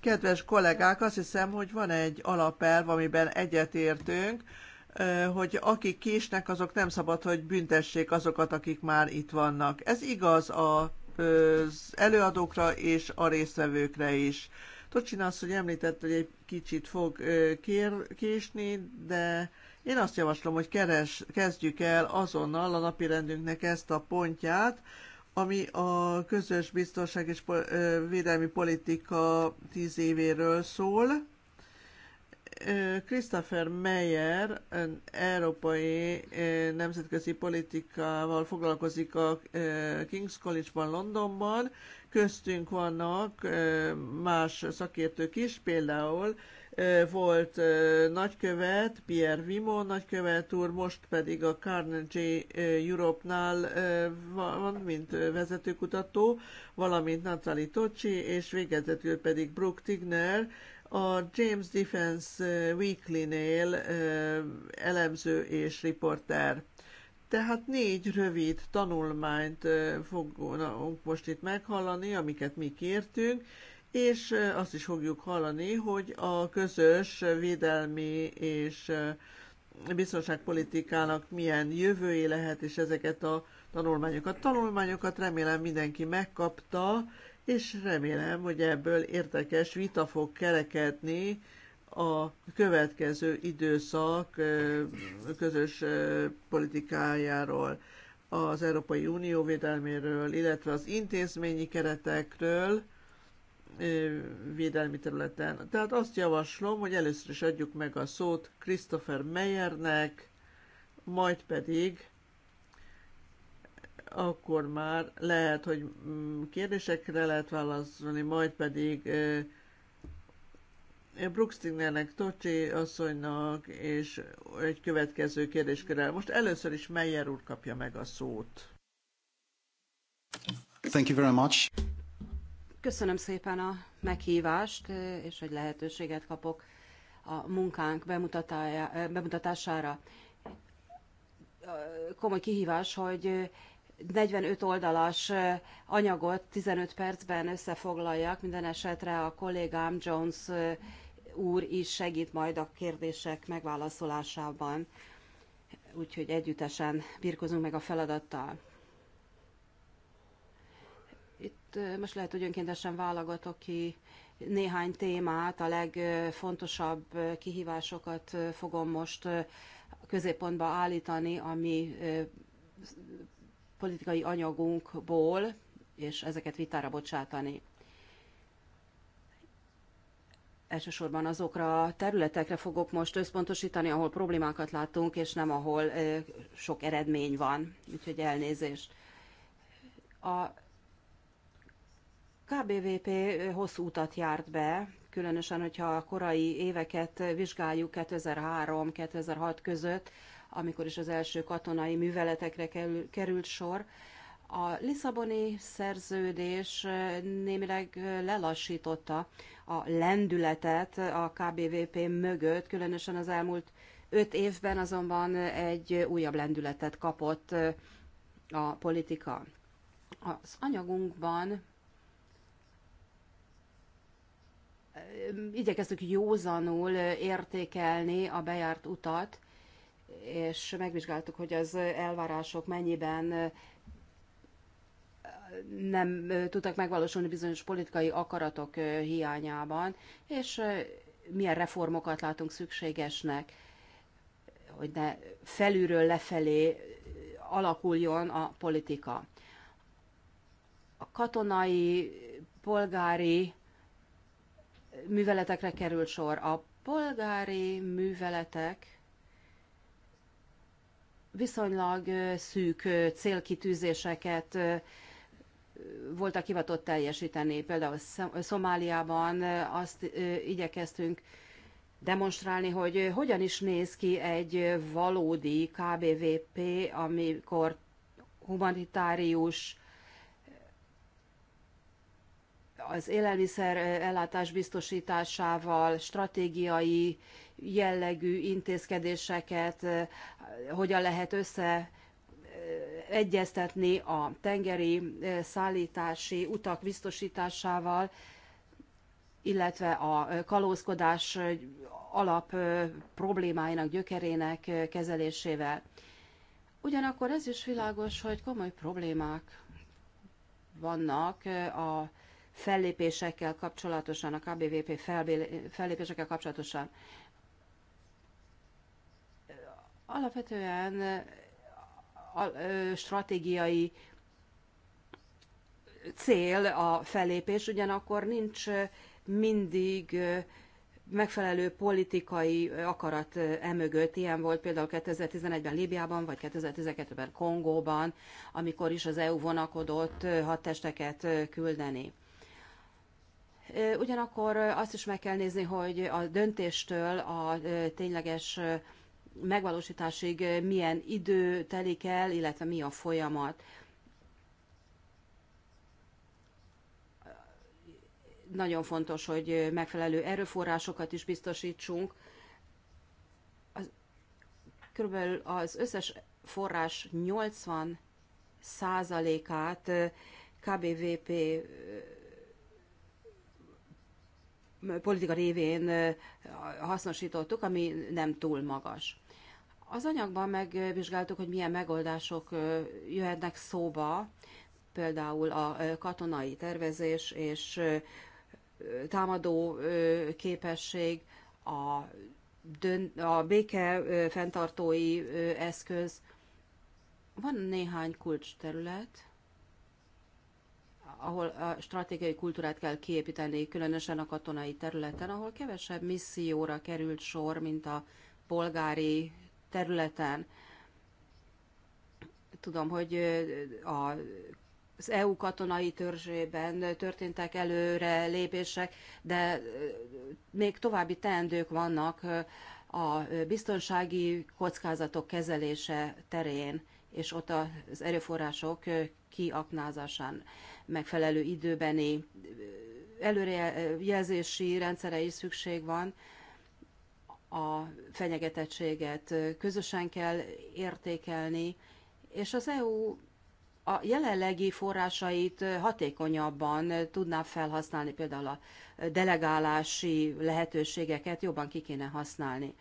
Kedves kollégák, azt hiszem, hogy van egy alapelv, amiben egyetértünk, hogy akik késnek, azok nem szabad, hogy büntessék azokat, akik már itt vannak. Ez igaz az előadókra és a résztvevőkre is. Tocsin azt, hogy említett, hogy egy kicsit fog kér, késni, de én azt javaslom, hogy keres, kezdjük el azonnal a napirendünknek ezt a pontját, ami a közös biztonság és védelmi politika tíz évéről szól. Christopher Meyer európai nemzetközi politikával foglalkozik a King's College-ban, Londonban. Köztünk vannak más szakértők is, például volt nagykövet, Pierre Vimo nagykövet úr, most pedig a Carnegie Europe-nál van, mint vezetőkutató, valamint Natalie Tocsi, és végezetül pedig Brooke Tigner, a James Defense Weekly-nél elemző és riporter. Tehát négy rövid tanulmányt fogunk most itt meghallani, amiket mi kértünk, és azt is fogjuk hallani, hogy a közös védelmi és biztonságpolitikának milyen jövője lehet, és ezeket a tanulmányokat. Tanulmányokat remélem mindenki megkapta, és remélem, hogy ebből érdekes vita fog kerekedni a következő időszak közös politikájáról, az Európai Unió védelméről, illetve az intézményi keretekről, védelmi területen. Tehát azt javaslom, hogy először is adjuk meg a szót Christopher Meyernek, majd pedig akkor már lehet, hogy mm, kérdésekre lehet válaszolni, majd pedig Brookstingernek, Tocsi asszonynak, és egy következő kérdéskörrel. Most először is Meyer úr kapja meg a szót. Thank you very much. Köszönöm szépen a meghívást, és hogy lehetőséget kapok a munkánk bemutatására. Komoly kihívás, hogy 45 oldalas anyagot 15 percben összefoglaljak, minden esetre a kollégám Jones úr is segít majd a kérdések megválaszolásában, úgyhogy együttesen birkozunk meg a feladattal most lehet, hogy önkéntesen válogatok ki néhány témát, a legfontosabb kihívásokat fogom most középpontba állítani, ami politikai anyagunkból, és ezeket vitára bocsátani. Elsősorban azokra a területekre fogok most összpontosítani, ahol problémákat látunk, és nem ahol sok eredmény van. Úgyhogy elnézést. A KBVP hosszú utat járt be, különösen, hogyha a korai éveket vizsgáljuk 2003-2006 között, amikor is az első katonai műveletekre került sor. A Lisszaboni szerződés némileg lelassította a lendületet a KBVP mögött, különösen az elmúlt öt évben azonban egy újabb lendületet kapott a politika. Az anyagunkban igyekeztük józanul értékelni a bejárt utat, és megvizsgáltuk, hogy az elvárások mennyiben nem tudtak megvalósulni bizonyos politikai akaratok hiányában, és milyen reformokat látunk szükségesnek, hogy ne felülről lefelé alakuljon a politika. A katonai, polgári műveletekre került sor. A polgári műveletek viszonylag szűk célkitűzéseket voltak hivatott teljesíteni. Például Szomáliában azt igyekeztünk demonstrálni, hogy hogyan is néz ki egy valódi KBVP, amikor humanitárius az élelmiszer ellátás biztosításával, stratégiai jellegű intézkedéseket hogyan lehet össze egyeztetni a tengeri szállítási utak biztosításával, illetve a kalózkodás alap problémáinak, gyökerének kezelésével. Ugyanakkor ez is világos, hogy komoly problémák vannak a fellépésekkel kapcsolatosan, a KBVP fellépésekkel kapcsolatosan. Alapvetően a stratégiai cél a fellépés, ugyanakkor nincs mindig megfelelő politikai akarat emögött. Ilyen volt például 2011-ben Líbiában, vagy 2012-ben Kongóban, amikor is az EU vonakodott hadtesteket küldeni. Ugyanakkor azt is meg kell nézni, hogy a döntéstől a tényleges megvalósításig milyen idő telik el, illetve mi a folyamat. Nagyon fontos, hogy megfelelő erőforrásokat is biztosítsunk. Az, körülbelül az összes forrás 80 százalékát KBVP politika révén hasznosítottuk, ami nem túl magas. Az anyagban megvizsgáltuk, hogy milyen megoldások jöhetnek szóba, például a katonai tervezés és támadó képesség, a, dön, a béke fenntartói eszköz. Van néhány kulcsterület, ahol a stratégiai kultúrát kell kiépíteni, különösen a katonai területen, ahol kevesebb misszióra került sor, mint a polgári területen. Tudom, hogy a az EU katonai törzsében történtek előre lépések, de még további teendők vannak a biztonsági kockázatok kezelése terén és ott az erőforrások kiaknázásán megfelelő időbeni előrejelzési rendszere is szükség van. A fenyegetettséget közösen kell értékelni, és az EU a jelenlegi forrásait hatékonyabban tudná felhasználni, például a delegálási lehetőségeket jobban ki kéne használni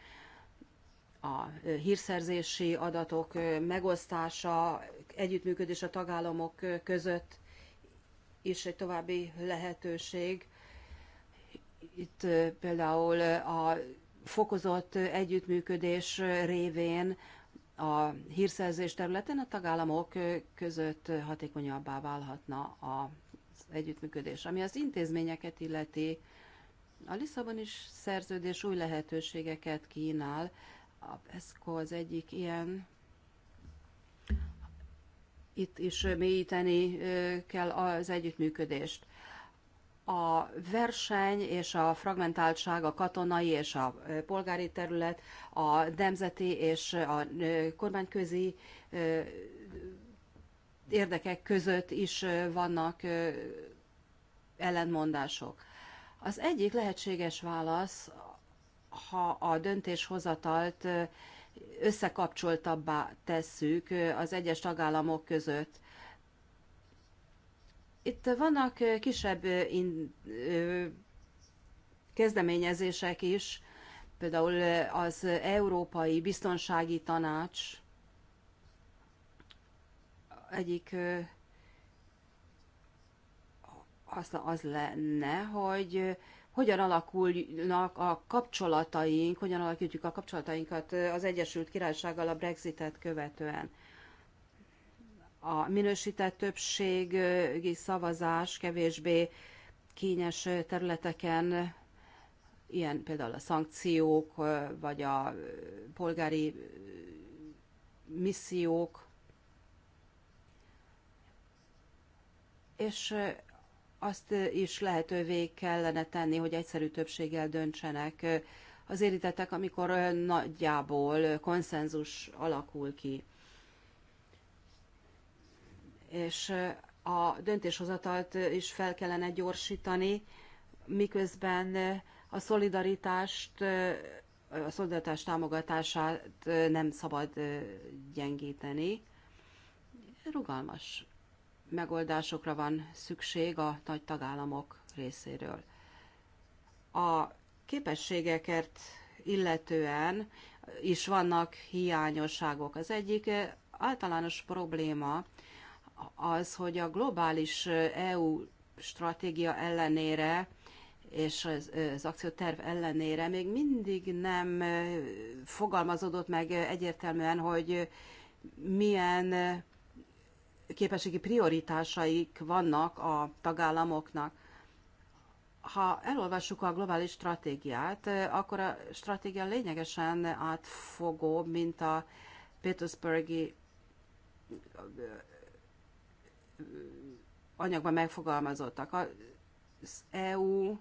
a hírszerzési adatok megosztása, együttműködés a tagállamok között is egy további lehetőség. Itt például a fokozott együttműködés révén a hírszerzés területen a tagállamok között hatékonyabbá válhatna az együttműködés. Ami az intézményeket illeti, a Lisszabon is szerződés új lehetőségeket kínál, a PESCO az egyik ilyen. Itt is mélyíteni kell az együttműködést. A verseny és a fragmentáltság, a katonai és a polgári terület, a nemzeti és a kormányközi érdekek között is vannak ellentmondások. Az egyik lehetséges válasz ha a döntéshozatalt összekapcsoltabbá tesszük az egyes tagállamok között. Itt vannak kisebb kezdeményezések is, például az Európai Biztonsági Tanács egyik az, az lenne, hogy hogyan alakulnak a kapcsolataink, hogyan alakítjuk a kapcsolatainkat az Egyesült Királysággal a Brexitet követően. A minősített többségi szavazás kevésbé kényes területeken, ilyen például a szankciók, vagy a polgári missziók, és azt is lehetővé kellene tenni, hogy egyszerű többséggel döntsenek az érintettek, amikor nagyjából konszenzus alakul ki. És a döntéshozatalt is fel kellene gyorsítani, miközben a szolidaritást, a szolidaritás támogatását nem szabad gyengíteni. Rugalmas megoldásokra van szükség a nagy tagállamok részéről. A képességeket illetően is vannak hiányosságok. Az egyik általános probléma az, hogy a globális EU stratégia ellenére és az, az akcióterv ellenére még mindig nem fogalmazódott meg egyértelműen, hogy milyen képességi prioritásaik vannak a tagállamoknak. Ha elolvassuk a globális stratégiát, akkor a stratégia lényegesen átfogó, mint a Petersburgi anyagban megfogalmazottak. Az EU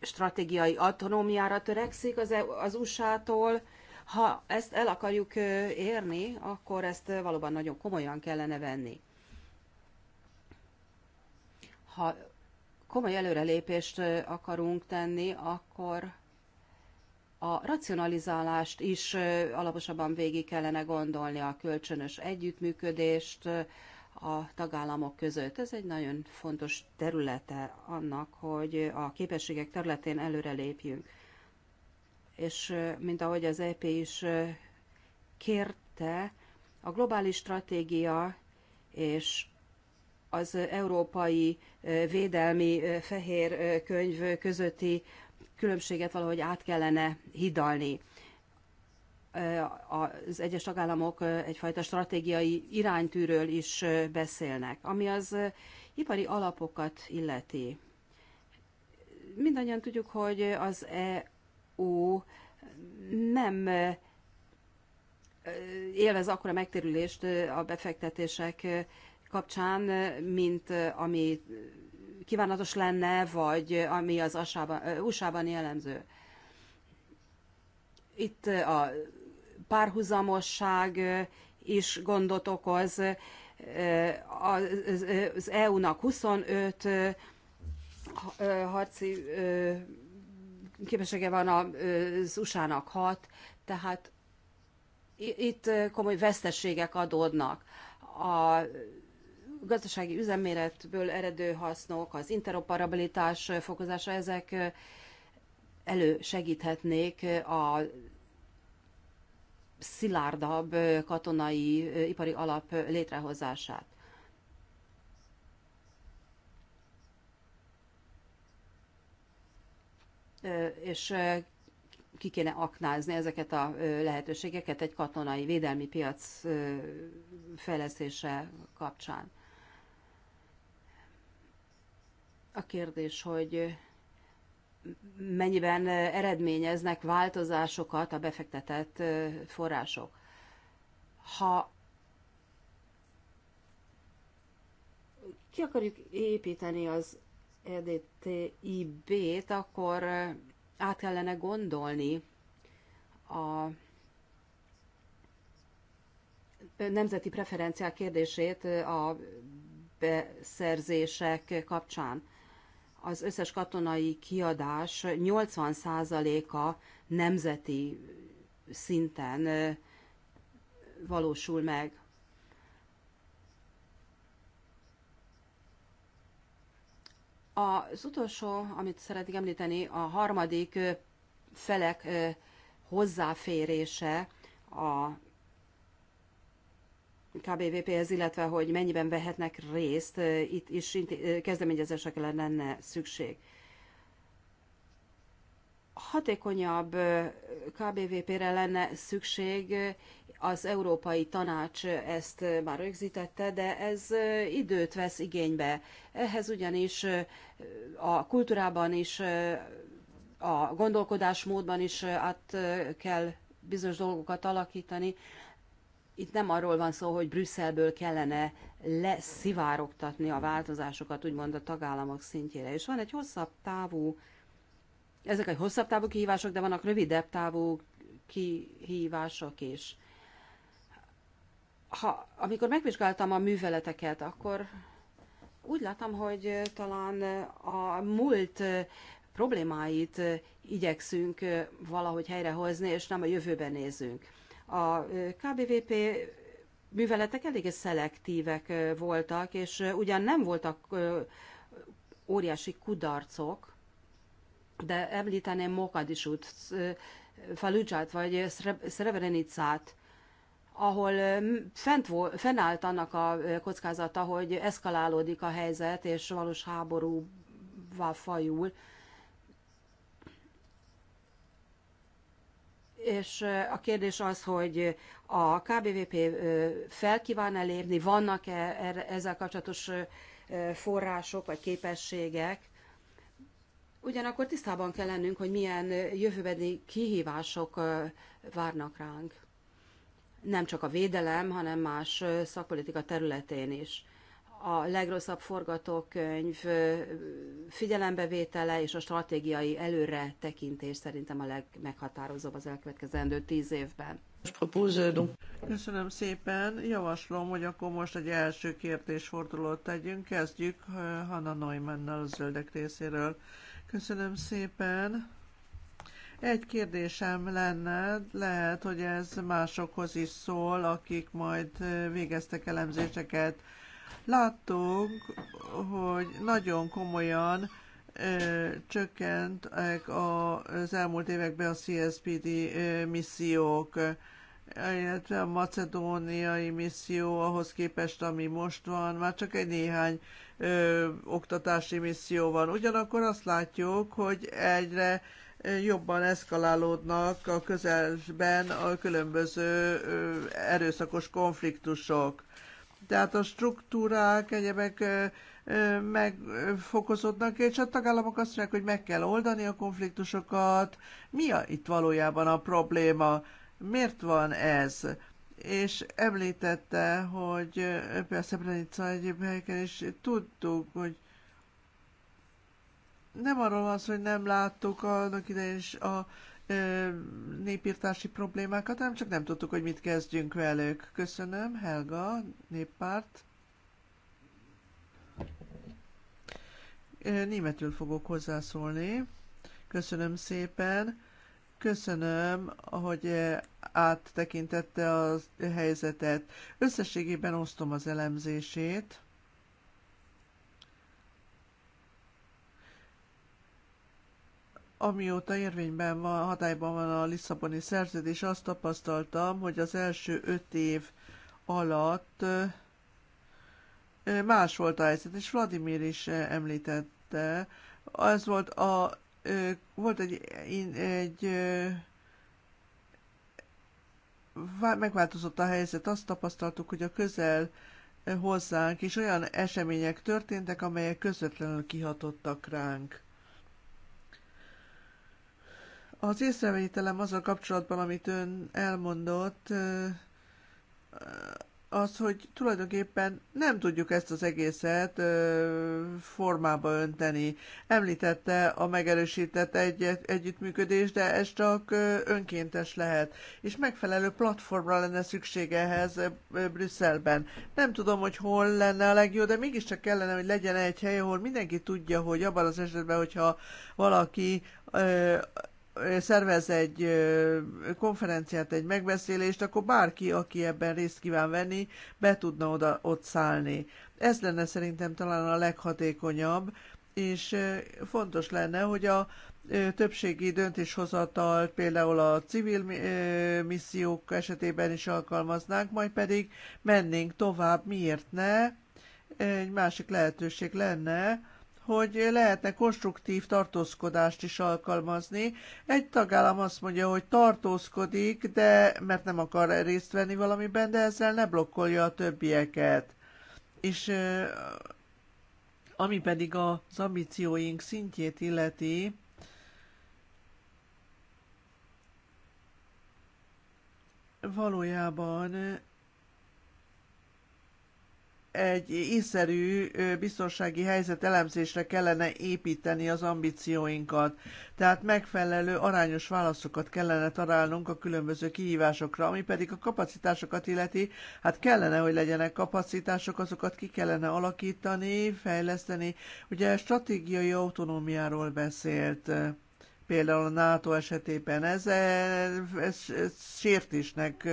stratégiai autonómiára törekszik az, e az USA-tól, ha ezt el akarjuk érni, akkor ezt valóban nagyon komolyan kellene venni. Ha komoly előrelépést akarunk tenni, akkor a racionalizálást is alaposabban végig kellene gondolni, a kölcsönös együttműködést a tagállamok között. Ez egy nagyon fontos területe annak, hogy a képességek területén előrelépjünk és mint ahogy az EP is kérte, a globális stratégia és az európai védelmi fehér könyv közötti különbséget valahogy át kellene hidalni. Az egyes tagállamok egyfajta stratégiai iránytűről is beszélnek, ami az ipari alapokat illeti. Mindannyian tudjuk, hogy az e ó, nem élvez akkora megtérülést a befektetések kapcsán, mint ami kívánatos lenne, vagy ami az USA-ban jellemző. Itt a párhuzamosság is gondot okoz. Az EU-nak 25 harci képessége van az USA-nak hat, tehát itt komoly veszteségek adódnak. A gazdasági üzemméretből eredő hasznok, az interoperabilitás fokozása, ezek elősegíthetnék a szilárdabb katonai ipari alap létrehozását. és ki kéne aknázni ezeket a lehetőségeket egy katonai védelmi piac fejlesztése kapcsán. A kérdés, hogy mennyiben eredményeznek változásokat a befektetett források. Ha ki akarjuk építeni az EDTIB-t, akkor át kellene gondolni a nemzeti preferenciák kérdését a beszerzések kapcsán. Az összes katonai kiadás 80%-a nemzeti szinten valósul meg. Az utolsó, amit szeretnék említeni, a harmadik felek hozzáférése a KBVP-hez, illetve hogy mennyiben vehetnek részt, itt is kezdeményezésekre lenne szükség hatékonyabb KBVP-re lenne szükség, az Európai Tanács ezt már rögzítette, de ez időt vesz igénybe. Ehhez ugyanis a kultúrában is, a gondolkodásmódban is át kell bizonyos dolgokat alakítani. Itt nem arról van szó, hogy Brüsszelből kellene leszivárogtatni a változásokat, úgymond a tagállamok szintjére. És van egy hosszabb távú ezek a hosszabb távú kihívások, de vannak rövidebb távú kihívások is. Ha, amikor megvizsgáltam a műveleteket, akkor úgy láttam, hogy talán a múlt problémáit igyekszünk valahogy helyrehozni, és nem a jövőben nézünk. A KBVP műveletek eléggé szelektívek voltak, és ugyan nem voltak óriási kudarcok, de említeném Mokadisút, Falucsát vagy Srebrenicát, ahol fent volt, fennállt annak a kockázata, hogy eszkalálódik a helyzet, és valós háborúvá fajul. És a kérdés az, hogy a KBVP felkíván elérni, vannak-e er- ezzel kapcsolatos források vagy képességek, Ugyanakkor tisztában kell lennünk, hogy milyen jövőbeni kihívások várnak ránk. Nem csak a védelem, hanem más szakpolitika területén is. A legrosszabb forgatókönyv figyelembevétele és a stratégiai előre tekintés szerintem a legmeghatározóbb az elkövetkezendő tíz évben. Köszönöm szépen. Javaslom, hogy akkor most egy első kérdésfordulót tegyünk. Kezdjük Hanna Neumann-nal a zöldek részéről. Köszönöm szépen. Egy kérdésem lenne, lehet, hogy ez másokhoz is szól, akik majd végeztek elemzéseket. Láttunk, hogy nagyon komolyan ö, csökkent az elmúlt években a CSPD ö, missziók, illetve a macedóniai misszió ahhoz képest, ami most van, már csak egy néhány ö, oktatási misszió van. Ugyanakkor azt látjuk, hogy egyre jobban eszkalálódnak a közelben a különböző ö, erőszakos konfliktusok. Tehát a struktúrák egyebek megfokozódnak, és a tagállamok azt mondják, hogy meg kell oldani a konfliktusokat. Mi a, itt valójában a probléma? Miért van ez? és említette, hogy eh, persze Szebrenica egyéb helyeken is tudtuk, hogy nem arról van hogy nem láttuk annak idején is a ö, eh, népírtási problémákat, hanem csak nem tudtuk, hogy mit kezdjünk velük. Köszönöm, Helga, néppárt. Eh, németül fogok hozzászólni. Köszönöm szépen Köszönöm, hogy eh, áttekintette a helyzetet. Összességében osztom az elemzését. Amióta érvényben van, hatályban van a Lisszaboni szerződés, azt tapasztaltam, hogy az első öt év alatt eh, más volt a helyzet, és Vladimir is eh, említette, az volt a volt egy, egy megváltozott a helyzet, azt tapasztaltuk, hogy a közel hozzánk is olyan események történtek, amelyek közvetlenül kihatottak ránk. Az észrevételem azzal kapcsolatban, amit ön elmondott, az, hogy tulajdonképpen nem tudjuk ezt az egészet ö, formába önteni. Említette a megerősített egy, együttműködés, de ez csak ö, önkéntes lehet, és megfelelő platformra lenne szüksége ehhez ö, ö, Brüsszelben. Nem tudom, hogy hol lenne a legjobb, de mégiscsak kellene, hogy legyen egy hely, ahol mindenki tudja, hogy abban az esetben, hogyha valaki ö, szervez egy konferenciát, egy megbeszélést, akkor bárki, aki ebben részt kíván venni, be tudna oda ott szállni. Ez lenne szerintem talán a leghatékonyabb, és fontos lenne, hogy a többségi döntéshozatal például a civil missziók esetében is alkalmaznánk, majd pedig mennénk tovább, miért ne? Egy másik lehetőség lenne, hogy lehetne konstruktív tartózkodást is alkalmazni. Egy tagállam azt mondja, hogy tartózkodik, de mert nem akar részt venni valamiben, de ezzel ne blokkolja a többieket. És ami pedig az ambícióink szintjét illeti, valójában egy észszerű biztonsági helyzet elemzésre kellene építeni az ambícióinkat. Tehát megfelelő arányos válaszokat kellene találnunk a különböző kihívásokra, ami pedig a kapacitásokat illeti, hát kellene, hogy legyenek kapacitások, azokat ki kellene alakítani, fejleszteni. Ugye stratégiai autonómiáról beszélt például a NATO esetében, ez, e, ez, ez sértésnek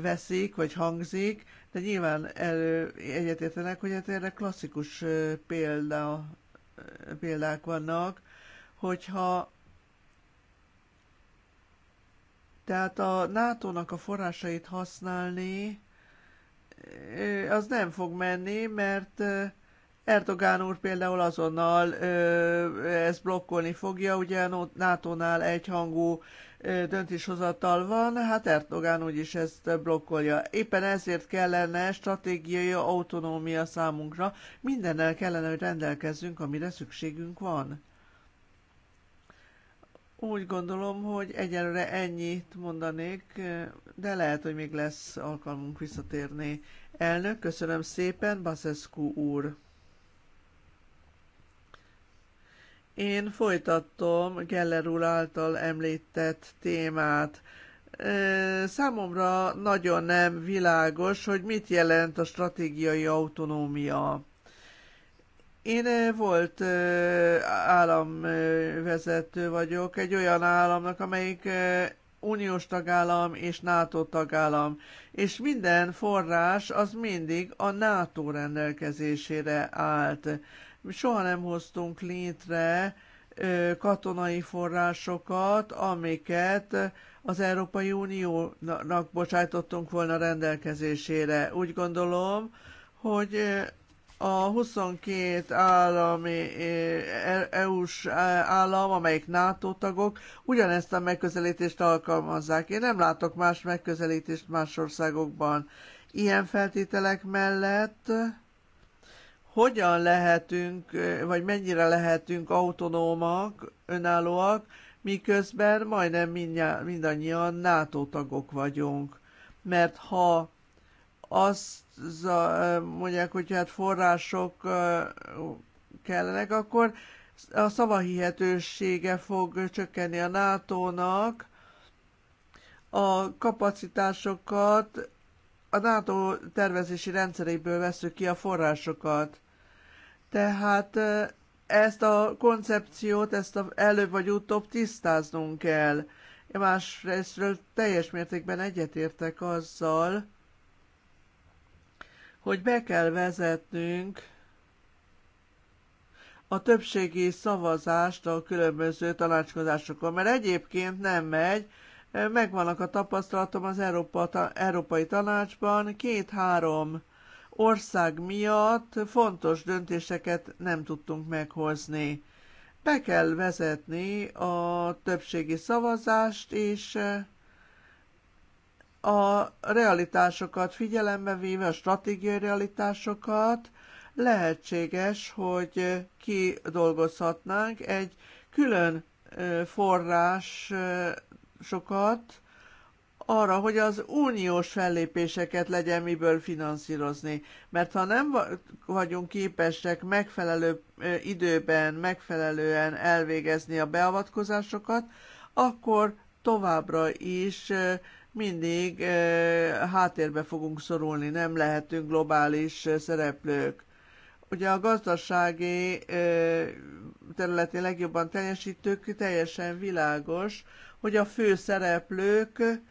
veszik, vagy hangzik, de nyilván elő egyetértenek, hogy hát erre klasszikus példa, példák vannak, hogyha tehát a NATO-nak a forrásait használni, az nem fog menni, mert Erdogán úr például azonnal ezt blokkolni fogja, ugye NATO-nál egyhangú döntéshozatal van, hát Erdogan úgyis ezt blokkolja. Éppen ezért kellene stratégiai autonómia számunkra, mindennel kellene, hogy rendelkezzünk, amire szükségünk van. Úgy gondolom, hogy egyelőre ennyit mondanék, de lehet, hogy még lesz alkalmunk visszatérni. Elnök, köszönöm szépen, Baszeszkú úr! Én folytattam Geller úr által említett témát. Számomra nagyon nem világos, hogy mit jelent a stratégiai autonómia. Én volt államvezető vagyok, egy olyan államnak, amelyik uniós tagállam és NATO tagállam, és minden forrás az mindig a NATO rendelkezésére állt soha nem hoztunk létre katonai forrásokat, amiket az Európai Uniónak bocsájtottunk volna rendelkezésére. Úgy gondolom, hogy a 22 állami e-, EU-s állam, amelyik NATO tagok, ugyanezt a megközelítést alkalmazzák. Én nem látok más megközelítést más országokban. Ilyen feltételek mellett hogyan lehetünk, vagy mennyire lehetünk autonómak, önállóak, miközben majdnem mindannyian NATO tagok vagyunk. Mert ha azt mondják, hogy hát források kellenek, akkor a szavahihetősége fog csökkenni a NATO-nak, a kapacitásokat a NATO tervezési rendszeréből veszük ki a forrásokat. Tehát ezt a koncepciót, ezt a előbb vagy utóbb tisztáznunk kell. Másrésztről teljes mértékben egyetértek azzal, hogy be kell vezetnünk a többségi szavazást a különböző tanácskozásokon, mert egyébként nem megy, megvannak a tapasztalatom az Európa, Európai Tanácsban, két-három ország miatt fontos döntéseket nem tudtunk meghozni. Be kell vezetni a többségi szavazást, és eh, a realitásokat figyelembe véve, a stratégiai realitásokat, lehetséges, hogy kidolgozhatnánk egy külön eh, forrás eh, sokat arra, hogy az uniós fellépéseket legyen miből finanszírozni. Mert ha nem vagyunk képesek megfelelő időben, megfelelően elvégezni a beavatkozásokat, akkor továbbra is mindig háttérbe fogunk szorulni, nem lehetünk globális szereplők. Ugye a gazdasági területi legjobban teljesítők teljesen világos, hogy a fő szereplők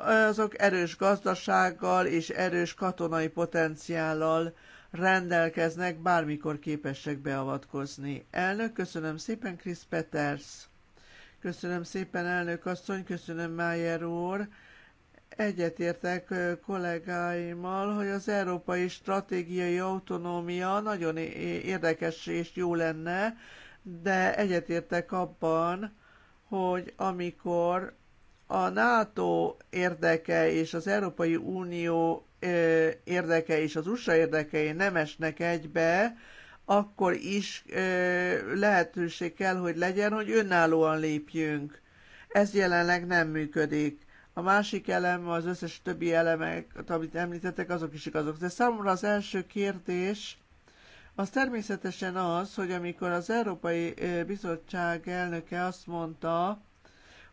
azok erős gazdasággal és erős katonai potenciállal rendelkeznek, bármikor képesek beavatkozni. Elnök, köszönöm szépen, Krisz Peters. Köszönöm szépen, elnök asszony, köszönöm, Májer úr. Egyetértek kollégáimmal, hogy az európai stratégiai autonómia nagyon érdekes és jó lenne, de egyetértek abban, hogy amikor a NATO érdeke és az Európai Unió érdeke és az USA érdekei nem esnek egybe, akkor is lehetőség kell, hogy legyen, hogy önállóan lépjünk. Ez jelenleg nem működik. A másik elem, az összes többi elemek, amit említettek, azok is igazok. De számomra az első kérdés, az természetesen az, hogy amikor az Európai Bizottság elnöke azt mondta,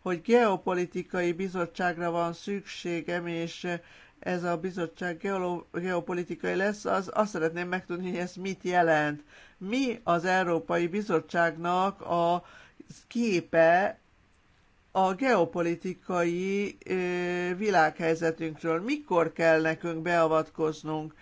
hogy geopolitikai bizottságra van szükségem, és ez a bizottság geopolitikai lesz, az azt szeretném megtudni, hogy ez mit jelent. Mi az Európai Bizottságnak a képe a geopolitikai ö, világhelyzetünkről. Mikor kell nekünk beavatkoznunk?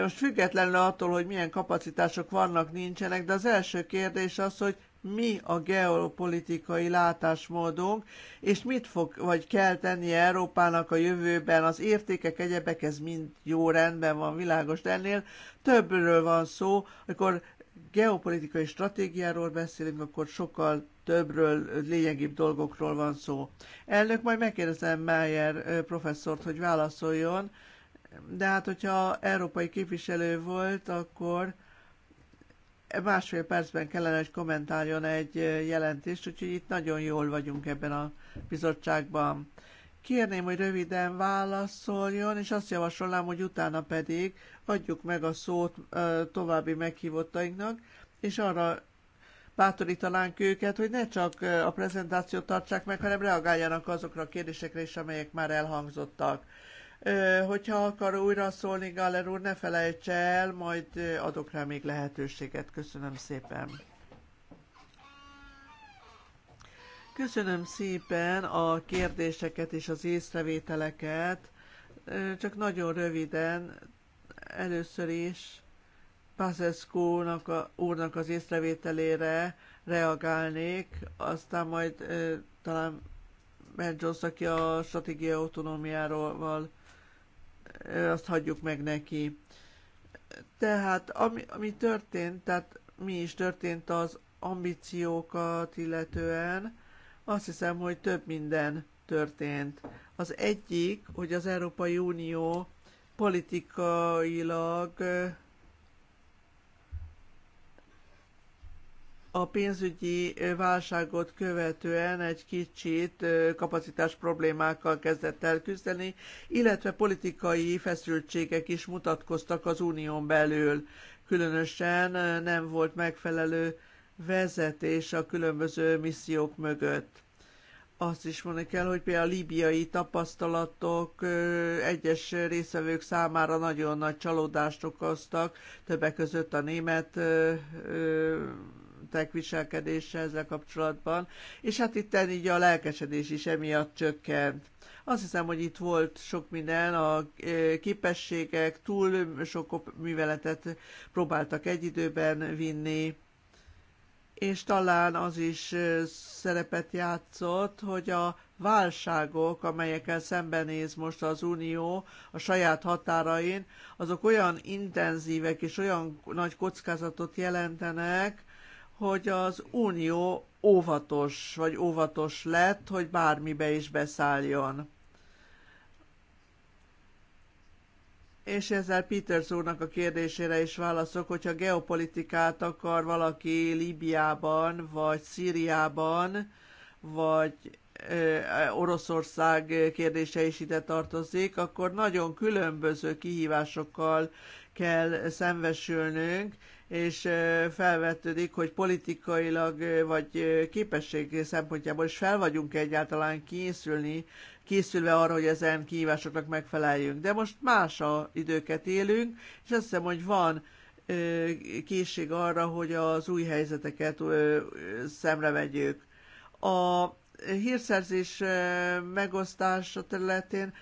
Most függetlenül attól, hogy milyen kapacitások vannak, nincsenek, de az első kérdés az, hogy mi a geopolitikai látásmódunk, és mit fog vagy kell tenni Európának a jövőben, az értékek, egyebek, ez mind jó rendben van, világos, de ennél többről van szó, amikor geopolitikai stratégiáról beszélünk, akkor sokkal többről, lényegibb dolgokról van szó. Elnök, majd megkérdezem Meyer professzort, hogy válaszoljon, de hát hogyha európai képviselő volt, akkor másfél percben kellene, hogy kommentáljon egy jelentést, úgyhogy itt nagyon jól vagyunk ebben a bizottságban. Kérném, hogy röviden válaszoljon, és azt javasolnám, hogy utána pedig adjuk meg a szót további meghívottainknak, és arra bátorítanánk őket, hogy ne csak a prezentációt tartsák meg, hanem reagáljanak azokra a kérdésekre is, amelyek már elhangzottak. Hogyha akar újra szólni, Galler úr, ne felejtse el, majd adok rá még lehetőséget. Köszönöm szépen. Köszönöm szépen a kérdéseket és az észrevételeket. Csak nagyon röviden, először is Paszeszkó úrnak az észrevételére reagálnék, aztán majd talán Ben Jones, aki a stratégia autonómiáról azt hagyjuk meg neki. Tehát ami, ami történt, tehát mi is történt az ambíciókat illetően, azt hiszem, hogy több minden történt. Az egyik, hogy az Európai Unió politikailag a pénzügyi válságot követően egy kicsit kapacitás problémákkal kezdett el küzdeni, illetve politikai feszültségek is mutatkoztak az unión belül. Különösen nem volt megfelelő vezetés a különböző missziók mögött. Azt is mondani kell, hogy például a libiai tapasztalatok egyes részvevők számára nagyon nagy csalódást okoztak, többek között a német tek viselkedése ezzel kapcsolatban, és hát itt így a lelkesedés is emiatt csökkent. Azt hiszem, hogy itt volt sok minden, a e, képességek, túl sok műveletet próbáltak egy időben vinni, és talán az is e, szerepet játszott, hogy a válságok, amelyekkel szembenéz most az Unió a saját határain, azok olyan intenzívek és olyan nagy kockázatot jelentenek, hogy az Unió óvatos, vagy óvatos lett, hogy bármibe is beszálljon. És ezzel Peters úrnak a kérdésére is válaszok, hogyha geopolitikát akar valaki Líbiában, vagy Szíriában, vagy Oroszország kérdése is ide tartozik, akkor nagyon különböző kihívásokkal kell szembesülnünk, és felvetődik, hogy politikailag vagy képesség szempontjából is fel vagyunk egyáltalán készülni, készülve arra, hogy ezen kihívásoknak megfeleljünk. De most más a időket élünk, és azt hiszem, hogy van készség arra, hogy az új helyzeteket szemre vegyük. A hírszerzés megosztása területén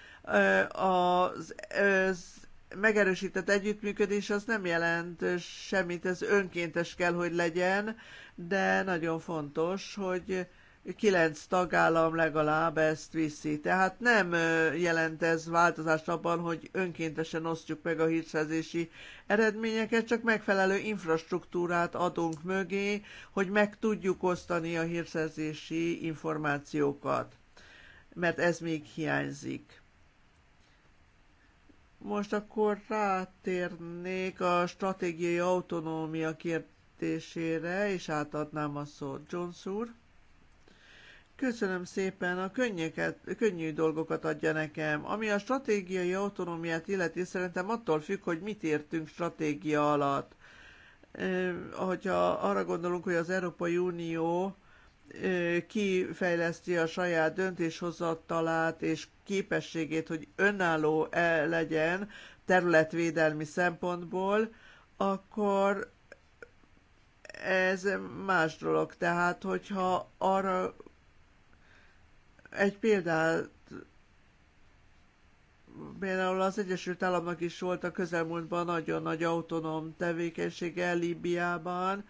az, az megerősített együttműködés az nem jelent semmit, ez önkéntes kell, hogy legyen, de nagyon fontos, hogy kilenc tagállam legalább ezt viszi. Tehát nem jelent ez változást abban, hogy önkéntesen osztjuk meg a hírszerzési eredményeket, csak megfelelő infrastruktúrát adunk mögé, hogy meg tudjuk osztani a hírszerzési információkat, mert ez még hiányzik. Most akkor rátérnék a stratégiai autonómia kérdésére, és átadnám a szót Jones úr. Köszönöm szépen, a könnyeket, könnyű dolgokat adja nekem. Ami a stratégiai autonómiát illeti, szerintem attól függ, hogy mit értünk stratégia alatt. Eh, hogyha arra gondolunk, hogy az Európai Unió kifejleszti a saját döntéshozatalát és képességét, hogy önálló -e legyen területvédelmi szempontból, akkor ez más dolog. Tehát, hogyha arra egy példát például az Egyesült Államok is volt a közelmúltban nagyon nagy autonóm tevékenysége Líbiában,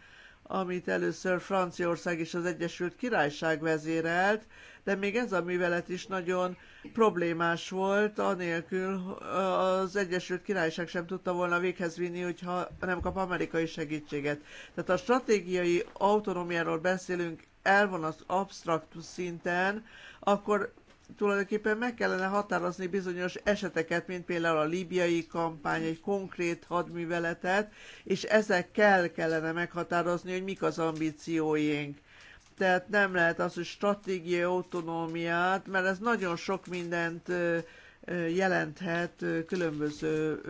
amit először Franciaország és az Egyesült Királyság vezérelt, de még ez a művelet is nagyon problémás volt, anélkül az Egyesült Királyság sem tudta volna véghez vinni, hogyha nem kap amerikai segítséget. Tehát a stratégiai autonómiáról beszélünk elvon az absztrakt szinten, akkor tulajdonképpen meg kellene határozni bizonyos eseteket, mint például a líbiai kampány, egy konkrét hadműveletet, és ezekkel kellene meghatározni, hogy mik az ambícióink. Tehát nem lehet az, hogy stratégiai autonómiát, mert ez nagyon sok mindent jelenthet különböző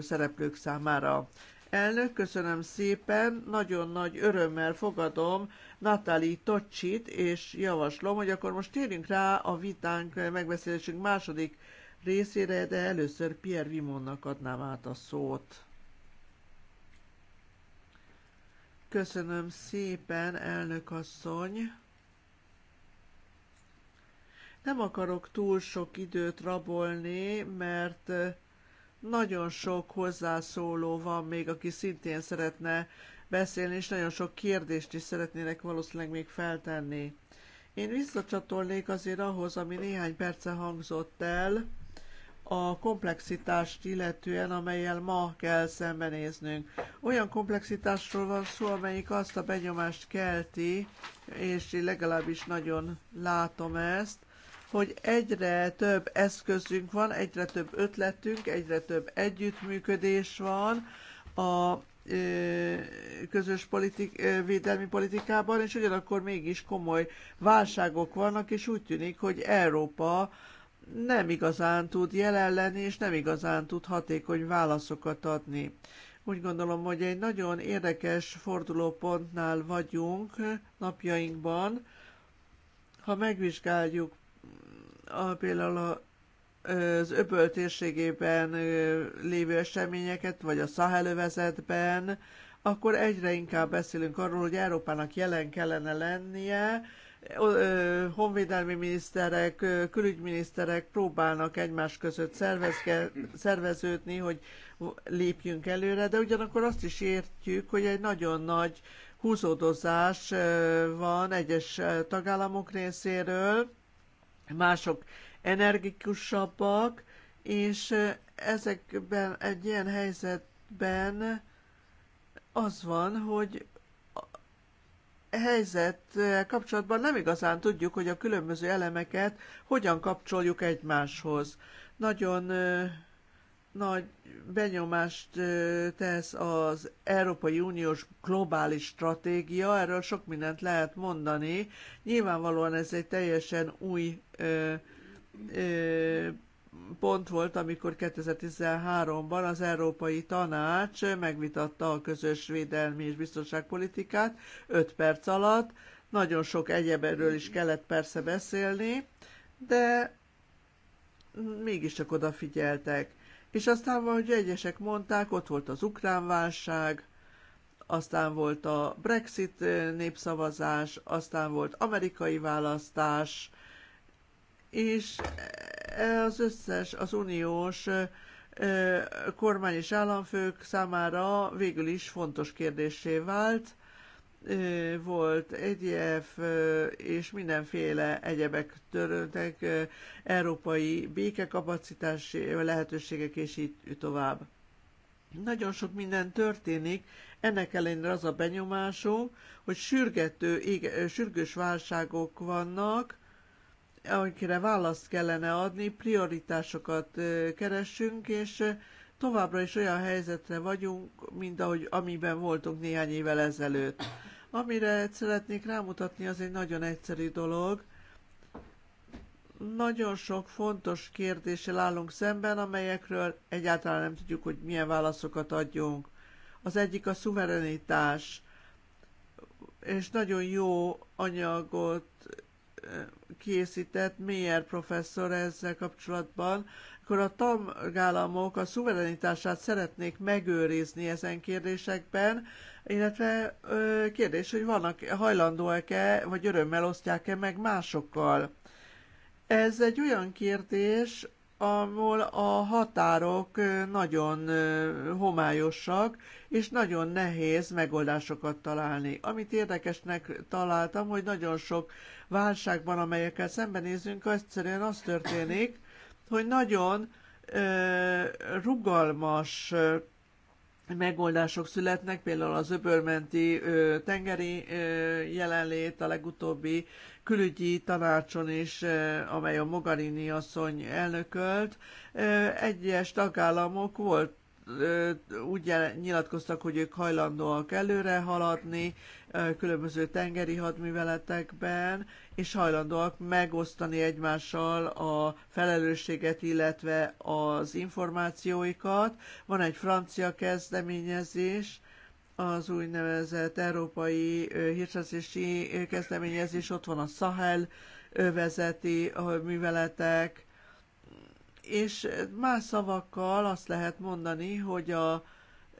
szereplők számára. Elnök, köszönöm szépen, nagyon nagy örömmel fogadom Natali Tocsit, és javaslom, hogy akkor most térjünk rá a vitánk, megbeszélésünk második részére, de először Pierre Vimonnak adnám át a szót. Köszönöm szépen, elnök asszony. Nem akarok túl sok időt rabolni, mert nagyon sok hozzászóló van még, aki szintén szeretne beszélni, és nagyon sok kérdést is szeretnének valószínűleg még feltenni. Én visszacsatolnék azért ahhoz, ami néhány perce hangzott el, a komplexitást illetően, amelyel ma kell szembenéznünk. Olyan komplexitásról van szó, amelyik azt a benyomást kelti, és én legalábbis nagyon látom ezt, hogy egyre több eszközünk van, egyre több ötletünk, egyre több együttműködés van a közös politik, védelmi politikában, és ugyanakkor mégis komoly válságok vannak, és úgy tűnik, hogy Európa nem igazán tud jelen lenni, és nem igazán tud hatékony válaszokat adni. Úgy gondolom, hogy egy nagyon érdekes fordulópontnál vagyunk napjainkban. Ha megvizsgáljuk a, például a, az öböl térségében lévő eseményeket, vagy a Szahelövezetben, akkor egyre inkább beszélünk arról, hogy Európának jelen kellene lennie, honvédelmi miniszterek, külügyminiszterek próbálnak egymás között szervezke, szerveződni, hogy lépjünk előre, de ugyanakkor azt is értjük, hogy egy nagyon nagy húzódozás van egyes tagállamok részéről, mások energikusabbak, és ezekben egy ilyen helyzetben az van, hogy helyzet kapcsolatban nem igazán tudjuk, hogy a különböző elemeket hogyan kapcsoljuk egymáshoz. Nagyon nagy benyomást tesz az Európai Uniós globális stratégia, erről sok mindent lehet mondani. Nyilvánvalóan ez egy teljesen új ö, ö, pont volt, amikor 2013-ban az Európai Tanács megvitatta a közös védelmi és biztonságpolitikát 5 perc alatt. Nagyon sok egyeberről is kellett persze beszélni, de mégiscsak odafigyeltek. És aztán, ahogy egyesek mondták, ott volt az ukrán válság, aztán volt a Brexit népszavazás, aztán volt amerikai választás, és e, az összes, az uniós kormány és államfők számára végül is fontos kérdésé vált, volt egyéb és mindenféle egyebek töröltek, európai békekapacitás lehetőségek és így tovább. Nagyon sok minden történik, ennek ellenére az a benyomásom, hogy sürgető, ége, sürgős válságok vannak, amikre választ kellene adni, prioritásokat keresünk, és továbbra is olyan helyzetre vagyunk, mint ahogy amiben voltunk néhány évvel ezelőtt. Amire szeretnék rámutatni, az egy nagyon egyszerű dolog. Nagyon sok fontos kérdéssel állunk szemben, amelyekről egyáltalán nem tudjuk, hogy milyen válaszokat adjunk. Az egyik a szuverenitás, és nagyon jó anyagot eh, készített Mayer professzor ezzel kapcsolatban, amikor a tagállamok a szuverenitását szeretnék megőrizni ezen kérdésekben, illetve kérdés, hogy vannak hajlandóak-e, vagy örömmel osztják-e meg másokkal. Ez egy olyan kérdés, ahol a határok nagyon homályosak, és nagyon nehéz megoldásokat találni. Amit érdekesnek találtam, hogy nagyon sok válságban, amelyekkel szembenézünk, egyszerűen az történik, hogy nagyon rugalmas megoldások születnek, például az öbölmenti ö, tengeri ö, jelenlét a legutóbbi külügyi tanácson is, ö, amely a Mogarini asszony elnökölt. Ö, egyes tagállamok volt úgy nyilatkoztak, hogy ők hajlandóak előre haladni különböző tengeri hadműveletekben, és hajlandóak megosztani egymással a felelősséget, illetve az információikat. Van egy francia kezdeményezés, az úgynevezett európai hírszerzési kezdeményezés, ott van a Sahel a műveletek, és más szavakkal azt lehet mondani, hogy a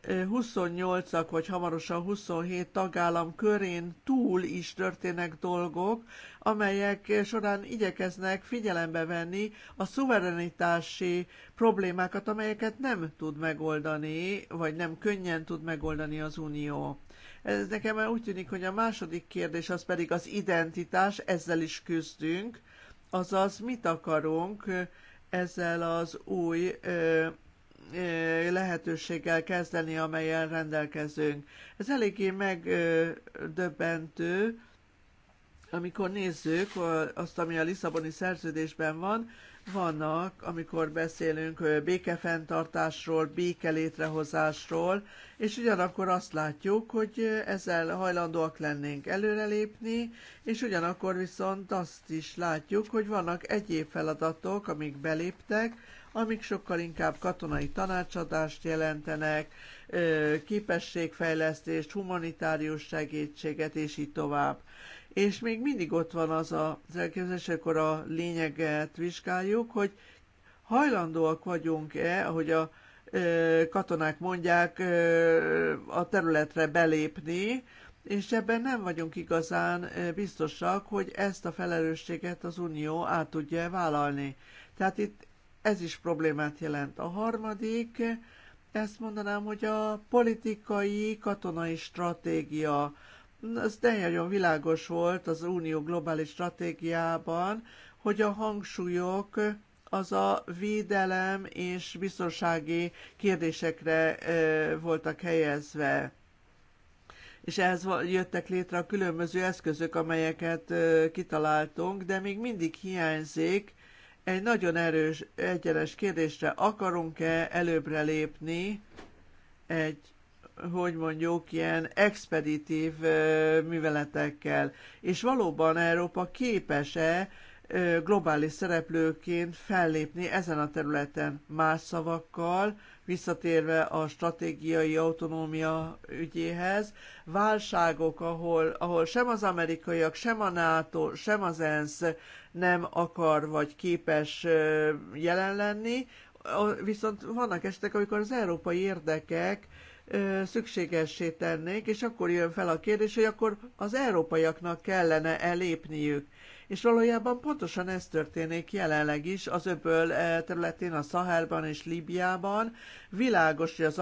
28-ak, vagy hamarosan 27 tagállam körén túl is történnek dolgok, amelyek során igyekeznek figyelembe venni a szuverenitási problémákat, amelyeket nem tud megoldani, vagy nem könnyen tud megoldani az Unió. Ez nekem úgy tűnik, hogy a második kérdés az pedig az identitás, ezzel is küzdünk, azaz mit akarunk, ezzel az új ö, lehetőséggel kezdeni, amelyen rendelkezünk. Ez eléggé megdöbbentő, amikor nézzük azt, ami a Lisszaboni szerződésben van, vannak, amikor beszélünk békefenntartásról, béke létrehozásról, és ugyanakkor azt látjuk, hogy ezzel hajlandóak lennénk előrelépni, és ugyanakkor viszont azt is látjuk, hogy vannak egyéb feladatok, amik beléptek, amik sokkal inkább katonai tanácsadást jelentenek, képességfejlesztést, humanitárius segítséget, és így tovább és még mindig ott van az az elképzelés, akkor a lényeget vizsgáljuk, hogy hajlandóak vagyunk-e, ahogy a katonák mondják, a területre belépni, és ebben nem vagyunk igazán biztosak, hogy ezt a felelősséget az Unió át tudja -e vállalni. Tehát itt ez is problémát jelent. A harmadik, ezt mondanám, hogy a politikai, katonai stratégia, az nagyon világos volt az Unió globális stratégiában, hogy a hangsúlyok az a védelem és biztonsági kérdésekre voltak helyezve. És ehhez jöttek létre a különböző eszközök, amelyeket kitaláltunk, de még mindig hiányzik egy nagyon erős, egyenes kérdésre, akarunk-e előbbre lépni egy hogy mondjuk, ilyen expeditív műveletekkel. És valóban Európa képes-e globális szereplőként fellépni ezen a területen más szavakkal, visszatérve a stratégiai autonómia ügyéhez, válságok, ahol, ahol sem az amerikaiak, sem a NATO, sem az ENSZ nem akar vagy képes jelen lenni, viszont vannak esetek, amikor az európai érdekek szükségessé tennék, és akkor jön fel a kérdés, hogy akkor az európaiaknak kellene elépniük. És valójában pontosan ez történik jelenleg is az öböl területén, a Szahelban és Líbiában. Világos, hogy az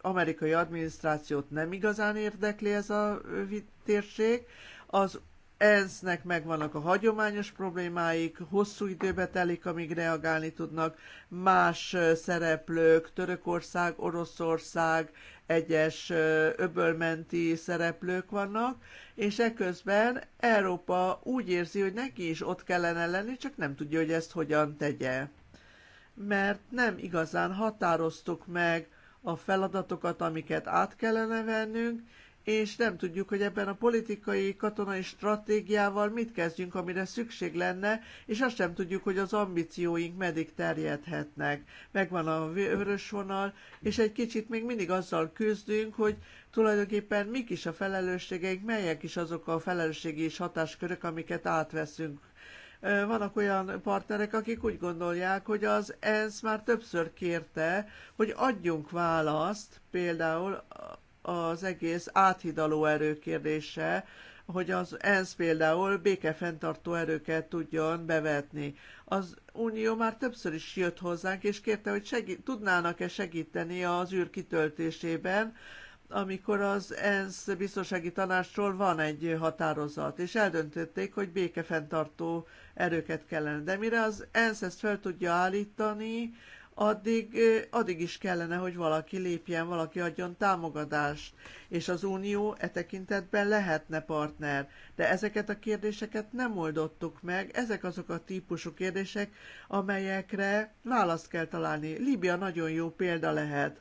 amerikai adminisztrációt nem igazán érdekli ez a térség. Az ENSZ-nek megvannak a hagyományos problémáik, hosszú időbe telik, amíg reagálni tudnak más szereplők, Törökország, Oroszország, egyes öbölmenti szereplők vannak, és ekközben Európa úgy érzi, hogy neki is ott kellene lenni, csak nem tudja, hogy ezt hogyan tegye. Mert nem igazán határoztuk meg a feladatokat, amiket át kellene vennünk, és nem tudjuk, hogy ebben a politikai, katonai stratégiával mit kezdjünk, amire szükség lenne, és azt sem tudjuk, hogy az ambícióink meddig terjedhetnek. Megvan a vörös vonal, és egy kicsit még mindig azzal küzdünk, hogy tulajdonképpen mik is a felelősségeink, melyek is azok a felelősségi és hatáskörök, amiket átveszünk vannak olyan partnerek, akik úgy gondolják, hogy az ENSZ már többször kérte, hogy adjunk választ például az egész áthidaló erő kérdése, hogy az ENSZ például békefenntartó erőket tudjon bevetni. Az Unió már többször is jött hozzánk, és kérte, hogy segít, tudnának-e segíteni az űr kitöltésében, amikor az ENSZ biztonsági tanácsról van egy határozat, és eldöntötték, hogy békefenntartó erőket kellene. De mire az ENSZ ezt fel tudja állítani, addig, addig is kellene, hogy valaki lépjen, valaki adjon támogatást, és az Unió e tekintetben lehetne partner. De ezeket a kérdéseket nem oldottuk meg, ezek azok a típusú kérdések, amelyekre választ kell találni. Líbia nagyon jó példa lehet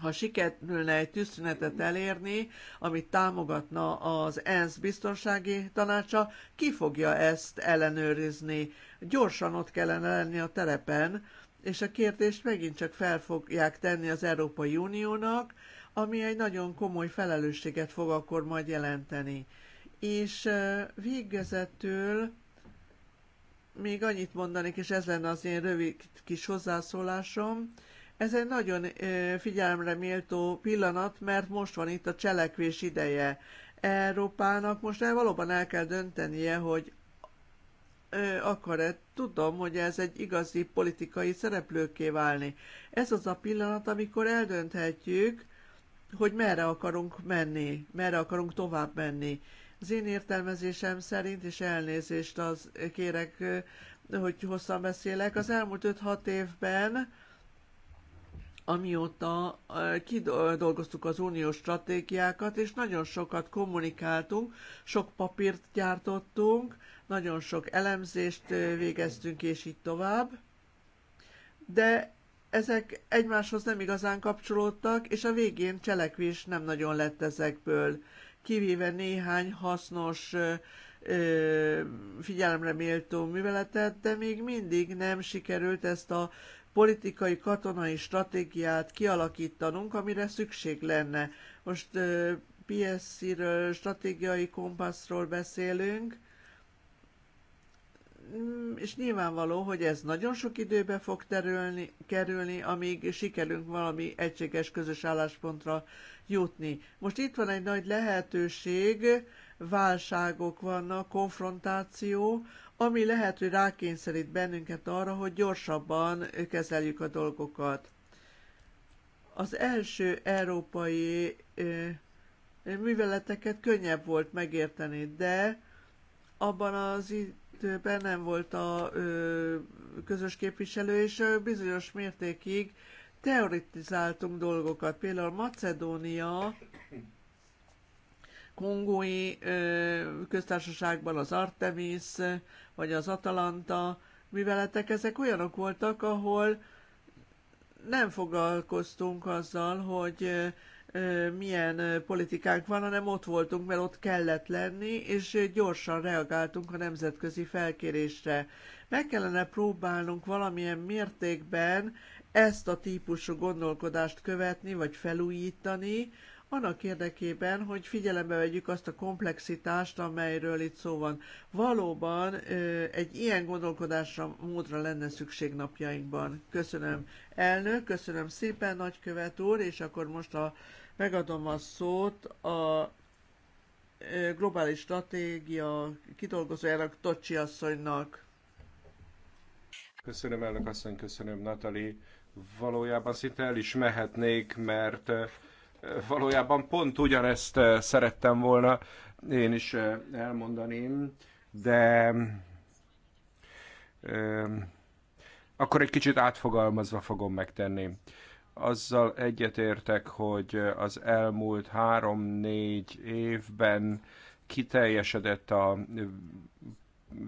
ha sikerülne egy tűzszünetet elérni, amit támogatna az ENSZ biztonsági tanácsa, ki fogja ezt ellenőrizni? Gyorsan ott kellene lenni a terepen, és a kérdést megint csak fel fogják tenni az Európai Uniónak, ami egy nagyon komoly felelősséget fog akkor majd jelenteni. És végezetül még annyit mondanék, és ez lenne az én rövid kis hozzászólásom, ez egy nagyon figyelemre méltó pillanat, mert most van itt a cselekvés ideje. Európának most el valóban el kell döntenie, hogy akar-e, tudom, hogy ez egy igazi politikai szereplőké válni. Ez az a pillanat, amikor eldönthetjük, hogy merre akarunk menni, merre akarunk tovább menni. Az én értelmezésem szerint, és elnézést az kérek, hogy hosszan beszélek, az elmúlt 5-6 évben amióta kidolgoztuk az uniós stratégiákat, és nagyon sokat kommunikáltunk, sok papírt gyártottunk, nagyon sok elemzést végeztünk, és így tovább. De ezek egymáshoz nem igazán kapcsolódtak, és a végén cselekvés nem nagyon lett ezekből, kivéve néhány hasznos figyelemre méltó műveletet, de még mindig nem sikerült ezt a politikai, katonai stratégiát kialakítanunk, amire szükség lenne. Most PSC-ről, stratégiai kompasszról beszélünk, Mm, és nyilvánvaló, hogy ez nagyon sok időbe fog terülni, kerülni, amíg sikerünk valami egységes közös álláspontra jutni. Most itt van egy nagy lehetőség, válságok vannak, konfrontáció, ami lehet, hogy rákényszerít bennünket arra, hogy gyorsabban kezeljük a dolgokat. Az első európai műveleteket könnyebb volt megérteni, de abban az időben nem volt a ö, közös képviselő, és ö, bizonyos mértékig teoretizáltunk dolgokat. Például Macedónia kongói ö, köztársaságban az Artemis, vagy az Atalanta műveletek, ezek olyanok voltak, ahol nem foglalkoztunk azzal, hogy milyen politikánk van, hanem ott voltunk, mert ott kellett lenni, és gyorsan reagáltunk a nemzetközi felkérésre. Meg kellene próbálnunk valamilyen mértékben ezt a típusú gondolkodást követni, vagy felújítani, annak érdekében, hogy figyelembe vegyük azt a komplexitást, amelyről itt szó van. Valóban egy ilyen gondolkodásra, módra lenne szükség napjainkban. Köszönöm elnök, köszönöm szépen nagykövet úr, és akkor most a Megadom a szót a globális stratégia kidolgozójának, Tocsi asszonynak. Köszönöm, elnök asszony, köszönöm, Natali. Valójában szinte el is mehetnék, mert valójában pont ugyanezt szerettem volna én is elmondani, de akkor egy kicsit átfogalmazva fogom megtenni azzal egyetértek, hogy az elmúlt három-négy évben kiteljesedett a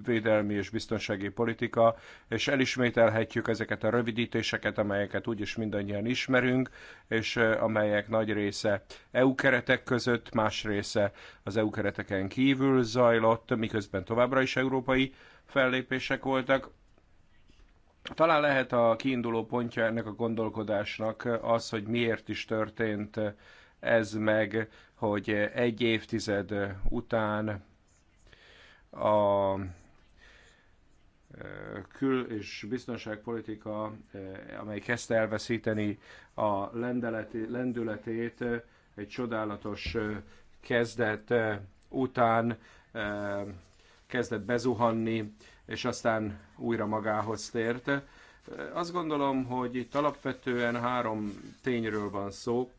védelmi és biztonsági politika, és elismételhetjük ezeket a rövidítéseket, amelyeket úgyis mindannyian ismerünk, és amelyek nagy része EU keretek között, más része az EU kereteken kívül zajlott, miközben továbbra is európai fellépések voltak. Talán lehet a kiinduló pontja ennek a gondolkodásnak az, hogy miért is történt ez meg, hogy egy évtized után a kül- és biztonságpolitika, amely kezdte elveszíteni a lendületét, egy csodálatos kezdet után kezdett bezuhanni, és aztán újra magához tért. Azt gondolom, hogy itt alapvetően három tényről van szó.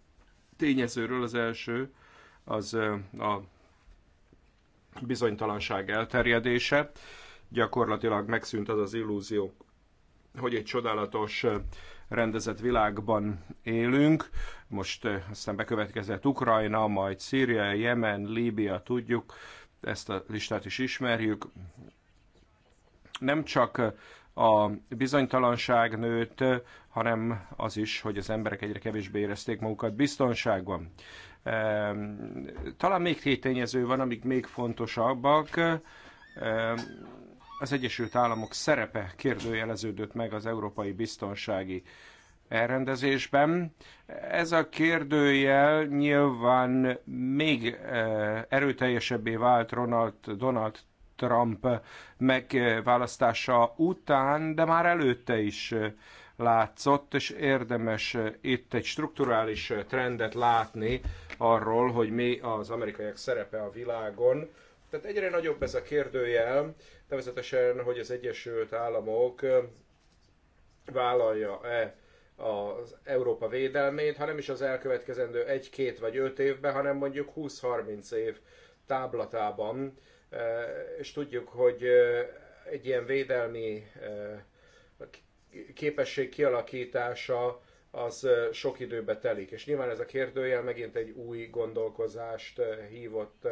Tényezőről az első, az a bizonytalanság elterjedése. Gyakorlatilag megszűnt az az illúzió, hogy egy csodálatos rendezett világban élünk. Most aztán bekövetkezett Ukrajna, majd Szíria, Jemen, Líbia, tudjuk, ezt a listát is ismerjük nem csak a bizonytalanság nőtt, hanem az is, hogy az emberek egyre kevésbé érezték magukat biztonságban. Talán még két tényező van, amik még fontosabbak. Az Egyesült Államok szerepe kérdőjeleződött meg az európai biztonsági elrendezésben. Ez a kérdőjel nyilván még erőteljesebbé vált Ronald Donald Trump megválasztása után, de már előtte is látszott, és érdemes itt egy strukturális trendet látni arról, hogy mi az amerikaiak szerepe a világon. Tehát egyre nagyobb ez a kérdőjel, nevezetesen, hogy az Egyesült Államok vállalja-e az Európa védelmét, hanem is az elkövetkezendő egy-két vagy öt évben, hanem mondjuk 20-30 év táblatában és tudjuk, hogy egy ilyen védelmi képesség kialakítása az sok időbe telik. És nyilván ez a kérdőjel megint egy új gondolkozást hívott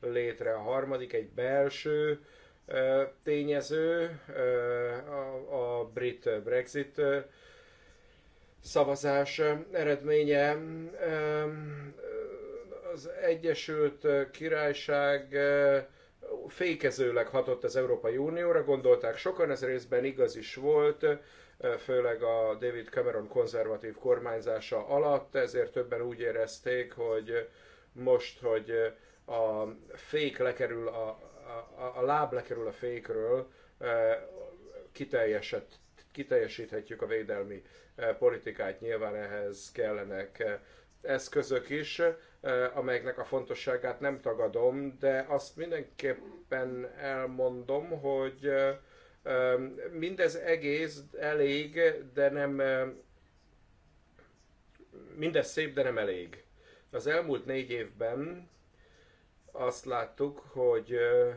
létre. A harmadik egy belső tényező, a, a brit Brexit szavazás eredménye. Az Egyesült Királyság fékezőleg hatott az Európai Unióra, gondolták sokan, ez részben igaz is volt, főleg a David Cameron konzervatív kormányzása alatt, ezért többen úgy érezték, hogy most, hogy a fék lekerül, a, a, a láb lekerül a fékről, e, kiteljesíthetjük a védelmi e, politikát, nyilván ehhez kellenek e, eszközök is, eh, amelyeknek a fontosságát nem tagadom, de azt mindenképpen elmondom, hogy eh, mindez egész elég, de nem mindez szép, de nem elég. Az elmúlt négy évben azt láttuk, hogy eh,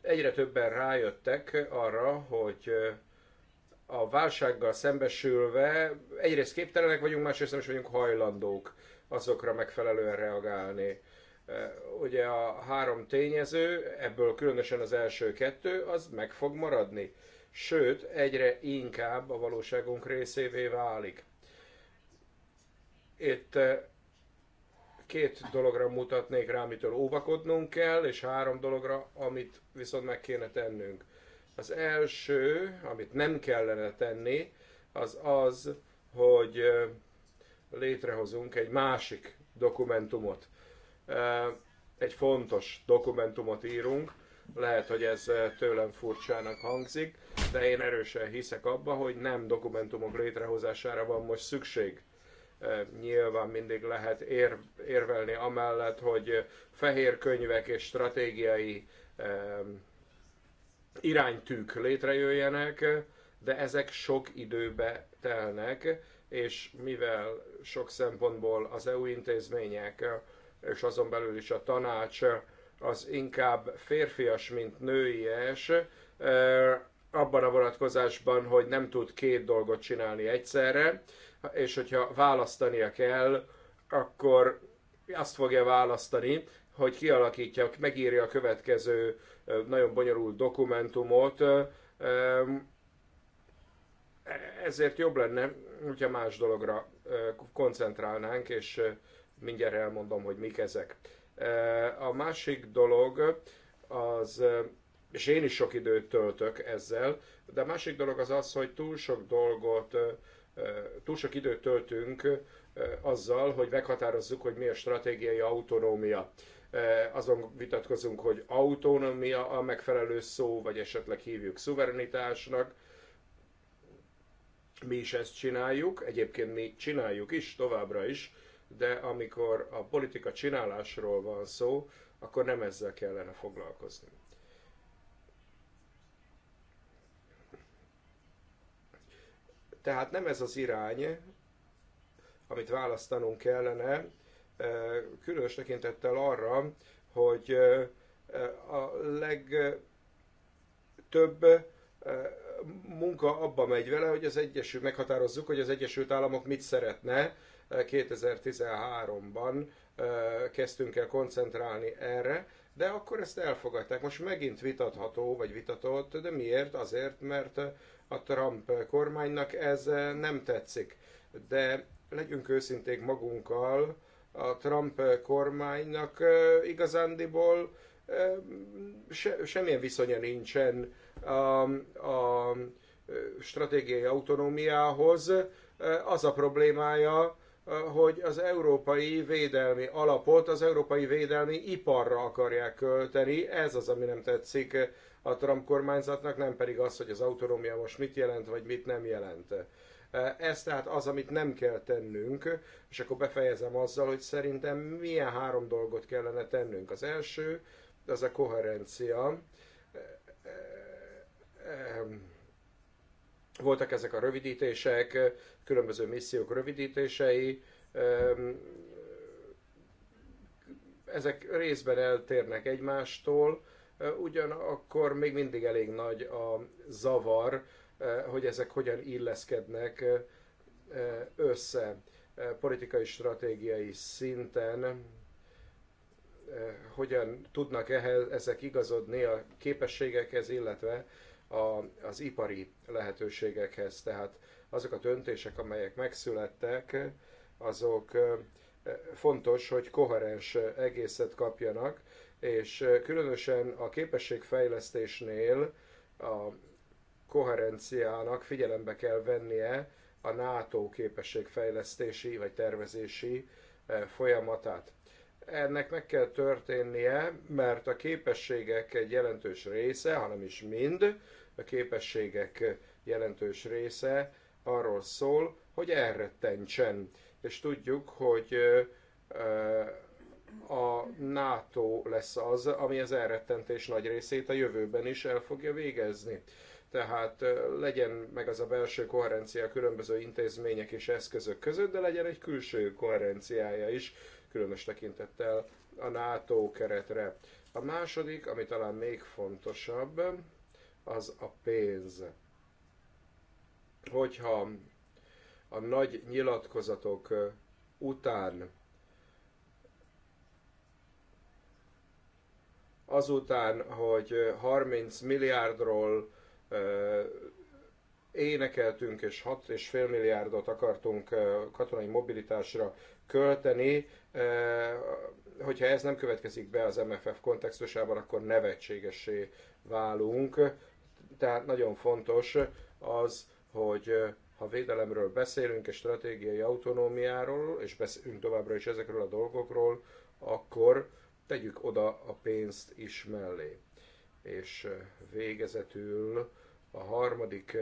egyre többen rájöttek arra, hogy a válsággal szembesülve egyrészt képtelenek vagyunk, másrészt nem is vagyunk hajlandók azokra megfelelően reagálni. Ugye a három tényező, ebből különösen az első kettő, az meg fog maradni. Sőt, egyre inkább a valóságunk részévé válik. Itt két dologra mutatnék rá, amitől óvakodnunk kell, és három dologra, amit viszont meg kéne tennünk. Az első, amit nem kellene tenni, az az, hogy létrehozunk egy másik dokumentumot. Egy fontos dokumentumot írunk, lehet, hogy ez tőlem furcsának hangzik, de én erősen hiszek abba, hogy nem dokumentumok létrehozására van most szükség. Nyilván mindig lehet ér, érvelni amellett, hogy fehér könyvek és stratégiai iránytűk létrejöjjenek, de ezek sok időbe telnek, és mivel sok szempontból az EU intézmények, és azon belül is a tanács az inkább férfias, mint nőies, abban a vonatkozásban, hogy nem tud két dolgot csinálni egyszerre, és hogyha választania kell, akkor azt fogja választani, hogy kialakítja, megírja a következő nagyon bonyolult dokumentumot. Ezért jobb lenne, hogyha más dologra koncentrálnánk, és mindjárt elmondom, hogy mik ezek. A másik dolog az, és én is sok időt töltök ezzel, de a másik dolog az az, hogy túl sok dolgot, túl sok időt töltünk azzal, hogy meghatározzuk, hogy mi a stratégiai autonómia azon vitatkozunk, hogy autonómia a megfelelő szó, vagy esetleg hívjuk szuverenitásnak. Mi is ezt csináljuk, egyébként mi csináljuk is, továbbra is, de amikor a politika csinálásról van szó, akkor nem ezzel kellene foglalkozni. Tehát nem ez az irány, amit választanunk kellene, különös tekintettel arra, hogy a legtöbb munka abba megy vele, hogy az Egyesült, meghatározzuk, hogy az Egyesült Államok mit szeretne 2013-ban kezdtünk el koncentrálni erre, de akkor ezt elfogadták. Most megint vitatható, vagy vitatott, de miért? Azért, mert a Trump kormánynak ez nem tetszik. De legyünk őszinték magunkkal, a Trump eh, kormánynak eh, igazándiból eh, se, semmilyen viszonya nincsen um, a, a stratégiai autonómiához. Az a problémája, hogy az európai védelmi alapot az európai védelmi iparra akarják költeni. Ez az, ami nem tetszik a Trump kormányzatnak, nem pedig az, hogy az autonómia most mit jelent, vagy mit nem jelent. Ez tehát az, amit nem kell tennünk, és akkor befejezem azzal, hogy szerintem milyen három dolgot kellene tennünk. Az első, az a koherencia. Voltak ezek a rövidítések, különböző missziók rövidítései, ezek részben eltérnek egymástól, ugyanakkor még mindig elég nagy a zavar Eh, hogy ezek hogyan illeszkednek eh, össze eh, politikai, stratégiai szinten, hogyan tudnak ehhez, ezek igazodni a képességekhez, illetve a, az ipari lehetőségekhez. Tehát azok a döntések, amelyek megszülettek, azok fontos, hogy koherens egészet kapjanak, és különösen a képességfejlesztésnél, a koherenciának figyelembe kell vennie a NATO képességfejlesztési vagy tervezési eh, folyamatát. Ennek meg kell történnie, mert a képességek egy jelentős része, hanem is mind, a képességek jelentős része arról szól, hogy elrettentsen. És tudjuk, hogy eh, a NATO lesz az, ami az elrettentés nagy részét a jövőben is el fogja végezni tehát legyen meg az a belső koherencia a különböző intézmények és eszközök között, de legyen egy külső koherenciája is, különös tekintettel a NATO keretre. A második, ami talán még fontosabb, az a pénz. Hogyha a nagy nyilatkozatok után azután, hogy 30 milliárdról énekeltünk, és 6,5 milliárdot akartunk katonai mobilitásra költeni. Hogyha ez nem következik be az MFF kontextusában, akkor nevetségesé válunk. Tehát nagyon fontos az, hogy ha védelemről beszélünk, és stratégiai autonómiáról, és beszélünk továbbra is ezekről a dolgokról, akkor tegyük oda a pénzt is mellé. És végezetül a harmadik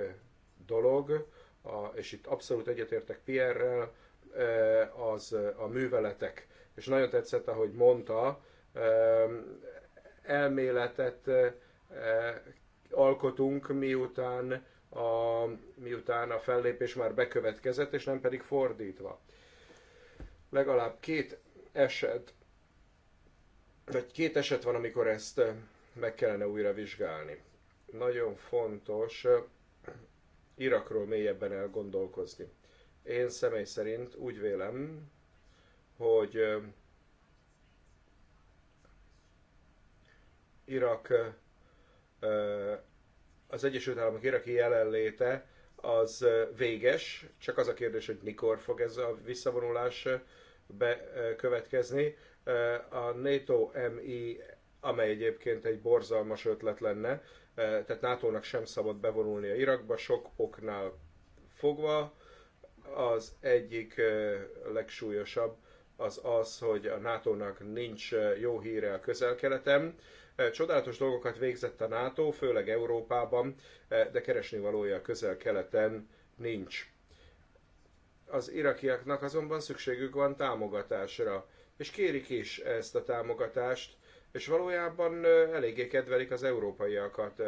dolog, a, és itt abszolút egyetértek Pierrel, az a műveletek. És nagyon tetszett, ahogy mondta, elméletet alkotunk, miután a, miután a fellépés már bekövetkezett, és nem pedig fordítva. Legalább két eset, vagy két eset van, amikor ezt meg kellene újra vizsgálni. Nagyon fontos Irakról mélyebben elgondolkozni. Én személy szerint úgy vélem, hogy Irak, az Egyesült Államok iraki jelenléte az véges, csak az a kérdés, hogy mikor fog ez a visszavonulás bekövetkezni. A NATO MI amely egyébként egy borzalmas ötlet lenne, tehát NATO-nak sem szabad bevonulnia Irakba, sok oknál fogva. Az egyik legsúlyosabb az az, hogy a NATO-nak nincs jó híre a közel-keleten. Csodálatos dolgokat végzett a NATO, főleg Európában, de keresni valója a közel-keleten nincs. Az irakiaknak azonban szükségük van támogatásra, és kérik is ezt a támogatást, és valójában eléggé kedvelik az európaiakat,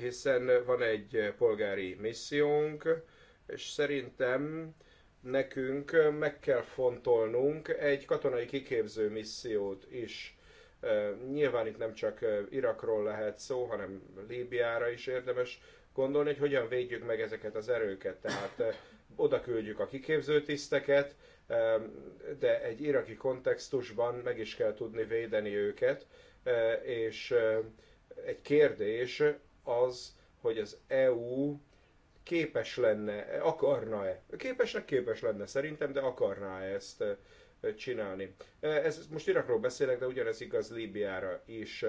hiszen van egy polgári missziónk, és szerintem nekünk meg kell fontolnunk egy katonai kiképző missziót is. Nyilván itt nem csak Irakról lehet szó, hanem Líbiára is érdemes gondolni, hogy hogyan védjük meg ezeket az erőket. Tehát oda küldjük a kiképző tiszteket, de egy iraki kontextusban meg is kell tudni védeni őket, e, és e, egy kérdés az, hogy az EU képes lenne, akarna-e? Képesnek képes lenne szerintem, de akarná -e ezt csinálni. E, ez, most Irakról beszélek, de ugyanez igaz Líbiára is.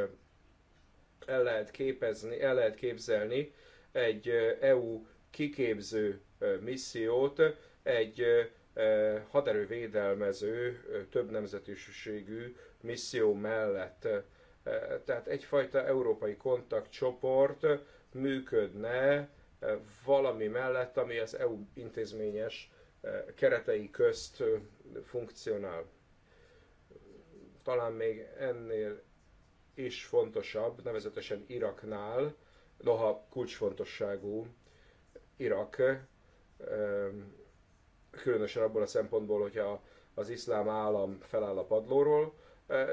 El lehet, képezni, el lehet képzelni egy EU kiképző missziót, egy haderővédelmező, több nemzetiségű misszió mellett. Tehát egyfajta európai kontaktcsoport működne valami mellett, ami az EU intézményes keretei közt funkcionál. Talán még ennél is fontosabb, nevezetesen Iraknál, noha kulcsfontosságú Irak különösen abból a szempontból, hogyha az iszlám állam feláll a padlóról,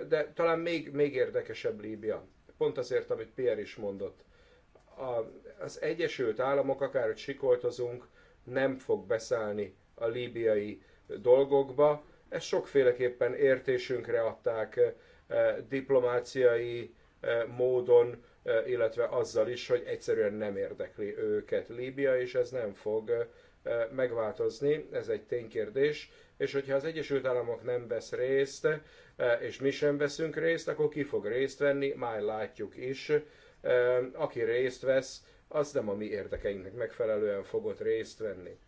de talán még, még érdekesebb Líbia. Pont azért, amit Pierre is mondott. A, az Egyesült Államok, akár, hogy sikoltozunk, nem fog beszállni a líbiai dolgokba. Ezt sokféleképpen értésünkre adták diplomáciai módon, illetve azzal is, hogy egyszerűen nem érdekli őket Líbia, és ez nem fog megváltozni, ez egy ténykérdés, és hogyha az Egyesült Államok nem vesz részt, és mi sem veszünk részt, akkor ki fog részt venni, már látjuk is, aki részt vesz, az nem a mi érdekeinknek megfelelően fogott részt venni.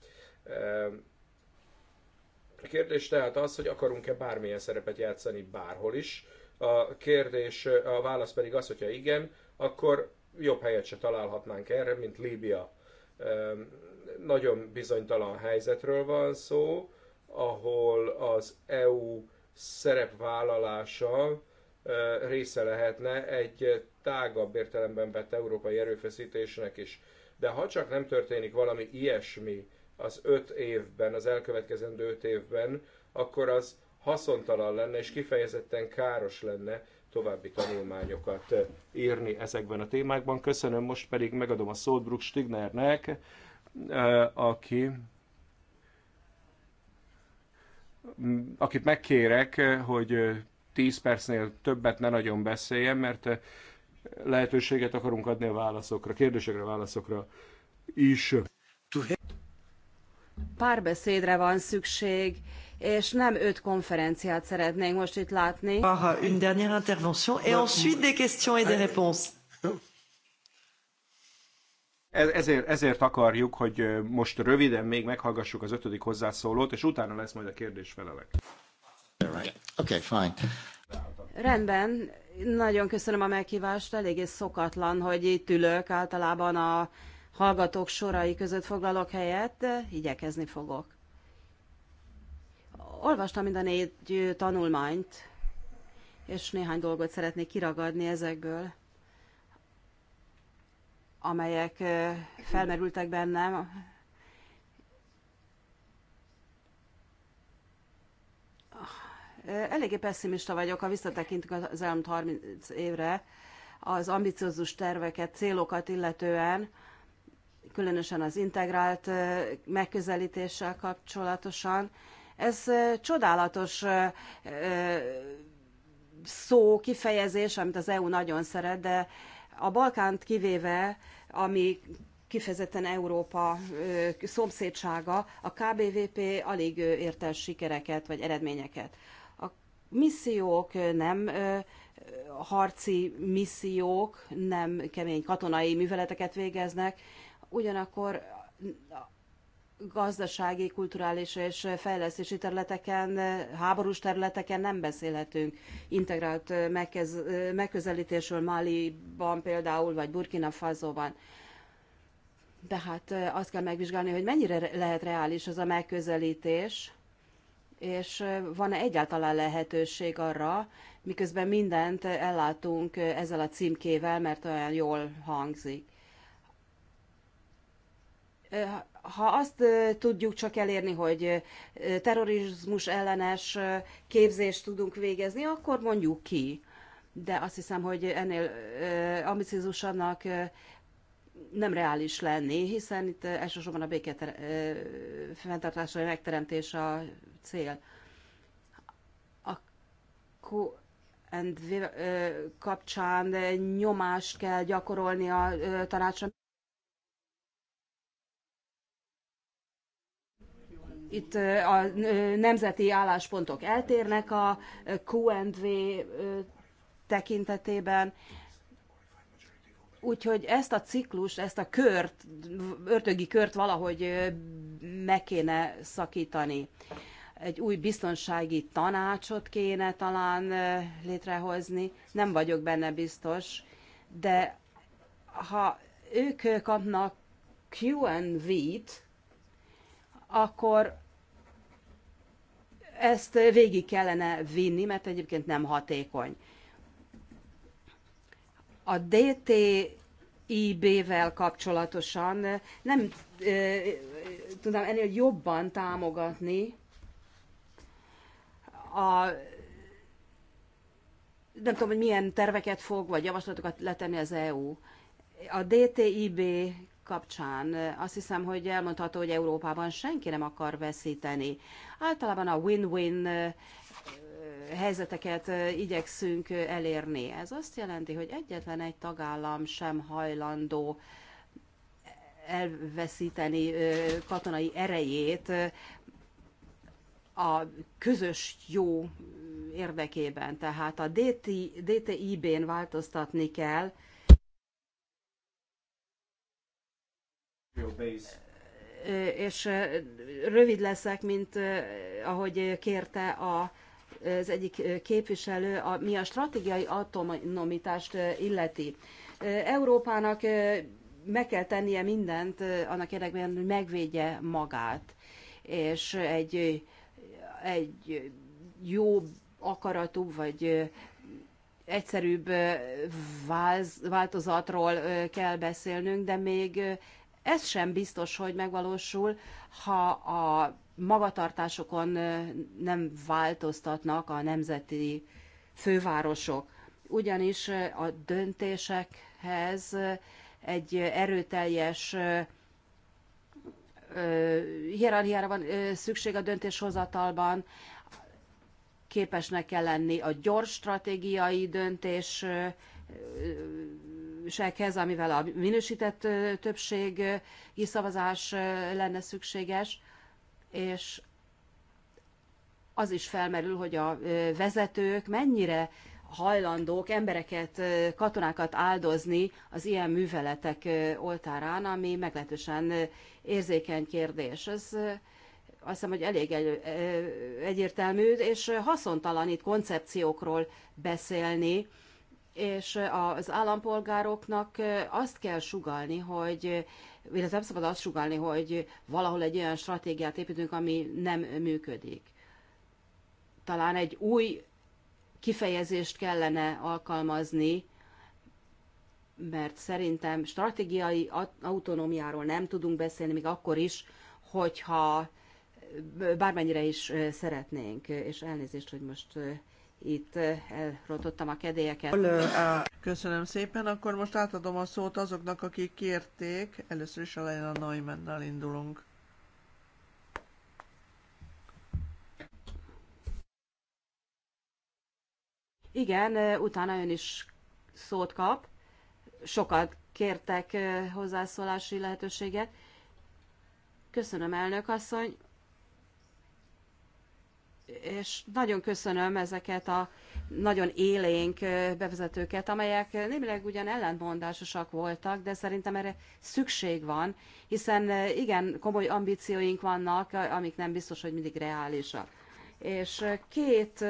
A kérdés tehát az, hogy akarunk-e bármilyen szerepet játszani bárhol is. A kérdés, a válasz pedig az, hogyha igen, akkor jobb helyet se találhatnánk erre, mint Líbia nagyon bizonytalan helyzetről van szó, ahol az EU szerepvállalása része lehetne egy tágabb értelemben vett európai erőfeszítésnek is. De ha csak nem történik valami ilyesmi az öt évben, az elkövetkezendő öt évben, akkor az haszontalan lenne és kifejezetten káros lenne további tanulmányokat írni ezekben a témákban. Köszönöm, most pedig megadom a szót Brook Stignernek, aki akit megkérek, hogy 10 percnél többet ne nagyon beszéljen, mert lehetőséget akarunk adni a válaszokra, kérdésekre, válaszokra is. Párbeszédre van szükség, és nem öt konferenciát szeretnénk most itt látni. Par euh, une dernière intervention, et ensuite des questions et des euh, réponses. Euh, E-, ezért, ezért akarjuk, hogy most röviden még meghallgassuk az ötödik hozzászólót, és utána lesz majd a kérdés-felelek. Okay, fine. Rendben, nagyon köszönöm a meghívást, eléggé szokatlan, hogy itt ülök, általában a hallgatók sorai között foglalok helyet, de igyekezni fogok. Olvastam mind a négy tanulmányt, és néhány dolgot szeretnék kiragadni ezekből amelyek felmerültek bennem, Eléggé pessimista vagyok, ha visszatekintünk az elmúlt 30 évre az ambiciózus terveket, célokat illetően, különösen az integrált megközelítéssel kapcsolatosan. Ez csodálatos szó, kifejezés, amit az EU nagyon szeret, de a Balkánt kivéve, ami kifejezetten Európa szomszédsága, a KBVP alig ért el sikereket vagy eredményeket. A missziók nem harci missziók, nem kemény katonai műveleteket végeznek, ugyanakkor gazdasági, kulturális és fejlesztési területeken, háborús területeken nem beszélhetünk integrált megközelítésről Máliban például, vagy Burkina Fasoban. De hát azt kell megvizsgálni, hogy mennyire lehet reális az a megközelítés, és van-e egyáltalán lehetőség arra, miközben mindent ellátunk ezzel a címkével, mert olyan jól hangzik ha azt tudjuk csak elérni, hogy terrorizmus ellenes képzést tudunk végezni, akkor mondjuk ki. De azt hiszem, hogy ennél ambiciózusabbnak nem reális lenni, hiszen itt elsősorban a béke fenntartása, megteremtés a cél. A kapcsán nyomást kell gyakorolni a tanácsra. itt a nemzeti álláspontok eltérnek a Q&V tekintetében, úgyhogy ezt a ciklus, ezt a kört, örtögi kört valahogy meg kéne szakítani. Egy új biztonsági tanácsot kéne talán létrehozni, nem vagyok benne biztos, de ha ők kapnak Q&V-t, akkor ezt végig kellene vinni, mert egyébként nem hatékony. A DTIB-vel kapcsolatosan nem ö, tudom ennél jobban támogatni a nem tudom, hogy milyen terveket fog, vagy javaslatokat letenni az EU. A DTIB kapcsán eh, azt hiszem, hogy elmondható, hogy Európában senki nem akar veszíteni. Általában a win-win eh, helyzeteket eh, igyekszünk elérni. Ez azt jelenti, hogy egyetlen egy tagállam sem hajlandó elveszíteni katonai erejét a közös jó érdekében. Tehát a DT, DTIB-n változtatni kell, és rövid leszek, mint ahogy kérte a, az egyik képviselő, mi a stratégiai autonomitást illeti. Európának meg kell tennie mindent annak érdekében, hogy megvédje magát, és egy, egy jó akaratú, vagy egyszerűbb változatról kell beszélnünk, de még ez sem biztos, hogy megvalósul, ha a magatartásokon nem változtatnak a nemzeti fővárosok. Ugyanis a döntésekhez egy erőteljes hierarchiára van szükség a döntéshozatalban, képesnek kell lenni a gyors stratégiai döntés döntésekhez, amivel a minősített többségi szavazás lenne szükséges, és az is felmerül, hogy a vezetők mennyire hajlandók embereket, katonákat áldozni az ilyen műveletek oltárán, ami meglehetősen érzékeny kérdés. Ez azt hiszem, hogy elég egy, egyértelmű, és haszontalan itt koncepciókról beszélni, és az állampolgároknak azt kell sugalni, hogy illetve nem szabad azt sugalni, hogy valahol egy olyan stratégiát építünk, ami nem működik. Talán egy új kifejezést kellene alkalmazni, mert szerintem stratégiai autonómiáról nem tudunk beszélni, még akkor is, hogyha bármennyire is szeretnénk, és elnézést, hogy most itt eh, elrontottam a kedélyeket. Eh, Köszönöm szépen, akkor most átadom a szót azoknak, akik kérték. Először is a Leila Neumannnal indulunk. Igen, eh, utána ön is szót kap. Sokat kértek hozzászólási lehetőséget. Köszönöm, elnök asszony és nagyon köszönöm ezeket a nagyon élénk bevezetőket, amelyek némileg ugyan ellentmondásosak voltak, de szerintem erre szükség van, hiszen igen, komoly ambícióink vannak, amik nem biztos, hogy mindig reálisak. És két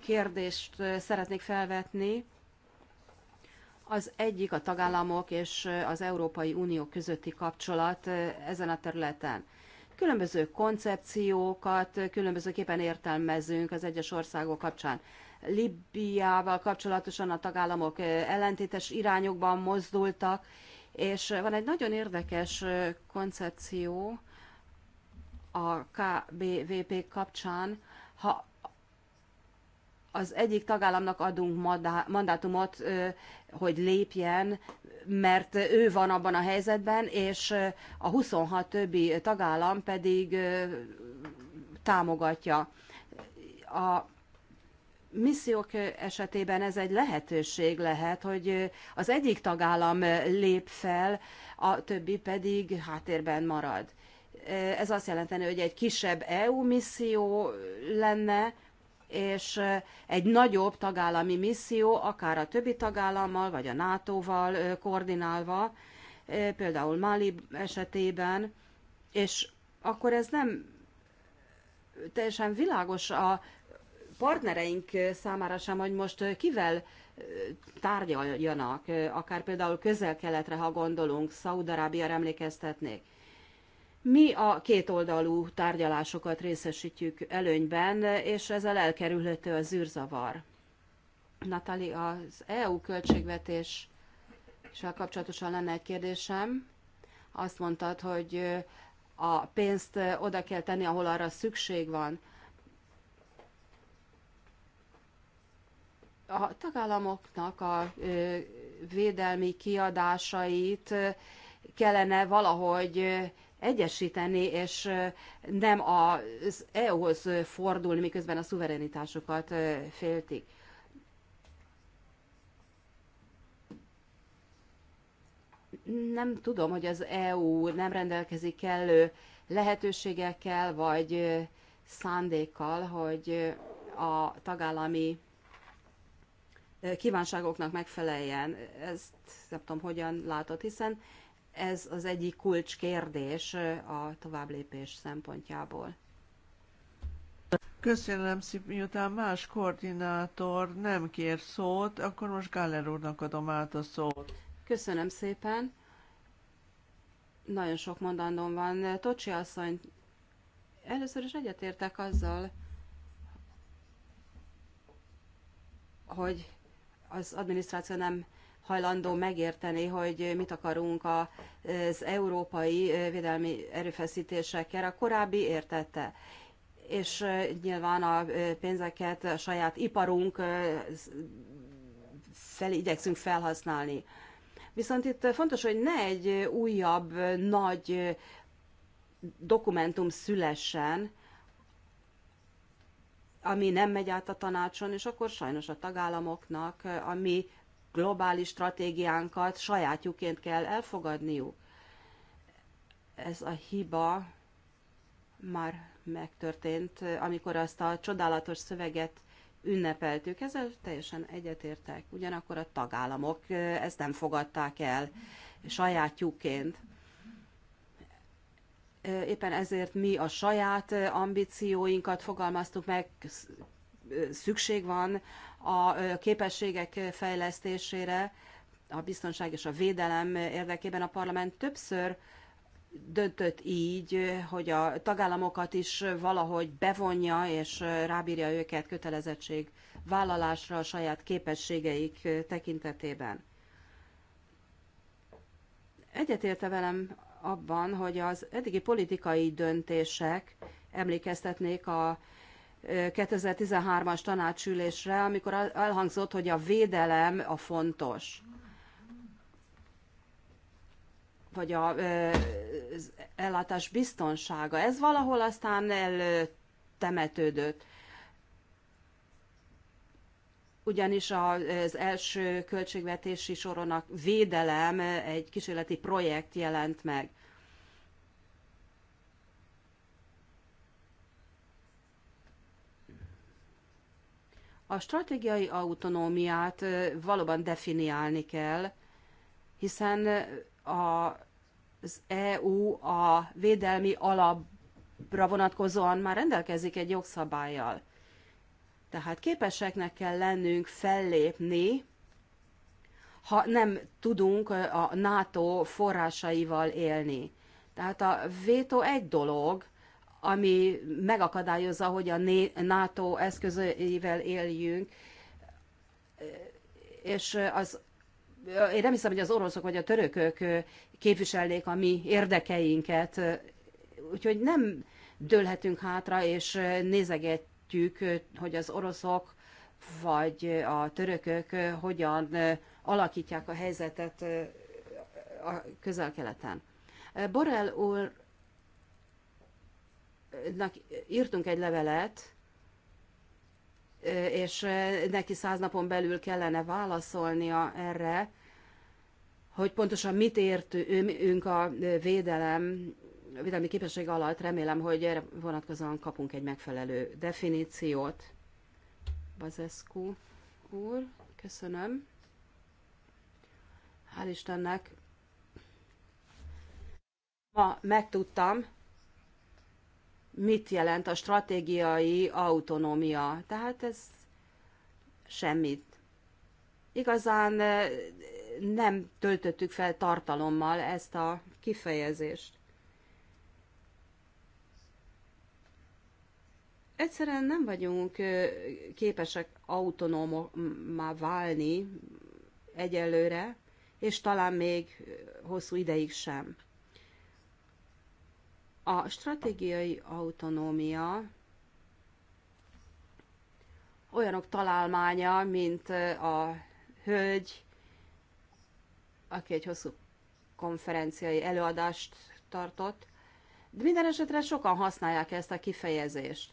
kérdést szeretnék felvetni. Az egyik a tagállamok és az Európai Unió közötti kapcsolat ezen a területen különböző koncepciókat különbözőképpen értelmezünk az egyes országok kapcsán. Libiával kapcsolatosan a tagállamok ellentétes irányokban mozdultak, és van egy nagyon érdekes koncepció a KBVP kapcsán, ha az egyik tagállamnak adunk mandátumot, hogy lépjen, mert ő van abban a helyzetben, és a 26 többi tagállam pedig támogatja. A missziók esetében ez egy lehetőség lehet, hogy az egyik tagállam lép fel, a többi pedig háttérben marad. Ez azt jelenteni, hogy egy kisebb EU misszió lenne, és egy nagyobb tagállami misszió, akár a többi tagállammal, vagy a NATO-val koordinálva, például Mali esetében, és akkor ez nem teljesen világos a partnereink számára sem, hogy most kivel tárgyaljanak, akár például közel-keletre, ha gondolunk, Szaudarábiára emlékeztetnék mi a kétoldalú tárgyalásokat részesítjük előnyben, és ezzel elkerülhető a zűrzavar. Natali, az EU a kapcsolatosan lenne egy kérdésem. Azt mondtad, hogy a pénzt oda kell tenni, ahol arra szükség van. A tagállamoknak a védelmi kiadásait kellene valahogy egyesíteni, és nem az EU-hoz fordulni, miközben a szuverenitásokat féltik. Nem tudom, hogy az EU nem rendelkezik kellő lehetőségekkel, vagy szándékkal, hogy a tagállami kívánságoknak megfeleljen. Ezt nem tudom, hogyan látod, hiszen ez az egyik kulcskérdés a továbblépés szempontjából. Köszönöm szépen, miután más koordinátor nem kér szót, akkor most Gáller úrnak adom át a szót. Köszönöm szépen. Nagyon sok mondandom van. Tocsi asszony, először is egyetértek azzal, hogy az adminisztráció nem hajlandó megérteni, hogy mit akarunk az európai védelmi erőfeszítésekkel, a korábbi értette. És nyilván a pénzeket a saját iparunk fel, igyekszünk felhasználni. Viszont itt fontos, hogy ne egy újabb nagy dokumentum szülessen, ami nem megy át a tanácson, és akkor sajnos a tagállamoknak ami globális stratégiánkat sajátjuként kell elfogadniuk. Ez a hiba már megtörtént, amikor azt a csodálatos szöveget ünnepeltük. Ezzel teljesen egyetértek. Ugyanakkor a tagállamok ezt nem fogadták el sajátjukként. Éppen ezért mi a saját ambícióinkat fogalmaztuk meg, szükség van a képességek fejlesztésére, a biztonság és a védelem érdekében a parlament többször döntött így, hogy a tagállamokat is valahogy bevonja és rábírja őket kötelezettség vállalásra a saját képességeik tekintetében. Egyetérte velem abban, hogy az eddigi politikai döntések emlékeztetnék a 2013-as tanácsülésre, amikor elhangzott, hogy a védelem a fontos. Vagy a, az ellátás biztonsága. Ez valahol aztán eltemetődött. Ugyanis az első költségvetési soron a védelem egy kísérleti projekt jelent meg. A stratégiai autonómiát valóban definiálni kell, hiszen az EU a védelmi alapra vonatkozóan már rendelkezik egy jogszabályjal. Tehát képeseknek kell lennünk fellépni, ha nem tudunk a NATO forrásaival élni. Tehát a vétó egy dolog, ami megakadályozza, hogy a NATO eszközeivel éljünk, és az én nem hiszem, hogy az oroszok vagy a törökök képviselnék a mi érdekeinket, úgyhogy nem dőlhetünk hátra, és nézegetjük, hogy az oroszok vagy a törökök hogyan alakítják a helyzetet a közel-keleten. Borrell úr írtunk egy levelet, és neki száz napon belül kellene válaszolnia erre, hogy pontosan mit értünk a védelem, a védelmi képesség alatt. Remélem, hogy erre vonatkozóan kapunk egy megfelelő definíciót. Bazescu úr, köszönöm. Hál' Istennek. Ma megtudtam, mit jelent a stratégiai autonómia. Tehát ez semmit. Igazán eh, nem töltöttük fel tartalommal ezt a kifejezést. Egyszerűen nem vagyunk eh, képesek autonómá válni egyelőre, és talán még hosszú ideig sem. A stratégiai autonómia olyanok találmánya, mint a hölgy, aki egy hosszú konferenciai előadást tartott, de minden esetre sokan használják ezt a kifejezést.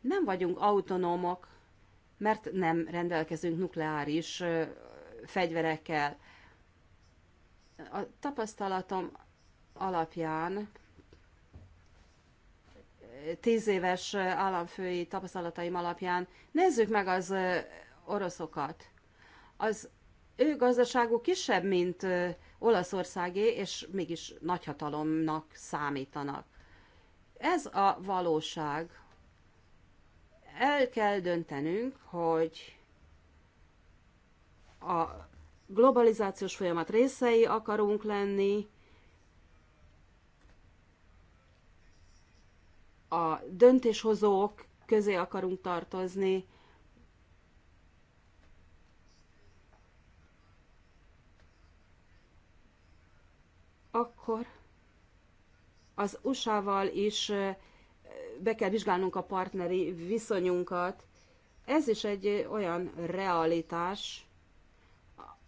Nem vagyunk autonómok, mert nem rendelkezünk nukleáris fegyverekkel. A tapasztalatom alapján tíz éves államfői tapasztalataim alapján, nézzük meg az oroszokat. Az ő gazdaságuk kisebb, mint Olaszországé, és mégis nagyhatalomnak számítanak. Ez a valóság. El kell döntenünk, hogy a globalizációs folyamat részei akarunk lenni, a döntéshozók közé akarunk tartozni, akkor az USA-val is be kell vizsgálnunk a partneri viszonyunkat. Ez is egy olyan realitás,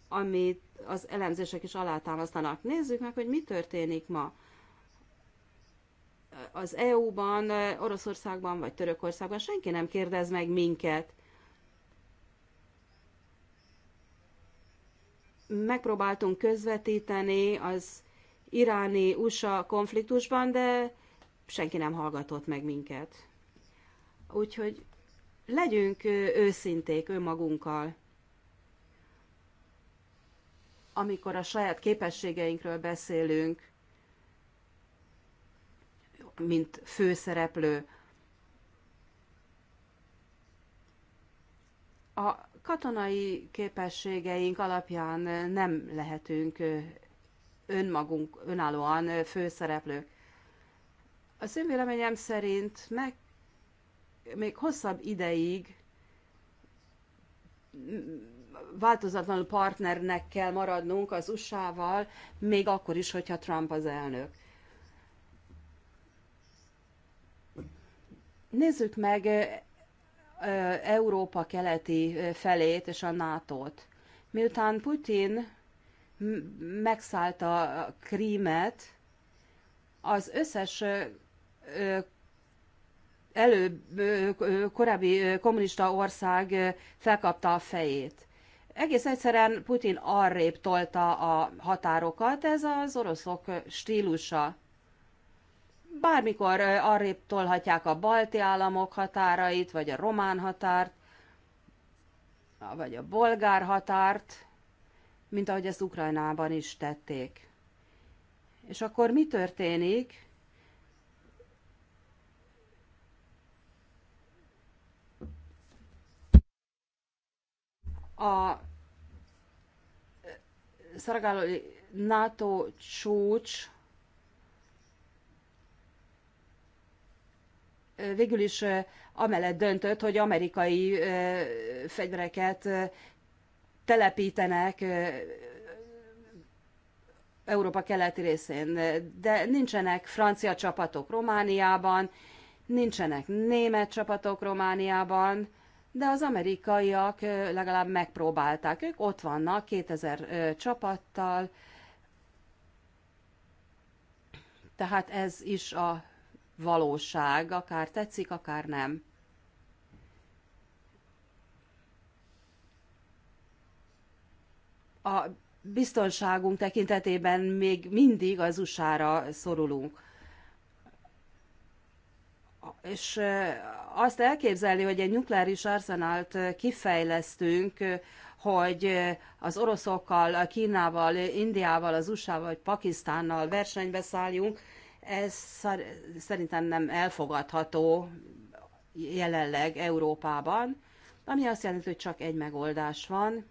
amit az elemzések is alátámasztanak. Nézzük meg, hogy mi történik ma az EU-ban, Oroszországban vagy Törökországban senki nem kérdez meg minket. Megpróbáltunk közvetíteni az iráni-USA konfliktusban, de senki nem hallgatott meg minket. Úgyhogy legyünk őszinték önmagunkkal. Amikor a saját képességeinkről beszélünk, mint főszereplő. A katonai képességeink alapján nem lehetünk önmagunk, önállóan főszereplők. A én szerint meg még hosszabb ideig változatlanul partnernek kell maradnunk az USA-val, még akkor is, hogyha Trump az elnök. Nézzük meg Európa keleti felét és a NATO-t. Miután Putin megszállta a Krímet, az összes előbb korábbi kommunista ország felkapta a fejét. Egész egyszerűen Putin arrébb tolta a határokat, ez az oroszok stílusa bármikor arrébb tolhatják a balti államok határait, vagy a román határt, vagy a bolgár határt, mint ahogy ezt Ukrajnában is tették. És akkor mi történik? A szaragálói NATO csúcs végül is amellett döntött, hogy amerikai fegyvereket telepítenek Európa keleti részén, de nincsenek francia csapatok Romániában, nincsenek német csapatok Romániában, de az amerikaiak legalább megpróbálták. Ők ott vannak 2000 csapattal, tehát ez is a valóság, akár tetszik, akár nem. A biztonságunk tekintetében még mindig az USA-ra szorulunk. És azt elképzelni, hogy egy nukleáris arzenált kifejlesztünk, hogy az oroszokkal, a Kínával, Indiával, az USA-val vagy Pakisztánnal versenybe szálljunk, ez szerintem nem elfogadható jelenleg Európában, ami azt jelenti, hogy csak egy megoldás van,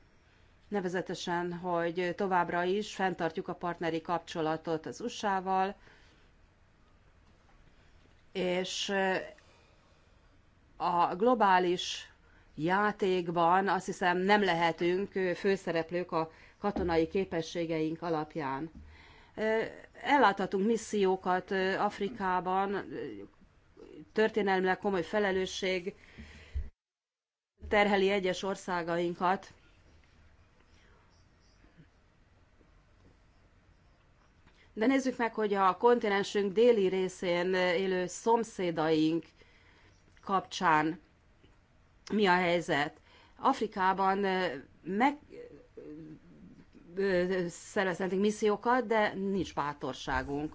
nevezetesen, hogy továbbra is fenntartjuk a partneri kapcsolatot az USA-val, és eh, a globális játékban azt hiszem nem lehetünk főszereplők a katonai képességeink alapján. Eh, elláthatunk missziókat Afrikában, történelmileg komoly felelősség terheli egyes országainkat. De nézzük meg, hogy a kontinensünk déli részén élő szomszédaink kapcsán mi a helyzet. Afrikában meg szervezhetünk missziókat, de nincs bátorságunk.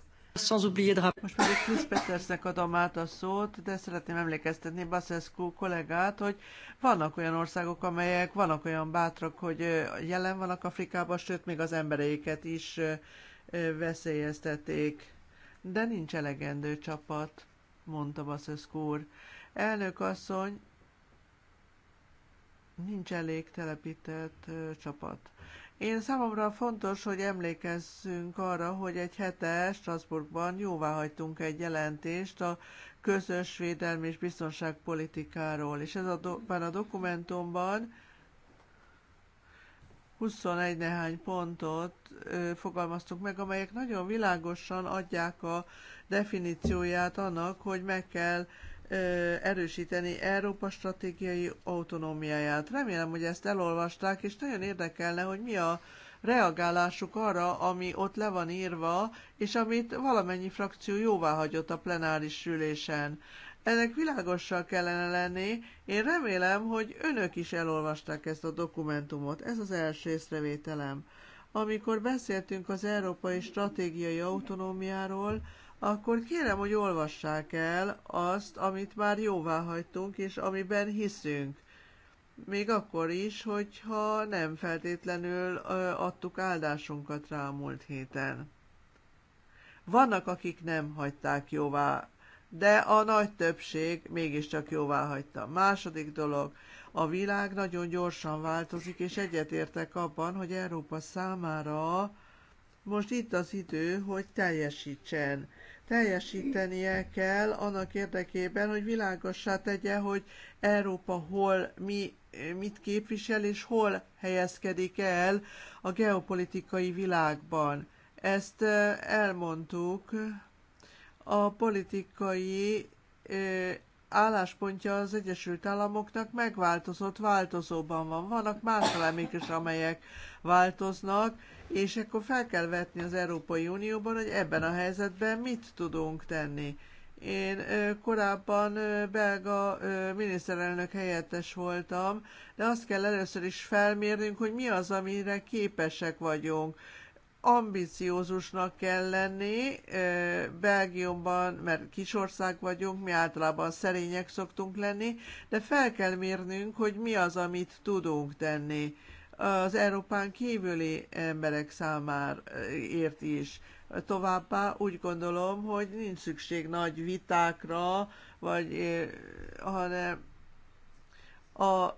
Most pedig Chris Petersnek adom át a szót, de szeretném emlékeztetni Baszeszkó kollégát, hogy vannak olyan országok, amelyek vannak olyan bátrak, hogy jelen vannak Afrikában, sőt még az embereiket is veszélyeztették. De nincs elegendő csapat, mondta Baszeszkó úr. Elnök asszony, nincs elég telepített csapat. Én számomra fontos, hogy emlékezzünk arra, hogy egy hete Strasbourgban jóvá hagytunk egy jelentést a közös védelmi és biztonságpolitikáról, és ez a, do- a dokumentumban 21 néhány pontot ö, fogalmaztuk meg, amelyek nagyon világosan adják a definícióját annak, hogy meg kell erősíteni Európa stratégiai autonómiáját. Remélem, hogy ezt elolvasták, és nagyon érdekelne, hogy mi a reagálásuk arra, ami ott le van írva, és amit valamennyi frakció jóvá hagyott a plenáris ülésen. Ennek világossal kellene lenni. Én remélem, hogy önök is elolvasták ezt a dokumentumot. Ez az első észrevételem. Amikor beszéltünk az európai stratégiai autonómiáról, akkor kérem, hogy olvassák el azt, amit már jóvá hagytunk, és amiben hiszünk. Még akkor is, hogyha nem feltétlenül adtuk áldásunkat rá a múlt héten. Vannak, akik nem hagyták jóvá, de a nagy többség mégiscsak jóvá hagyta. Második dolog, a világ nagyon gyorsan változik, és egyetértek abban, hogy Európa számára most itt az idő, hogy teljesítsen. Teljesítenie kell annak érdekében, hogy világossá tegye, hogy Európa hol mi, mit képvisel, és hol helyezkedik el a geopolitikai világban. Ezt elmondtuk. A politikai álláspontja az Egyesült Államoknak megváltozott, változóban van. Vannak más elemek is, amelyek változnak, és akkor fel kell vetni az Európai Unióban, hogy ebben a helyzetben mit tudunk tenni. Én korábban belga miniszterelnök helyettes voltam, de azt kell először is felmérnünk, hogy mi az, amire képesek vagyunk. Ambiciózusnak kell lenni, Belgiumban, mert kis ország vagyunk, mi általában szerények szoktunk lenni, de fel kell mérnünk, hogy mi az, amit tudunk tenni az Európán kívüli emberek számára eh, ért is. Továbbá úgy gondolom, hogy nincs szükség nagy vitákra, vagy eh, hanem a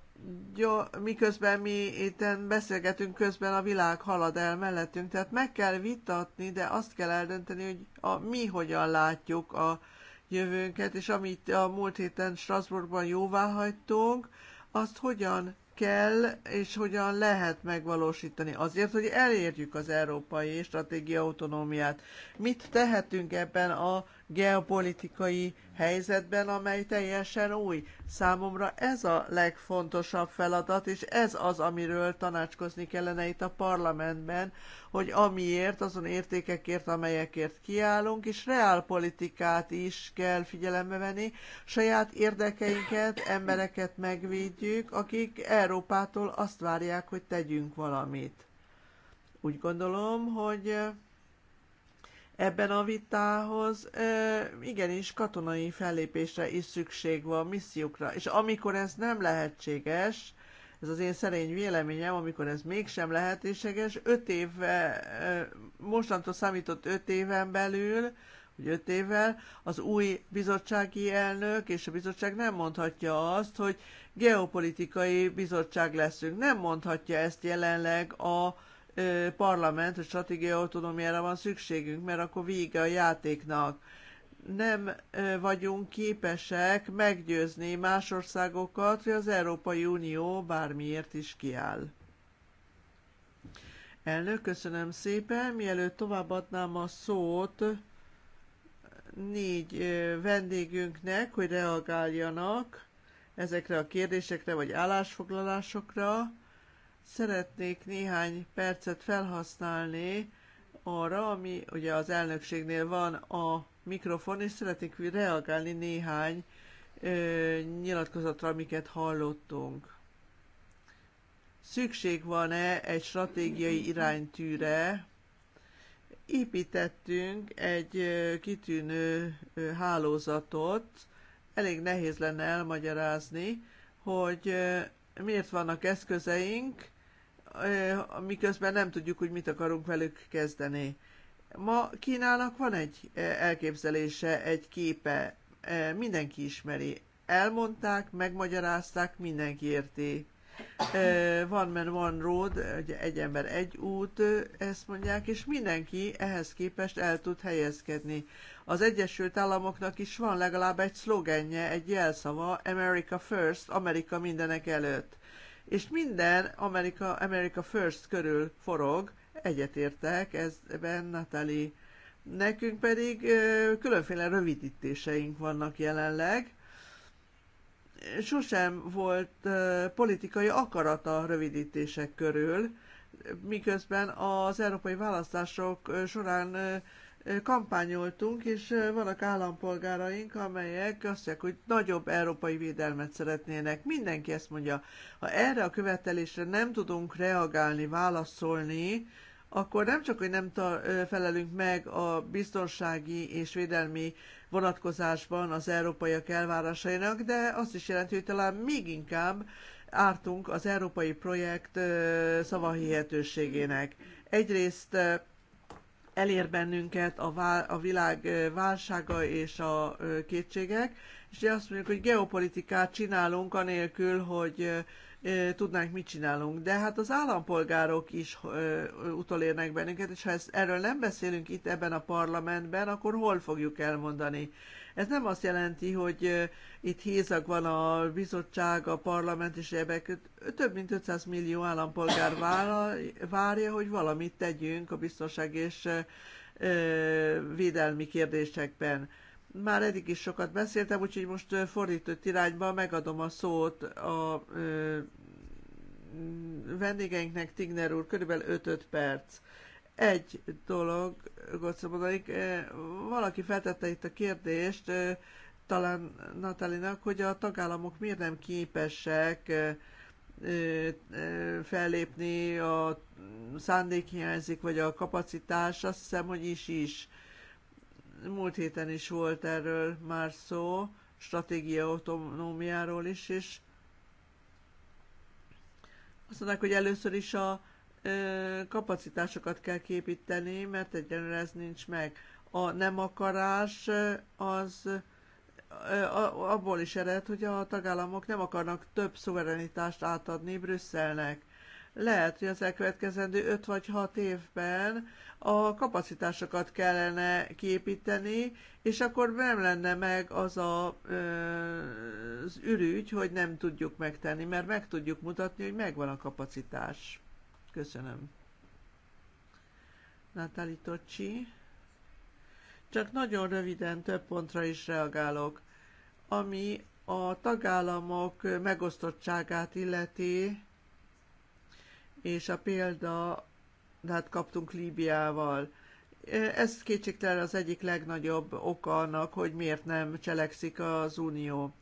jó, miközben mi itt beszélgetünk, közben a világ halad el mellettünk, tehát meg kell vitatni, de azt kell eldönteni, hogy a, mi hogyan látjuk a jövőnket, és amit a múlt héten Strasbourgban jóvá hagytunk, azt hogyan kell és hogyan lehet megvalósítani azért, hogy elérjük az európai stratégia autonómiát. Mit tehetünk ebben a geopolitikai helyzetben, amely teljesen új. Számomra ez a legfontosabb feladat, és ez az, amiről tanácskozni kellene itt a parlamentben, hogy amiért, azon értékekért, amelyekért kiállunk, és reálpolitikát is kell figyelembe venni, saját érdekeinket, embereket megvédjük, akik Európától azt várják, hogy tegyünk valamit. Úgy gondolom, hogy Ebben a vitához igenis katonai fellépésre is szükség van, missziókra. És amikor ez nem lehetséges, ez az én szerény véleményem, amikor ez mégsem lehetséges, öt év, mostantól számított öt éven belül, hogy öt évvel, az új bizottsági elnök és a bizottság nem mondhatja azt, hogy geopolitikai bizottság leszünk. Nem mondhatja ezt jelenleg a parlament, hogy stratégiai autonómiára van szükségünk, mert akkor vége a játéknak. Nem vagyunk képesek meggyőzni más országokat, hogy az Európai Unió bármiért is kiáll. Elnök, köszönöm szépen. Mielőtt továbbadnám a szót négy vendégünknek, hogy reagáljanak ezekre a kérdésekre vagy állásfoglalásokra, Szeretnék néhány percet felhasználni arra, ami ugye az elnökségnél van a mikrofon, és szeretnék reagálni néhány ö, nyilatkozatra, amiket hallottunk. Szükség van-e egy stratégiai iránytűre? Építettünk egy kitűnő hálózatot, elég nehéz lenne elmagyarázni, hogy miért vannak eszközeink, miközben nem tudjuk, hogy mit akarunk velük kezdeni. Ma Kínának van egy elképzelése, egy képe, mindenki ismeri. Elmondták, megmagyarázták, mindenki érti. Van men one road, ugye egy ember, egy út, ezt mondják, és mindenki ehhez képest el tud helyezkedni. Az Egyesült Államoknak is van legalább egy szlogenje, egy jelszava, America First, Amerika mindenek előtt és minden America, America First körül forog, egyetértek ezben Natali. Nekünk pedig különféle rövidítéseink vannak jelenleg, sosem volt politikai akarata rövidítések körül, miközben az európai választások során kampányoltunk, és vannak állampolgáraink, amelyek azt mondják, hogy nagyobb európai védelmet szeretnének. Mindenki ezt mondja. Ha erre a követelésre nem tudunk reagálni, válaszolni, akkor nem csak, hogy nem felelünk meg a biztonsági és védelmi vonatkozásban az európaiak elvárásainak, de azt is jelenti, hogy talán még inkább ártunk az európai projekt szavahihetőségének. Egyrészt elér bennünket a, vá- a világ válsága és a kétségek, és azt mondjuk, hogy geopolitikát csinálunk anélkül, hogy tudnánk, mit csinálunk. De hát az állampolgárok is utolérnek bennünket, és ha ezt, erről nem beszélünk itt ebben a parlamentben, akkor hol fogjuk elmondani? Ez nem azt jelenti, hogy itt hézag van a bizottság, a parlament és ebek. Több mint 500 millió állampolgár várja, hogy valamit tegyünk a biztonság és védelmi kérdésekben. Már eddig is sokat beszéltem, úgyhogy most fordított irányba megadom a szót a vendégeinknek, Tigner úr, körülbelül 5-5 perc. Egy dologot mondanék, valaki feltette itt a kérdést, talán Natalinak, hogy a tagállamok miért nem képesek fellépni, a szándék hiányzik, vagy a kapacitás, azt hiszem, hogy is is. Múlt héten is volt erről már szó, stratégia autonómiáról is, és azt mondták, hogy először is a kapacitásokat kell képíteni, mert egyenlőre ez nincs meg. A nem akarás az abból is ered, hogy a tagállamok nem akarnak több szuverenitást átadni Brüsszelnek. Lehet, hogy az elkövetkezendő 5 vagy 6 évben a kapacitásokat kellene kiépíteni, és akkor nem lenne meg az a, az ürügy, hogy nem tudjuk megtenni, mert meg tudjuk mutatni, hogy megvan a kapacitás. Köszönöm. Natali Tocsi. Csak nagyon röviden több pontra is reagálok. Ami a tagállamok megosztottságát illeti, és a példa, hát kaptunk Líbiával. Ez kétségtelen az egyik legnagyobb oka annak, hogy miért nem cselekszik az Unió.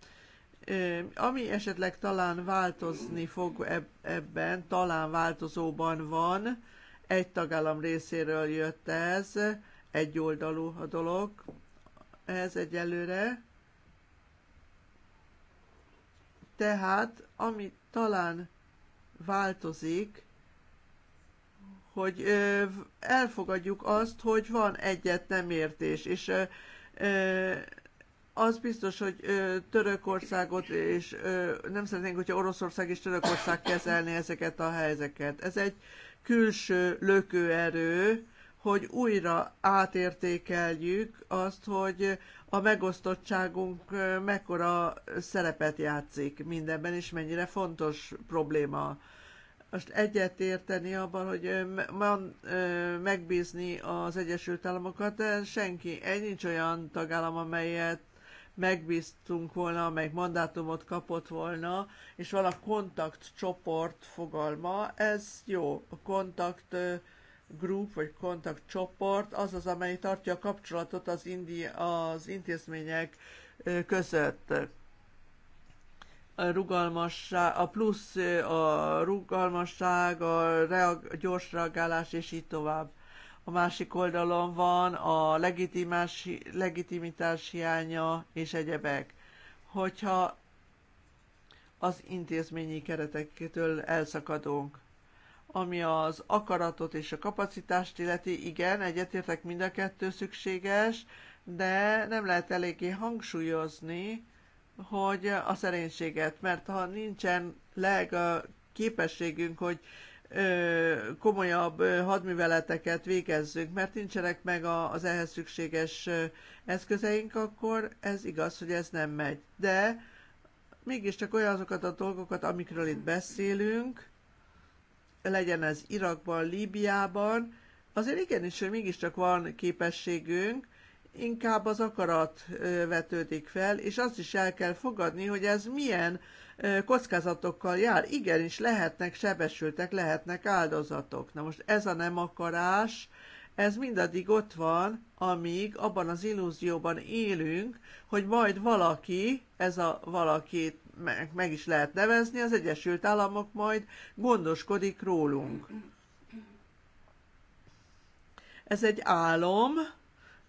Ami esetleg talán változni fog ebben, talán változóban van, egy tagállam részéről jött ez, egy oldalú a dolog, ez egyelőre. Tehát, ami talán változik, hogy elfogadjuk azt, hogy van egyet nem értés, és az biztos, hogy Törökországot és nem szeretnénk, hogyha Oroszország és Törökország kezelni ezeket a helyzeket. Ez egy külső lökőerő, hogy újra átértékeljük azt, hogy a megosztottságunk mekkora szerepet játszik mindenben, és mennyire fontos probléma. Most egyet érteni abban, hogy megbízni az Egyesült Államokat, de senki, egy nincs olyan tagállam, amelyet megbíztunk volna, amelyik mandátumot kapott volna, és van a kontaktcsoport fogalma, ez jó, a kontakt group vagy kontaktcsoport az az, amely tartja a kapcsolatot az, indi, az intézmények között. A rugalmasság, a plusz a rugalmasság, a reag, gyors reagálás és így tovább a másik oldalon van a legitimitás hiánya és egyebek. Hogyha az intézményi keretektől elszakadunk. Ami az akaratot és a kapacitást illeti, igen, egyetértek mind a kettő szükséges, de nem lehet eléggé hangsúlyozni, hogy a szerénységet, mert ha nincsen leg a képességünk, hogy komolyabb hadműveleteket végezzünk, mert nincsenek meg az ehhez szükséges eszközeink, akkor ez igaz, hogy ez nem megy. De mégiscsak olyan azokat a dolgokat, amikről itt beszélünk, legyen ez Irakban, Líbiában, azért igenis, hogy mégiscsak van képességünk, inkább az akarat vetődik fel, és azt is el kell fogadni, hogy ez milyen kockázatokkal jár. Igenis, lehetnek sebesültek, lehetnek áldozatok. Na most ez a nem akarás, ez mindaddig ott van, amíg abban az illúzióban élünk, hogy majd valaki, ez a valakit meg, meg is lehet nevezni, az Egyesült Államok majd gondoskodik rólunk. Ez egy álom,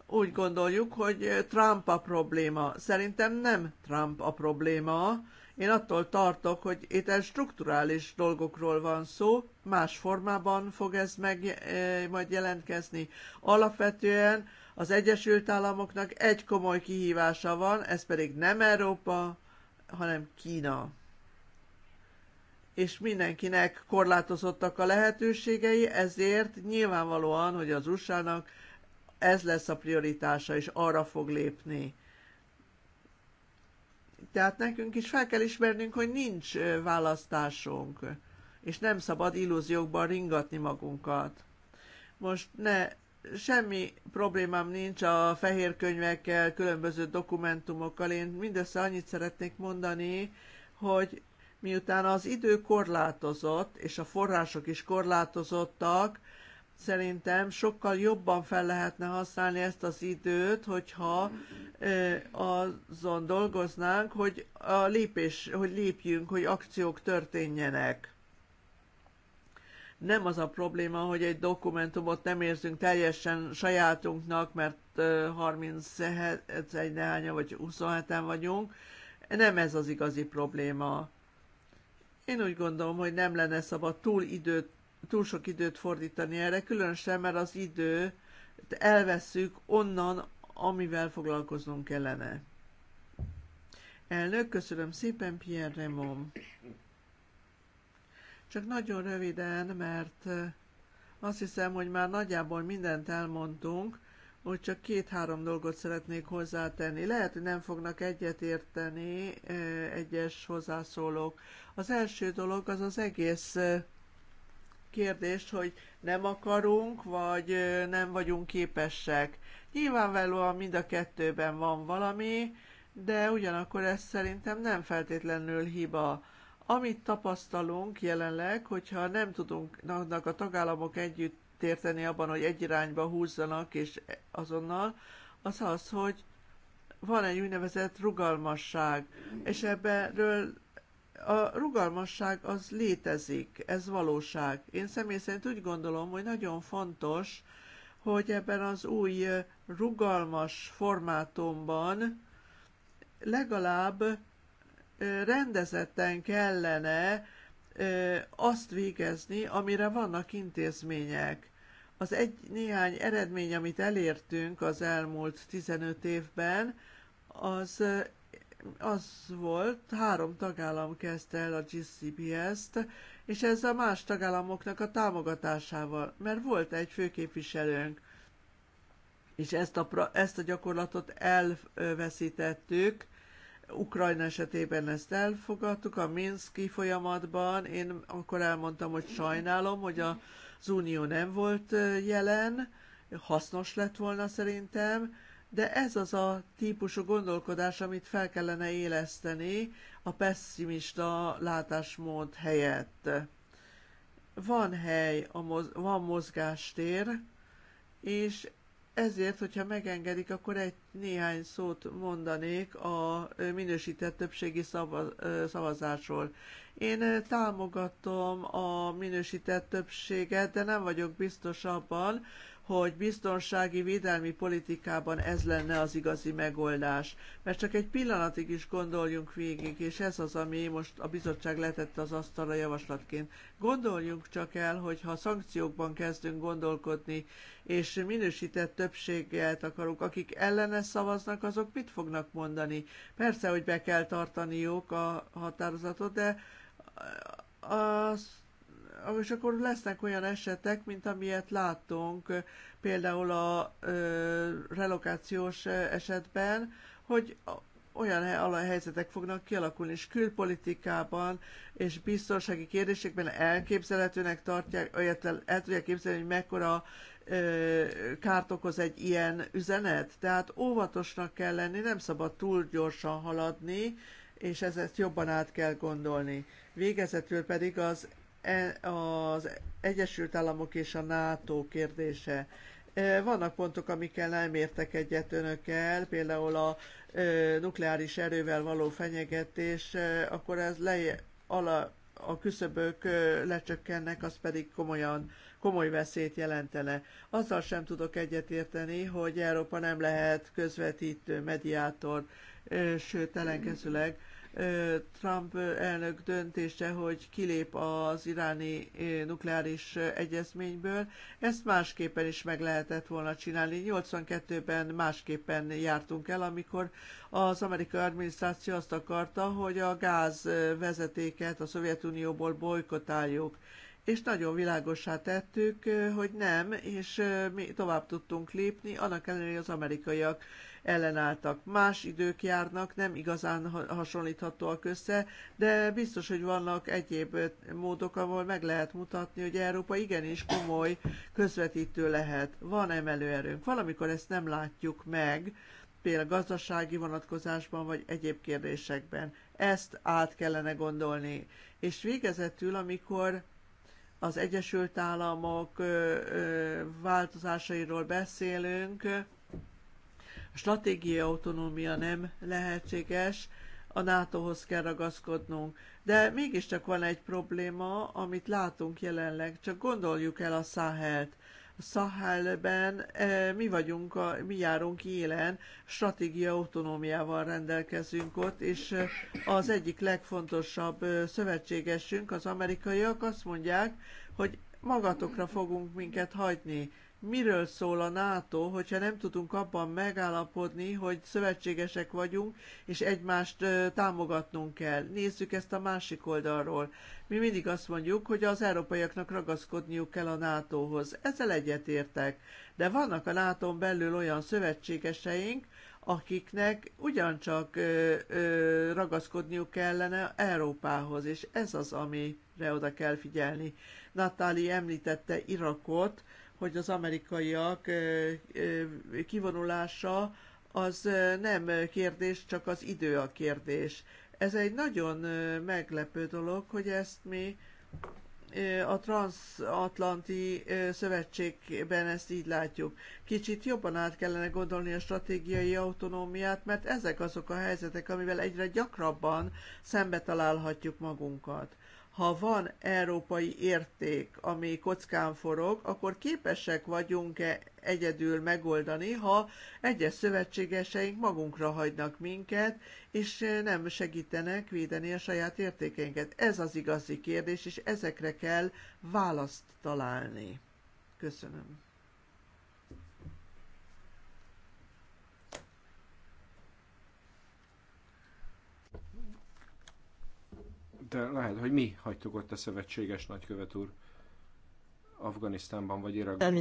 úgy gondoljuk, hogy Trump a probléma. Szerintem nem Trump a probléma, én attól tartok, hogy itt strukturális dolgokról van szó, más formában fog ez meg eh, majd jelentkezni. Alapvetően az Egyesült Államoknak egy komoly kihívása van, ez pedig nem Európa, hanem Kína. És mindenkinek korlátozottak a lehetőségei, ezért nyilvánvalóan, hogy az USA-nak ez lesz a prioritása, és arra fog lépni. Tehát nekünk is fel kell ismernünk, hogy nincs választásunk, és nem szabad illúziókban ringatni magunkat. Most ne, semmi problémám nincs a fehér könyvekkel, különböző dokumentumokkal. Én mindössze annyit szeretnék mondani, hogy miután az idő korlátozott, és a források is korlátozottak, szerintem sokkal jobban fel lehetne használni ezt az időt, hogyha azon dolgoznánk, hogy a lépés, hogy lépjünk, hogy akciók történjenek. Nem az a probléma, hogy egy dokumentumot nem érzünk teljesen sajátunknak, mert 31 néhány vagy 27-en vagyunk. Nem ez az igazi probléma. Én úgy gondolom, hogy nem lenne szabad túl időt túl sok időt fordítani erre, különösen, mert az idő elveszük onnan, amivel foglalkoznunk kellene. Elnök, köszönöm szépen, Pierre Remon. Csak nagyon röviden, mert azt hiszem, hogy már nagyjából mindent elmondtunk, hogy csak két-három dolgot szeretnék hozzátenni. Lehet, hogy nem fognak egyet érteni eh, egyes hozzászólók. Az első dolog az az egész eh, kérdést, hogy nem akarunk, vagy nem vagyunk képesek. Nyilvánvalóan mind a kettőben van valami, de ugyanakkor ez szerintem nem feltétlenül hiba. Amit tapasztalunk jelenleg, hogyha nem tudunk a tagállamok együtt érteni abban, hogy egy irányba húzzanak, és e, azonnal, az az, hogy van egy úgynevezett rugalmasság, és ebből a rugalmasság az létezik, ez valóság. Én személy szerint úgy gondolom, hogy nagyon fontos, hogy ebben az új rugalmas formátumban legalább rendezetten kellene azt végezni, amire vannak intézmények. Az egy néhány eredmény, amit elértünk az elmúlt 15 évben, az az volt, három tagállam kezdte el a GCBS-t, és ez a más tagállamoknak a támogatásával, mert volt egy főképviselőnk, és ezt a, ezt a gyakorlatot elveszítettük, Ukrajna esetében ezt elfogadtuk, a Minszki folyamatban én akkor elmondtam, hogy sajnálom, hogy az Unió nem volt jelen, hasznos lett volna szerintem, de ez az a típusú gondolkodás, amit fel kellene éleszteni a pessimista látásmód helyett. Van hely, a moz- van mozgástér, és ezért, hogyha megengedik, akkor egy néhány szót mondanék a minősített többségi szavazásról. Én támogatom a minősített többséget, de nem vagyok biztos abban, hogy biztonsági védelmi politikában ez lenne az igazi megoldás. Mert csak egy pillanatig is gondoljunk végig, és ez az, ami most a bizottság letette az asztalra javaslatként. Gondoljunk csak el, hogy ha szankciókban kezdünk gondolkodni, és minősített többséget akarunk, akik ellene szavaznak, azok mit fognak mondani? Persze, hogy be kell tartaniuk a határozatot, de azt és akkor lesznek olyan esetek, mint amilyet láttunk például a relokációs esetben, hogy olyan helyzetek fognak kialakulni, és külpolitikában és biztonsági kérdésekben elképzelhetőnek tartják, el, el tudják képzelni, hogy mekkora kárt okoz egy ilyen üzenet. Tehát óvatosnak kell lenni, nem szabad túl gyorsan haladni, és ezt jobban át kell gondolni. Végezetül pedig az E, az Egyesült Államok és a NATO kérdése. E, vannak pontok, amikkel nem értek egyet önökkel, például a e, nukleáris erővel való fenyegetés, akkor ez le, ala, a küszöbök lecsökkennek, az pedig komolyan, komoly veszélyt jelentene. Azzal sem tudok egyetérteni, hogy Európa nem lehet közvetítő, mediátor, sőt, ellenkezőleg Trump elnök döntése, hogy kilép az iráni nukleáris egyezményből, ezt másképpen is meg lehetett volna csinálni. 82-ben másképpen jártunk el, amikor az amerikai adminisztráció azt akarta, hogy a vezetéket a Szovjetunióból bolykotáljuk és nagyon világosá tettük, hogy nem, és mi tovább tudtunk lépni, annak ellenére, hogy az amerikaiak ellenálltak. Más idők járnak, nem igazán hasonlíthatóak össze, de biztos, hogy vannak egyéb módok, ahol meg lehet mutatni, hogy Európa igenis komoly közvetítő lehet. Van emelőerőnk. Valamikor ezt nem látjuk meg, például gazdasági vonatkozásban, vagy egyéb kérdésekben. Ezt át kellene gondolni. És végezetül, amikor az Egyesült Államok változásairól beszélünk, stratégiai autonómia nem lehetséges, a NATO-hoz kell ragaszkodnunk. De mégiscsak van egy probléma, amit látunk jelenleg, csak gondoljuk el a Száhelt. A Szahelben e, eh, mi vagyunk, a, mi járunk élen, stratégia autonómiával rendelkezünk ott, és eh, az egyik legfontosabb eh, szövetségesünk, az amerikaiak azt mondják, hogy magatokra fogunk minket hagyni miről szól a NATO, hogyha nem tudunk abban megállapodni, hogy szövetségesek vagyunk, és egymást támogatnunk kell. Nézzük ezt a másik oldalról. Mi mindig azt mondjuk, hogy az európaiaknak ragaszkodniuk kell a NATO-hoz. Ezzel egyetértek. De vannak a NATO-n belül olyan szövetségeseink, akiknek ugyancsak ö, ö, ragaszkodniuk kellene Európához, és ez az, amire oda kell figyelni. Natáli említette Irakot, hogy az amerikaiak kivonulása az nem kérdés, csak az idő a kérdés. Ez egy nagyon meglepő dolog, hogy ezt mi a transatlanti szövetségben ezt így látjuk. Kicsit jobban át kellene gondolni a stratégiai autonómiát, mert ezek azok a helyzetek, amivel egyre gyakrabban szembe találhatjuk magunkat ha van európai érték, ami kockán forog, akkor képesek vagyunk-e egyedül megoldani, ha egyes szövetségeseink magunkra hagynak minket, és nem segítenek védeni a saját értékeinket. Ez az igazi kérdés, és ezekre kell választ találni. Köszönöm. de lehet, hogy mi hagytuk ott a szövetséges nagykövet úr Afganisztánban vagy Irakban.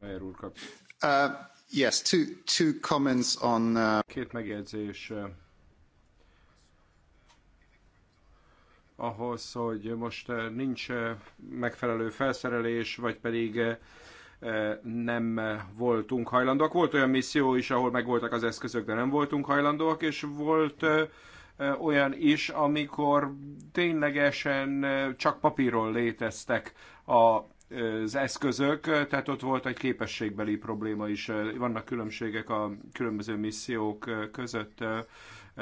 Mayer úr kap. Uh, yes, two, two comments on... Uh... Két megjegyzés uh, ahhoz, hogy most uh, nincs uh, megfelelő felszerelés, vagy pedig nem voltunk hajlandóak. Volt olyan misszió is, ahol megvoltak az eszközök, de nem voltunk hajlandóak, és volt olyan is, amikor ténylegesen csak papíron léteztek a az eszközök, tehát ott volt egy képességbeli probléma is, vannak különbségek a különböző missziók között.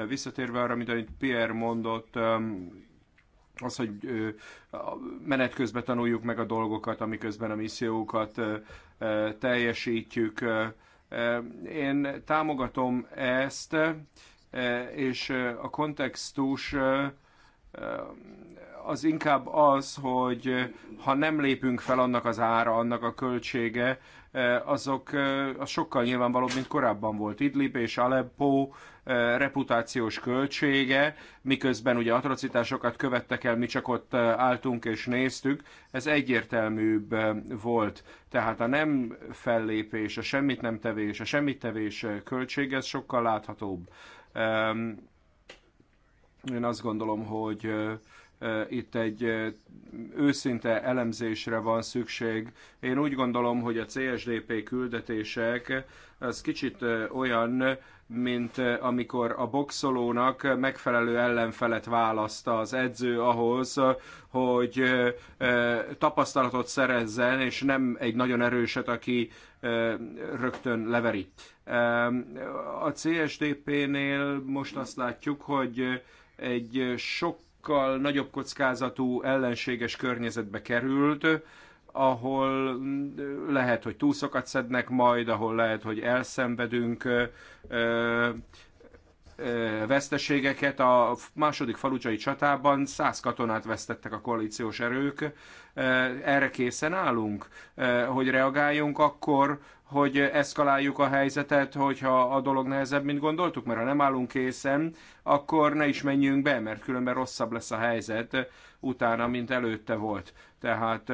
Visszatérve arra, amit Pierre mondott, az, hogy menet közben tanuljuk meg a dolgokat, amiközben a missziókat teljesítjük. Én támogatom ezt, Eh, és eh, a kontextus eh, az inkább az, hogy ha nem lépünk fel annak az ára, annak a költsége, azok az sokkal nyilvánvalóbb, mint korábban volt Idlib és Aleppo reputációs költsége, miközben ugye atrocitásokat követtek el, mi csak ott álltunk és néztük, ez egyértelműbb volt. Tehát a nem fellépés, a semmit nem tevés, a semmit tevés költsége ez sokkal láthatóbb. Én azt gondolom, hogy itt egy őszinte elemzésre van szükség. Én úgy gondolom, hogy a CSDP küldetések az kicsit olyan, mint amikor a boxolónak megfelelő ellenfelet választ az edző ahhoz, hogy tapasztalatot szerezzen, és nem egy nagyon erőset, aki rögtön leveri. A CSDP-nél most azt látjuk, hogy egy sokkal nagyobb kockázatú ellenséges környezetbe került, ahol lehet, hogy túlszokat szednek majd, ahol lehet, hogy elszenvedünk veszteségeket. A második falucsai csatában száz katonát vesztettek a koalíciós erők. Erre készen állunk, hogy reagáljunk akkor, hogy eszkaláljuk a helyzetet, hogyha a dolog nehezebb, mint gondoltuk, mert ha nem állunk készen, akkor ne is menjünk be, mert különben rosszabb lesz a helyzet utána, mint előtte volt. Tehát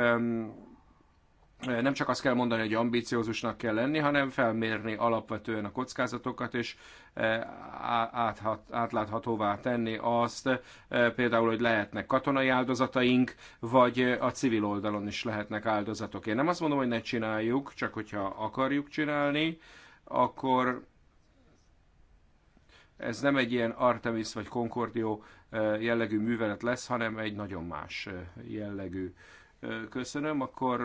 nem csak azt kell mondani, hogy ambíciózusnak kell lenni, hanem felmérni alapvetően a kockázatokat, és eh, áthat, átláthatóvá tenni azt, eh, például, hogy lehetnek katonai áldozataink, vagy eh, a civil oldalon is lehetnek áldozatok. Én nem azt mondom, hogy ne csináljuk, csak hogyha akarjuk csinálni, akkor ez nem egy ilyen Artemis vagy Concordio jellegű művelet lesz, hanem egy nagyon más jellegű. Köszönöm, akkor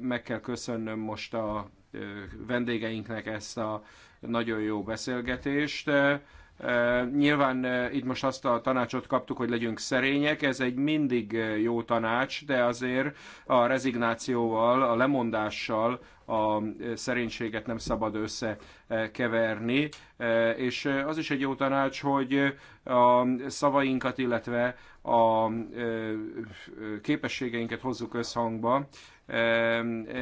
meg kell köszönnöm most a vendégeinknek ezt a nagyon jó beszélgetést. Nyilván itt most azt a tanácsot kaptuk, hogy legyünk szerények, ez egy mindig jó tanács, de azért a rezignációval, a lemondással a szerénységet nem szabad összekeverni, és az is egy jó tanács, hogy a szavainkat, illetve a képességeinket hozzuk összhangba, E, e,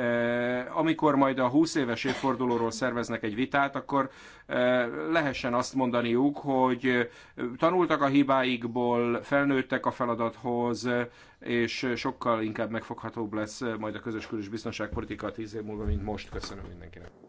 e, amikor majd a 20 éves évfordulóról szerveznek egy vitát, akkor lehessen azt mondaniuk, hogy tanultak a hibáikból, felnőttek a feladathoz, és sokkal inkább megfoghatóbb lesz majd a közös külös biztonságpolitika 10 év múlva, mint most. Köszönöm mindenkinek.